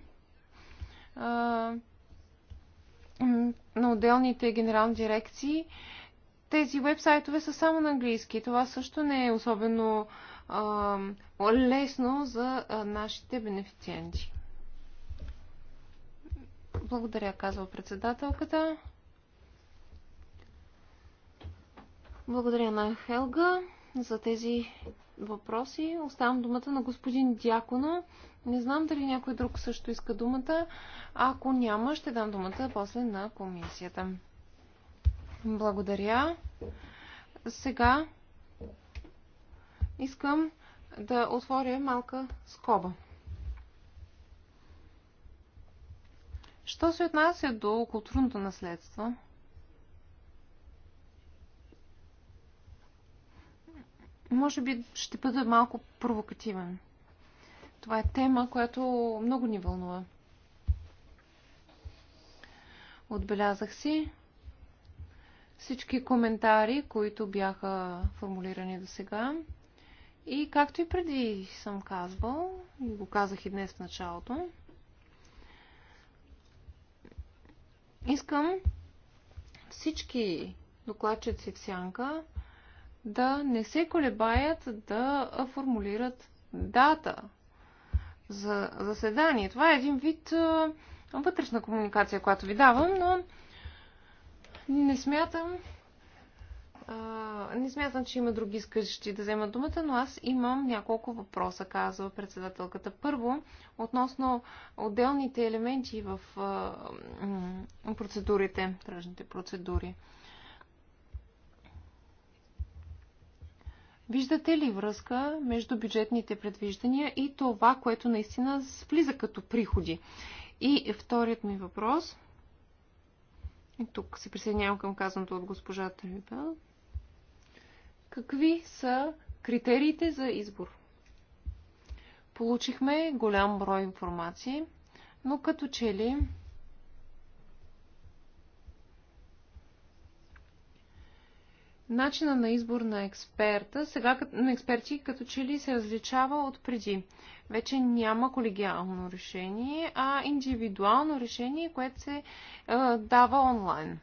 на отделните генерални дирекции. Тези вебсайтове са само на английски. Това също не е особено а, лесно за а, нашите бенефициенти. Благодаря, казва председателката. Благодаря на Хелга за тези въпроси. Оставам думата на господин Дякона. Не знам дали някой друг също иска думата. Ако няма, ще дам думата после на комисията. Благодаря. Сега искам да отворя малка скоба. Що се отнася до културното наследство? Може би ще бъда малко провокативен. Това е тема, която много ни вълнува. Отбелязах си всички коментари, които бяха формулирани до сега. И както и преди съм казвал, и го казах и днес в началото, Искам всички докладчици в сянка да не се колебаят да формулират дата за заседание. Това е един вид вътрешна комуникация, която ви давам, но не смятам, не смятам, че има други искащи да вземат думата, но аз имам няколко въпроса, казва председателката. Първо, относно отделните елементи в процедурите, тръжните процедури. Виждате ли връзка между бюджетните предвиждания и това, което наистина сплиза като приходи? И вторият ми въпрос, и тук се присъединявам към казаното от госпожа Трюбел, какви са критериите за избор. Получихме голям брой информации, но като че ли начина на избор на експерта, сега на експерти като че ли се различава от преди. Вече няма колегиално решение, а индивидуално решение, което се е, дава онлайн.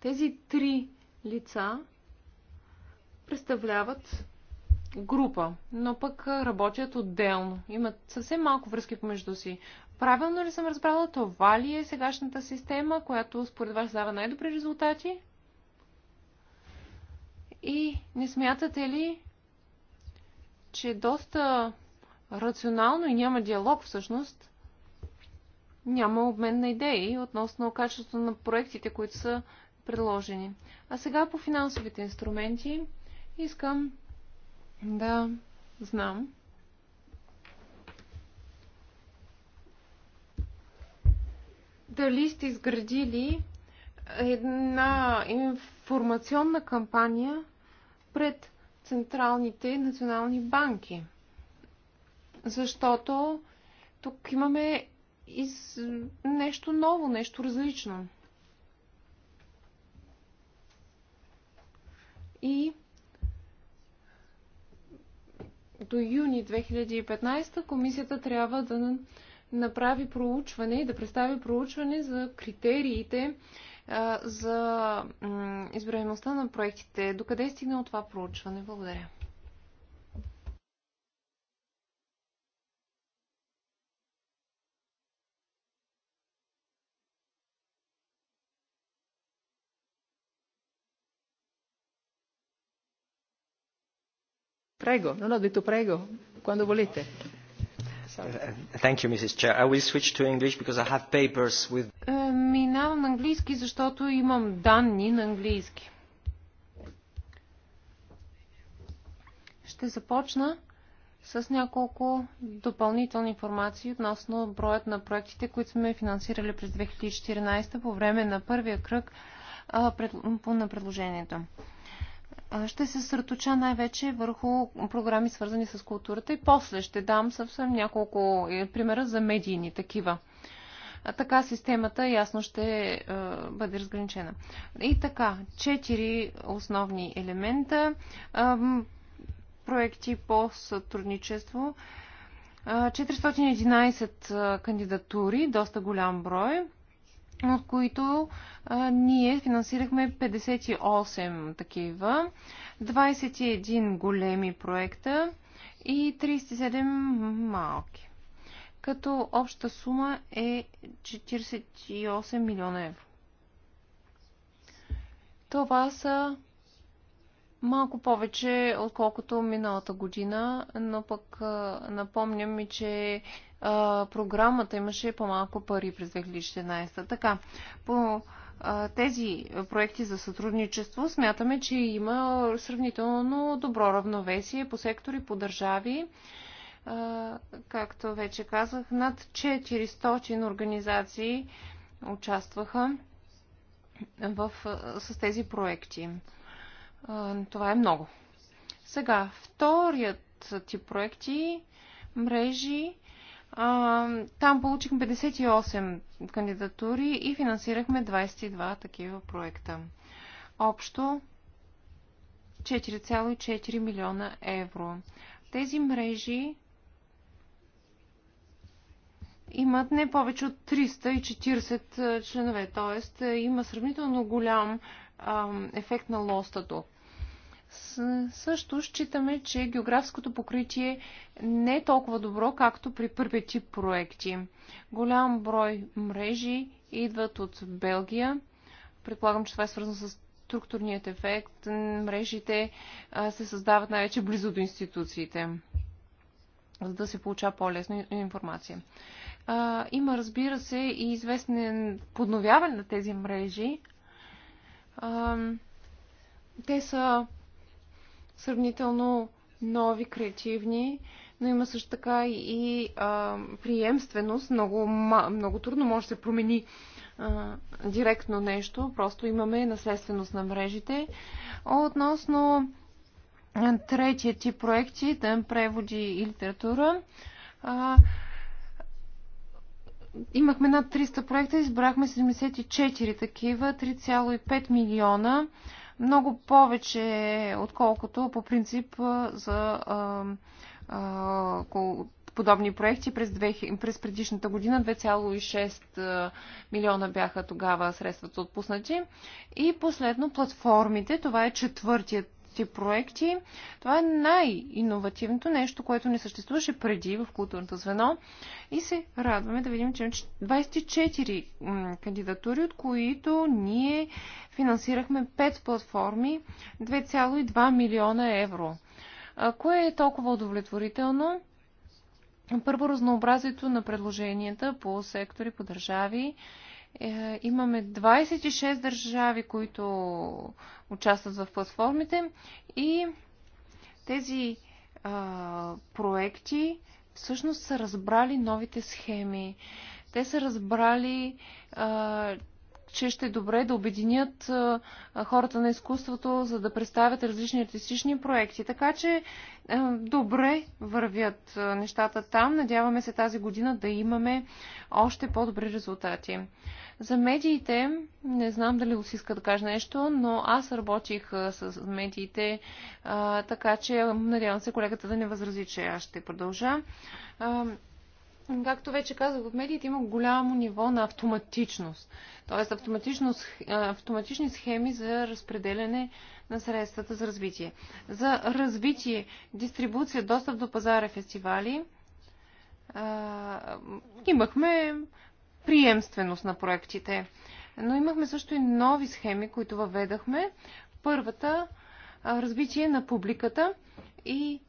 Тези три лица представляват група, но пък работят отделно. Имат съвсем малко връзки помежду си. Правилно ли съм разбрала това ли е сегашната система, която според вас дава най-добри резултати? И не смятате ли, че доста рационално и няма диалог всъщност, няма обмен на идеи относно качеството на проектите, които са предложени. А сега по финансовите инструменти искам да знам дали сте изградили една информационна кампания пред централните национални банки. Защото тук имаме из... нещо ново, нещо различно. и до юни 2015 комисията трябва да направи проучване и да представи проучване за критериите а, за избираемостта на проектите. Докъде е стигнало това проучване? Благодаря. Prego, non ho detto prego, quando volete. Eh, thank you, Mrs. Chair. I will switch to English because I have papers with... Е, минавам на английски, защото имам данни на английски. Ще започна с няколко допълнителни информации относно броят на проектите, които сме финансирали през 2014 по време на първия кръг а, пред, на предложението ще се сърточа най-вече върху програми свързани с културата и после ще дам съвсем няколко е, примера за медийни такива. А така системата ясно ще е, бъде разграничена. И така, четири основни елемента. А, проекти по сътрудничество. А, 411 кандидатури, доста голям брой от които а, ние финансирахме 58 такива, 21 големи проекта и 37 малки. Като обща сума е 48 милиона евро. Това са малко повече, отколкото миналата година, но пък напомням ми, че а, програмата имаше по-малко пари през 2014. Така, по а, тези проекти за сътрудничество смятаме, че има сравнително добро равновесие по сектори, по държави. А, както вече казах, над 400 организации участваха в, с тези проекти. А, това е много. Сега, вторият тип проекти мрежи там получихме 58 кандидатури и финансирахме 22 такива проекта. Общо 4,4 милиона евро. Тези мрежи имат не повече от 340 членове, т.е. има сравнително голям ефект на лоста тук също считаме, че географското покритие не е толкова добро, както при първия тип проекти. Голям брой мрежи идват от Белгия. Предполагам, че това е свързано с структурният ефект. Мрежите се създават най-вече близо до институциите, за да се получава по-лесно информация. Има, разбира се, и известен подновяване на тези мрежи. Те са сравнително нови, креативни, но има също така и а, приемственост. Много, много трудно може да се промени а, директно нещо, просто имаме наследственост на мрежите. Относно третия тип проекти, да преводи и литература, а, имахме над 300 проекта, избрахме 74 такива, 3,5 милиона много повече, отколкото по принцип за подобни проекти през, през предишната година. 2,6 милиона бяха тогава средствата отпуснати. И последно, платформите. Това е четвъртият си проекти. Това е най-инновативното нещо, което не съществуваше преди в културното звено. И се радваме да видим, че 24 кандидатури, от които ние финансирахме 5 платформи 2,2 милиона евро. Кое е толкова удовлетворително? Първо, разнообразието на предложенията по сектори, по държави е, имаме 26 държави, които участват в платформите и тези а, проекти всъщност са разбрали новите схеми. Те са разбрали, а, че ще е добре да обединят хората на изкуството, за да представят различни артистични проекти. Така че добре вървят нещата там. Надяваме се тази година да имаме още по-добри резултати. За медиите, не знам дали си иска да кажа нещо, но аз работих с медиите, така че надявам се колегата да не възрази, че аз ще продължа както вече казах в медиите, има голямо ниво на автоматичност. Тоест автоматичност, е, автоматични схеми за разпределяне на средствата за развитие. За развитие, дистрибуция, достъп до пазара, фестивали, е, имахме приемственост на проектите. Но имахме също и нови схеми, които въведахме. Първата развитие на публиката и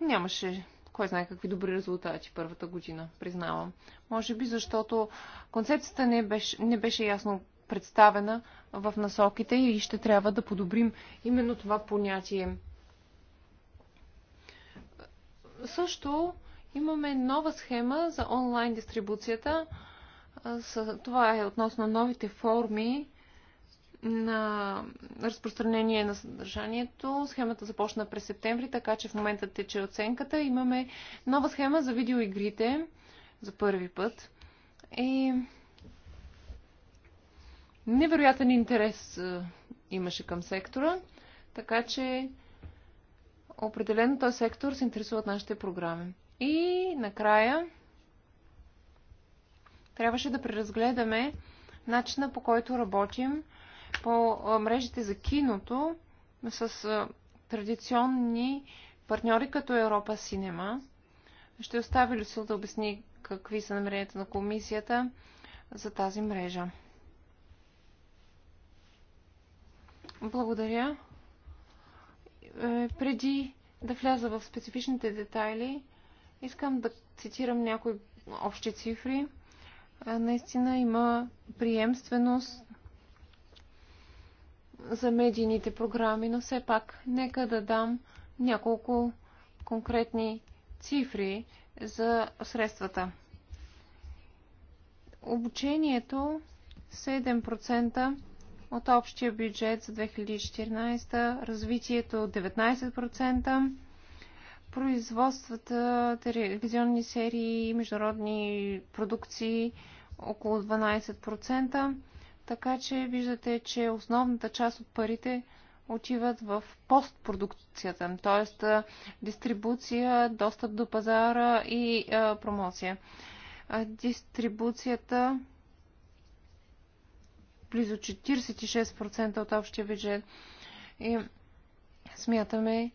нямаше кой знае какви добри резултати първата година, признавам. Може би защото концепцията не беше, не беше ясно представена в насоките и ще трябва да подобрим именно това понятие. Също имаме нова схема за онлайн дистрибуцията. Това е относно новите форми на разпространение на съдържанието. Схемата започна през септември, така че в момента тече оценката. Имаме нова схема за видеоигрите за първи път. И невероятен интерес имаше към сектора, така че определено този сектор се интересува от нашите програми. И накрая трябваше да преразгледаме начина по който работим по мрежите за киното с традиционни партньори като Европа Синема. Ще остави Люсил да обясни какви са намеренията на комисията за тази мрежа. Благодаря. Е, преди да вляза в специфичните детайли, искам да цитирам някои общи цифри. Е, наистина има приемственост за медийните програми, но все пак нека да дам няколко конкретни цифри за средствата. Обучението 7% от общия бюджет за 2014, развитието 19%, производствата, телевизионни серии, международни продукции около 12%, така че виждате, че основната част от парите отиват в постпродукцията, т.е. дистрибуция, достъп до пазара и а, промоция. А, дистрибуцията близо 46% от общия бюджет и смятаме,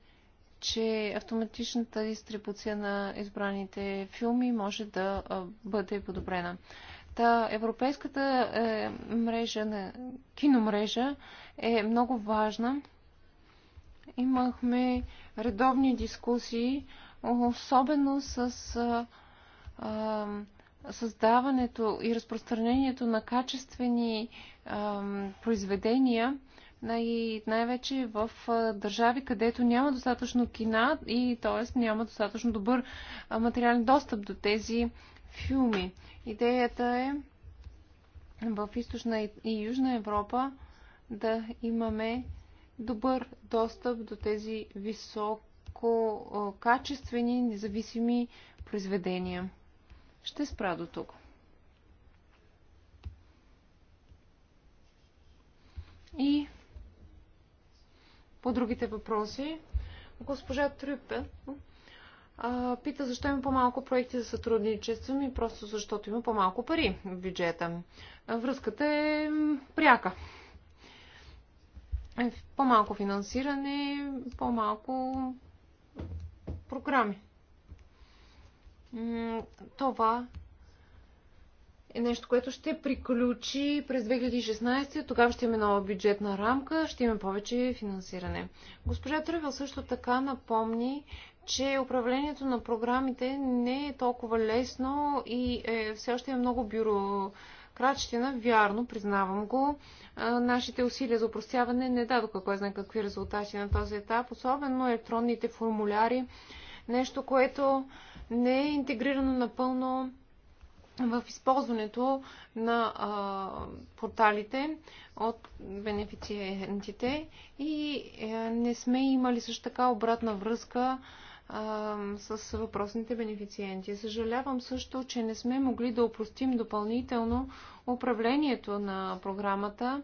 че автоматичната дистрибуция на избраните филми може да бъде подобрена. Та европейската е, мрежа на киномрежа е много важна. Имахме редовни дискусии, особено с а, е, а, е, създаването и разпространението на качествени а, е, произведения и най-вече в държави, където няма достатъчно кина и т.е. няма достатъчно добър материален достъп до тези филми. Идеята е в източна и южна Европа да имаме добър достъп до тези висококачествени, независими произведения. Ще спра до тук. И по другите въпроси, госпожа Трюпе а, пита защо има по-малко проекти за сътрудничество ми, просто защото има по-малко пари в бюджета. Връзката е пряка. Е, по-малко финансиране, по-малко програми. Това е нещо, което ще приключи през 2016. Тогава ще имаме нова бюджетна рамка, ще имаме повече финансиране. Госпожа Тревел също така напомни, че управлението на програмите не е толкова лесно и е, все още е много бюро бюрократщина. Вярно, признавам го. нашите усилия за упростяване не дадоха кой знае какви резултати на този етап, особено електронните формуляри. Нещо, което не е интегрирано напълно в използването на а, порталите от бенефициентите и а, е, не сме имали също така обратна връзка а, с въпросните бенефициенти. Съжалявам също, че не сме могли да опростим допълнително управлението на програмата.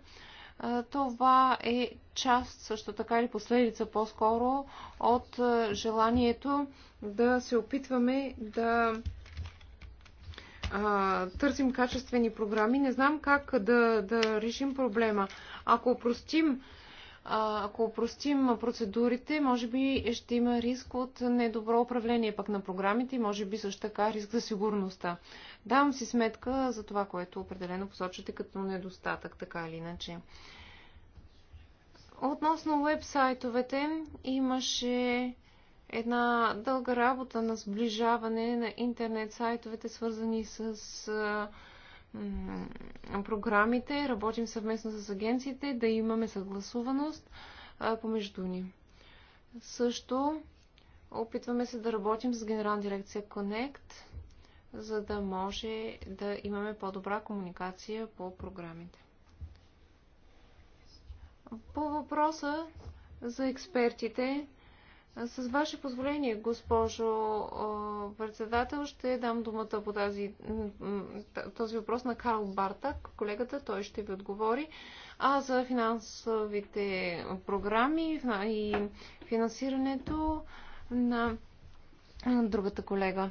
А, това е част, също така или последица по-скоро, от а, желанието да се опитваме да а, търсим качествени програми. Не знам как да, да решим проблема. Ако опростим ако упростим процедурите, може би ще има риск от недобро управление пък на програмите и може би също така риск за сигурността. Давам си сметка за това, което определено посочвате като недостатък, така или иначе. Относно вебсайтовете, имаше една дълга работа на сближаване на интернет сайтовете, свързани с програмите, работим съвместно с агенциите, да имаме съгласуваност помежду ни. Също опитваме се да работим с Генерална дирекция Connect, за да може да имаме по-добра комуникация по програмите. По въпроса за експертите, с ваше позволение, госпожо председател, ще дам думата по тази, този въпрос на Карл Бартак, колегата, той ще ви отговори. А за финансовите програми и финансирането на другата колега.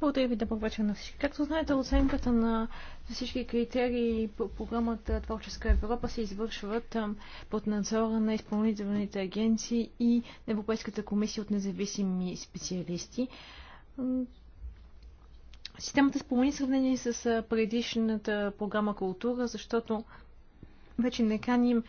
Благодаря ви, добър повече на всички. Както знаете, оценката на всички критерии по програмата Творческа Европа се извършват под надзора на изпълнителните агенции и на Европейската комисия от независими специалисти. Системата спомени сравнение с предишната програма Култура, защото вече не каним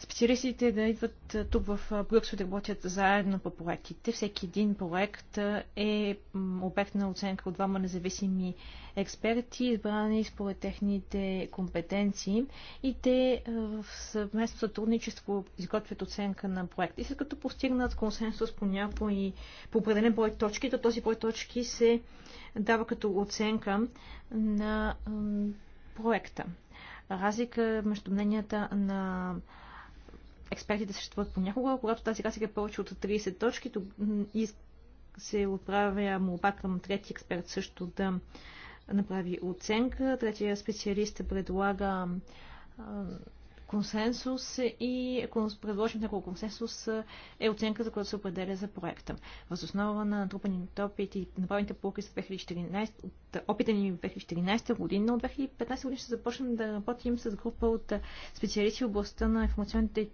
специалистите да идват тук в Брюксел да работят заедно по проектите. Всеки един проект е обект на оценка от двама независими експерти, избрани според техните компетенции и те в съвместно сътрудничество изготвят оценка на проекта. И след като постигнат консенсус по някои, по определен брой точки, то този брой точки се дава като оценка на проекта. Разлика между мненията на експертите съществуват понякога, когато тази разлика е повече от 30 точки, се отправя молба към трети експерт също да направи оценка. Третия специалист предлага консенсус и ако предложим няколко консенсус е оценка, за която се определя за проекта. Въз основа на натрупаните опит и направените полки за 2014, от опита ни в 2014 година, от 2015 година ще започнем да работим с група от специалисти в областта на информационните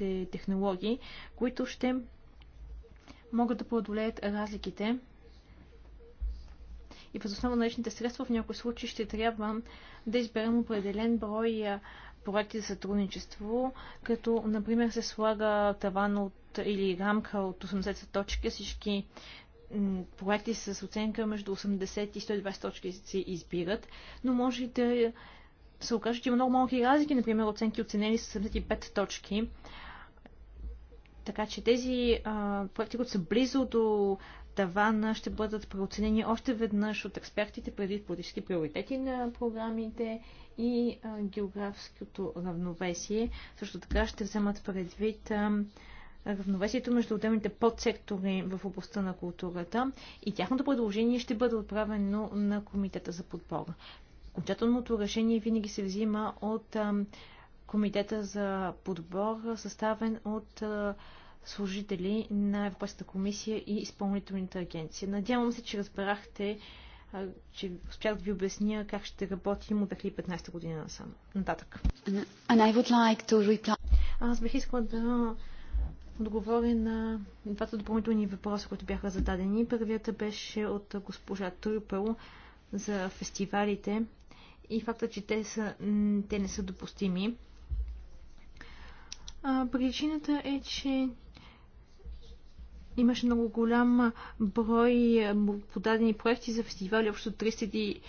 новите технологии, които ще могат да преодолеят разликите. И въз основа на личните средства в някои случаи ще трябва да изберем определен брой проекти за сътрудничество, като например се слага таван от, или рамка от 80 точки, всички проекти с оценка между 80 и 120 точки се избират, но може да се окаже, че има много малки разлики, например оценки оценени с 75 точки. Така че тези а, проекти, които са близо до тавана, ще бъдат преоценени още веднъж от експертите преди политически приоритети на програмите и а, географското равновесие. Също така ще вземат предвид а, равновесието между отделните подсектори в областта на културата и тяхното предложение ще бъде отправено на Комитета за подбор. Окончателното решение винаги се взима от комитета за подбор, съставен от служители на Европейската комисия и изпълнителните агенции. Надявам се, че разбрахте, че успях да ви обясня как ще работим от 2015 година насам. Нататък. Like Аз бих искала да отговоря на двата допълнителни въпроса, които бяха зададени. Първията беше от госпожа Турпел за фестивалите и факта, че те, са, те не са допустими. А, причината е, че имаше много голям брой подадени проекти за фестивали, общо 316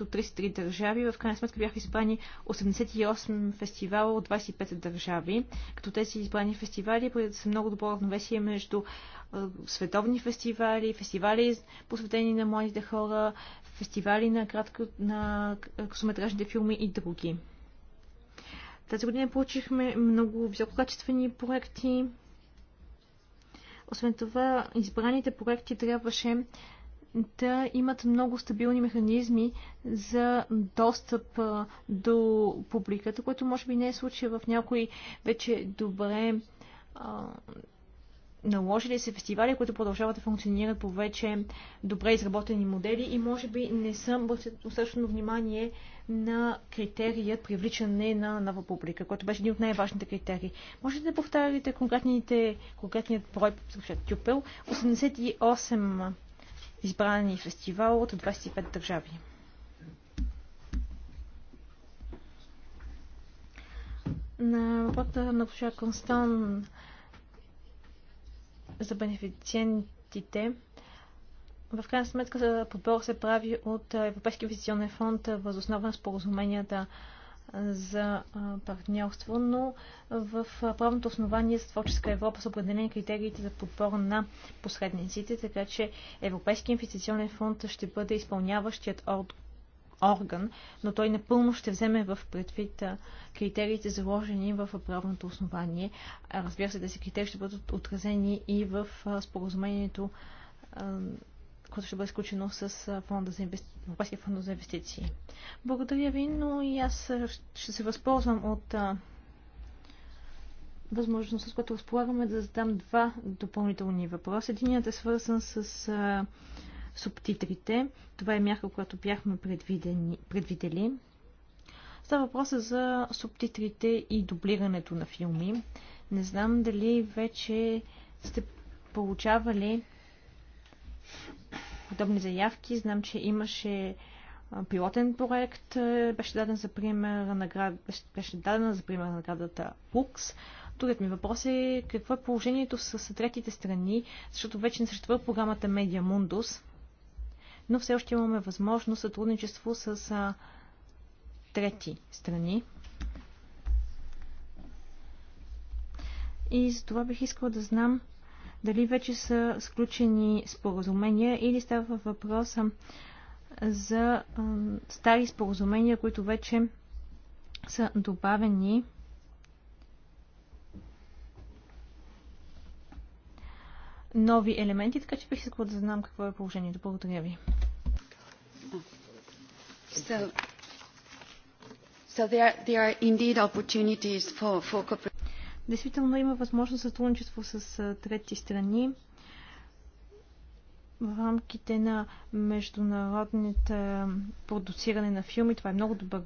от 33 държави. В крайна сметка бяха избрани 88 фестивала от 25 държави, като тези избрани фестивали са много добро равновесие между световни фестивали, фестивали посветени на младите хора, фестивали на, кратко, на късометражните филми и други. Тази година получихме много висококачествени проекти. Освен това, избраните проекти трябваше да имат много стабилни механизми за достъп до публиката, което може би не е случай в някои вече добре наложили се фестивали, които продължават да функционират по вече добре изработени модели и може би не съм достатъчно внимание на критерият привличане на нова публика, който беше един от най-важните критерии. Можете да повтаряте конкретният брой Тюпел, 88 избрани фестивал от 25 държави. На работа на госпожа Констан за бенефициентите. В крайна сметка подбор се прави от Европейския инвестиционен фонд възоснова на споразуменията за партньорство, но в правното основание за творческа Европа са определени критериите за подбор на посредниците, така че Европейския инвестиционен фонд ще бъде изпълняващият орган, но той напълно ще вземе в предвид критериите заложени в правното основание. Разбира се, тези критерии ще бъдат отразени и в споразумението, което ще бъде изключено с фонда за инвести... Европейския фонд за инвестиции. Благодаря ви, но и аз ще се възползвам от възможността, с която разполагаме да задам два допълнителни въпроса. Единият е свързан с субтитрите. Това е мярка, която бяхме предвидели. Става въпроса за субтитрите и дублирането на филми. Не знам дали вече сте получавали подобни заявки. Знам, че имаше пилотен проект, беше даден за пример наград... беше дадена за пример наградата Лукс. Другият ми въпрос е какво е положението с третите страни, защото вече не съществува програмата Media Mundus но все още имаме възможно сътрудничество с трети страни. И за това бих искала да знам дали вече са сключени споразумения или става въпроса за стари споразумения, които вече са добавени нови елементи, така че бих искала да знам какво е положението. Благодаря ви. So, so there, there are indeed opportunities for, for cooperation. Действително има възможност за сътрудничество с трети страни в рамките на международните продуциране на филми. Това е много добър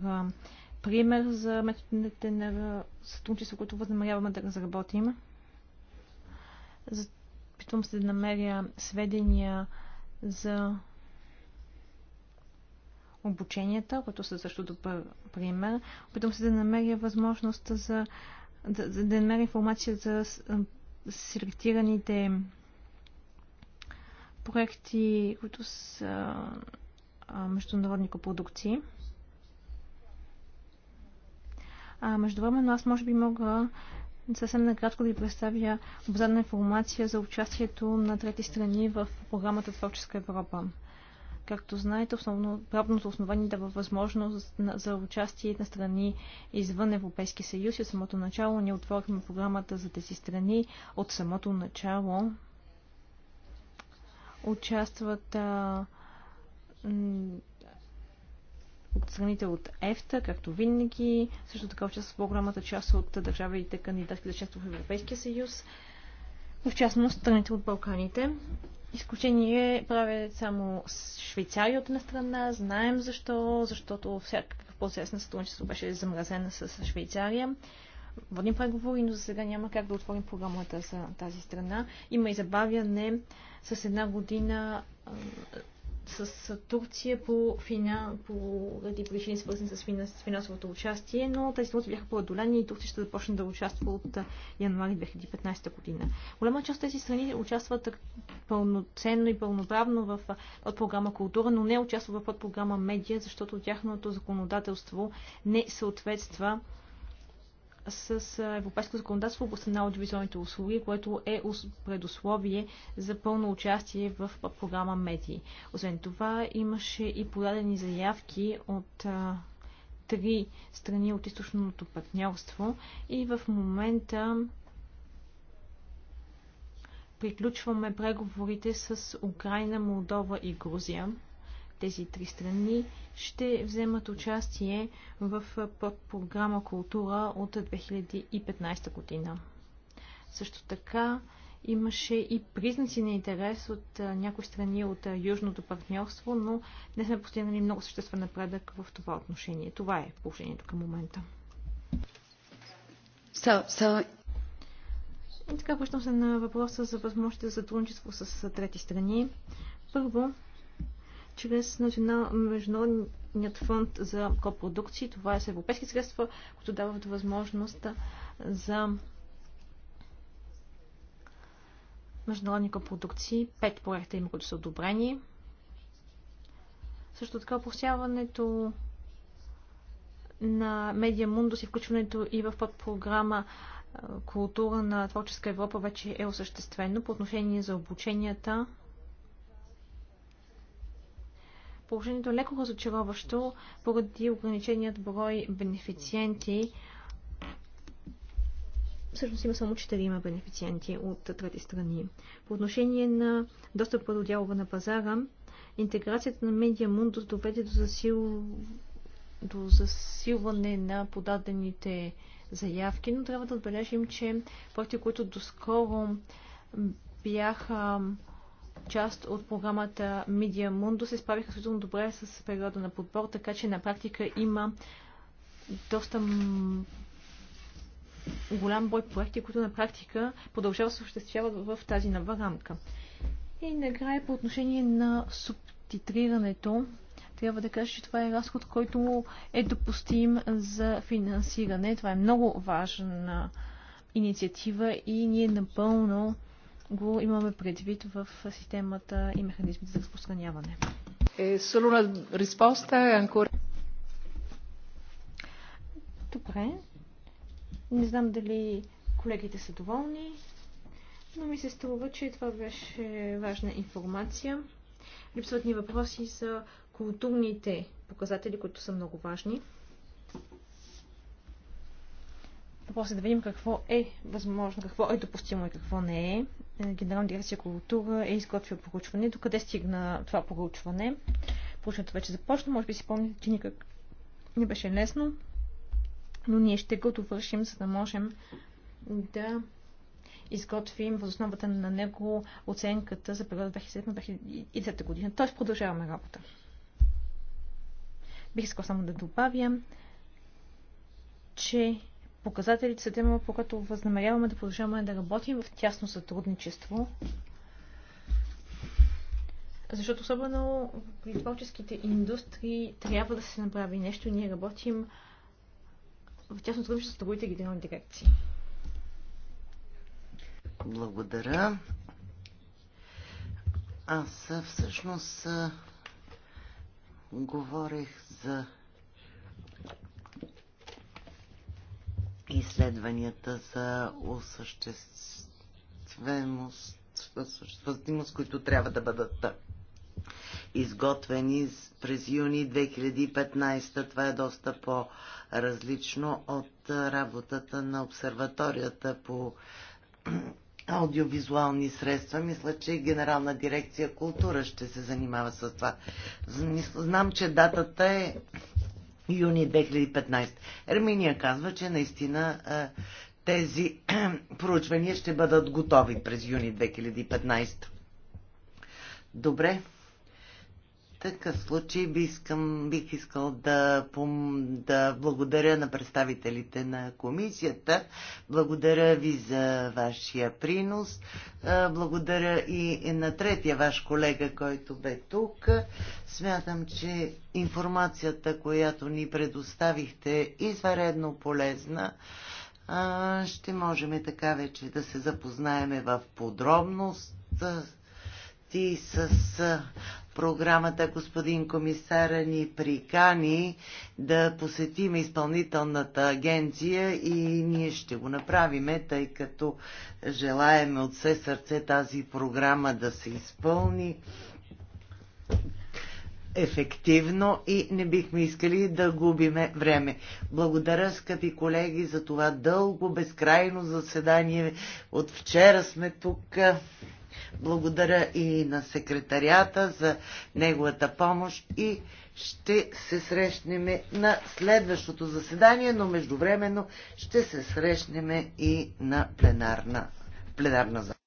пример за методите на сътрудничество, които възнамеряваме да разработим. Питвам се да намеря сведения за обученията, които са също добър пример. Опитвам се да намеря възможност за да, да, да намеря информация за селектираните проекти, които са международни продукции. А междувременно аз може би мога съвсем накратко да ви представя обзадна информация за участието на трети страни в програмата Творческа Европа. Както знаете, основно, правното основание дава възможност за участие на страни извън Европейски съюз. И от самото начало ние отворихме програмата за тези страни. От самото начало участват а, от страните от ЕФТА, както винаги. Също така участват в по част от държавите кандидатки за членство в Европейския съюз в частност страните от Балканите. Изключение правя само Швейцария от една страна. Знаем защо, защото всякакъв процес на сътрудничество беше замразена с Швейцария. Водим преговори, но за сега няма как да отворим програмата за тази страна. Има и забавяне с една година с Турция по, фина, ради причини свързани с, фина, с финансовото участие, но тези ситуации бяха преодолени и Турция ще започне да участва от януари 2015 година. Голяма част от тези страни участват пълноценно и пълноправно в подпрограма Култура, но не участват в подпрограма Медия, защото тяхното законодателство не съответства с европейското законодателство в областта на аудиовизуалните услуги, което е предусловие за пълно участие в програма Медии. Освен това, имаше и подадени заявки от а, три страни от източното партньорство и в момента приключваме преговорите с Украина, Молдова и Грузия тези три страни ще вземат участие в подпрограма Култура от 2015 година. Също така имаше и признаци на интерес от някои страни от Южното партньорство, но не сме постигнали много съществен напредък в това отношение. Това е положението към момента. So, so... И така връщам се на въпроса за възможности за сътрудничество с трети страни. Първо, чрез национал... Международният фонд за копродукции. Това е с европейски средства, които дават възможност за международни копродукции. Пет проекта има, които са одобрени. Също така опростяването на Медиа Мундус и включването и в подпрограма Култура на творческа Европа вече е осъществено по отношение за обученията. Положението е леко разочароващо поради ограниченият брой бенефициенти. Всъщност има само 4 бенефициенти от трети страни. По отношение на достъпа до дялове на пазара, интеграцията на Медиа Мундус доведе до, засил... до засилване на подадените заявки, но трябва да отбележим, че проекти, които доскоро бяха част от програмата Media Mundo се справиха сравнително добре с периода на подбор, така че на практика има доста голям брой проекти, които на практика продължават да се осъществяват в тази нова рамка. И накрая по отношение на субтитрирането, трябва да кажа, че това е разход, който е допустим за финансиране. Това е много важна инициатива и ние напълно го имаме предвид в системата и механизмите за разпространяване. Е, Добре. Не знам дали колегите са доволни, но ми се струва, че това беше важна информация. Липсват ни въпроси за културните показатели, които са много важни. Но после да видим какво е възможно, какво е допустимо и какво не е. е Генерална дирекция култура е изготвила проучване. До къде стигна това проучване? Проучването вече започна. Може би си помните, че никак не беше лесно, но ние ще го довършим, за да можем да изготвим въз основата на него оценката за периода 2007-2010 година. Тоест продължаваме работа. Бих искал само да добавя, че показателите са тема, по която възнамеряваме да продължаваме да работим в тясно сътрудничество. Защото особено при творческите индустрии трябва да се направи нещо. Ние работим в тясно сътрудничество с другите генерални дирекции. Благодаря. Аз всъщност говорих за изследванията за осъществимост, които трябва да бъдат изготвени през юни 2015. Това е доста по-различно от работата на обсерваторията по аудиовизуални средства. Мисля, че и Генерална дирекция култура ще се занимава с това. Знам, че датата е юни 2015. Ерминия казва, че наистина тези [CLEARS THROAT] проучвания ще бъдат готови през юни 2015. Добре такъв случай би искам, бих искал да, пом, да благодаря на представителите на комисията. Благодаря ви за вашия принос. Благодаря и на третия ваш колега, който бе тук. Смятам, че информацията, която ни предоставихте, е изваредно полезна. Ще можем така вече да се запознаеме в подробност ти с програмата господин комисара ни прикани да посетим изпълнителната агенция и ние ще го направиме, тъй като желаем от все сърце тази програма да се изпълни ефективно и не бихме искали да губиме време. Благодаря, скъпи колеги, за това дълго, безкрайно заседание. От вчера сме тук. Благодаря и на секретарията за неговата помощ и ще се срещнем на следващото заседание, но междувременно ще се срещнем и на пленарна, пленарна зала.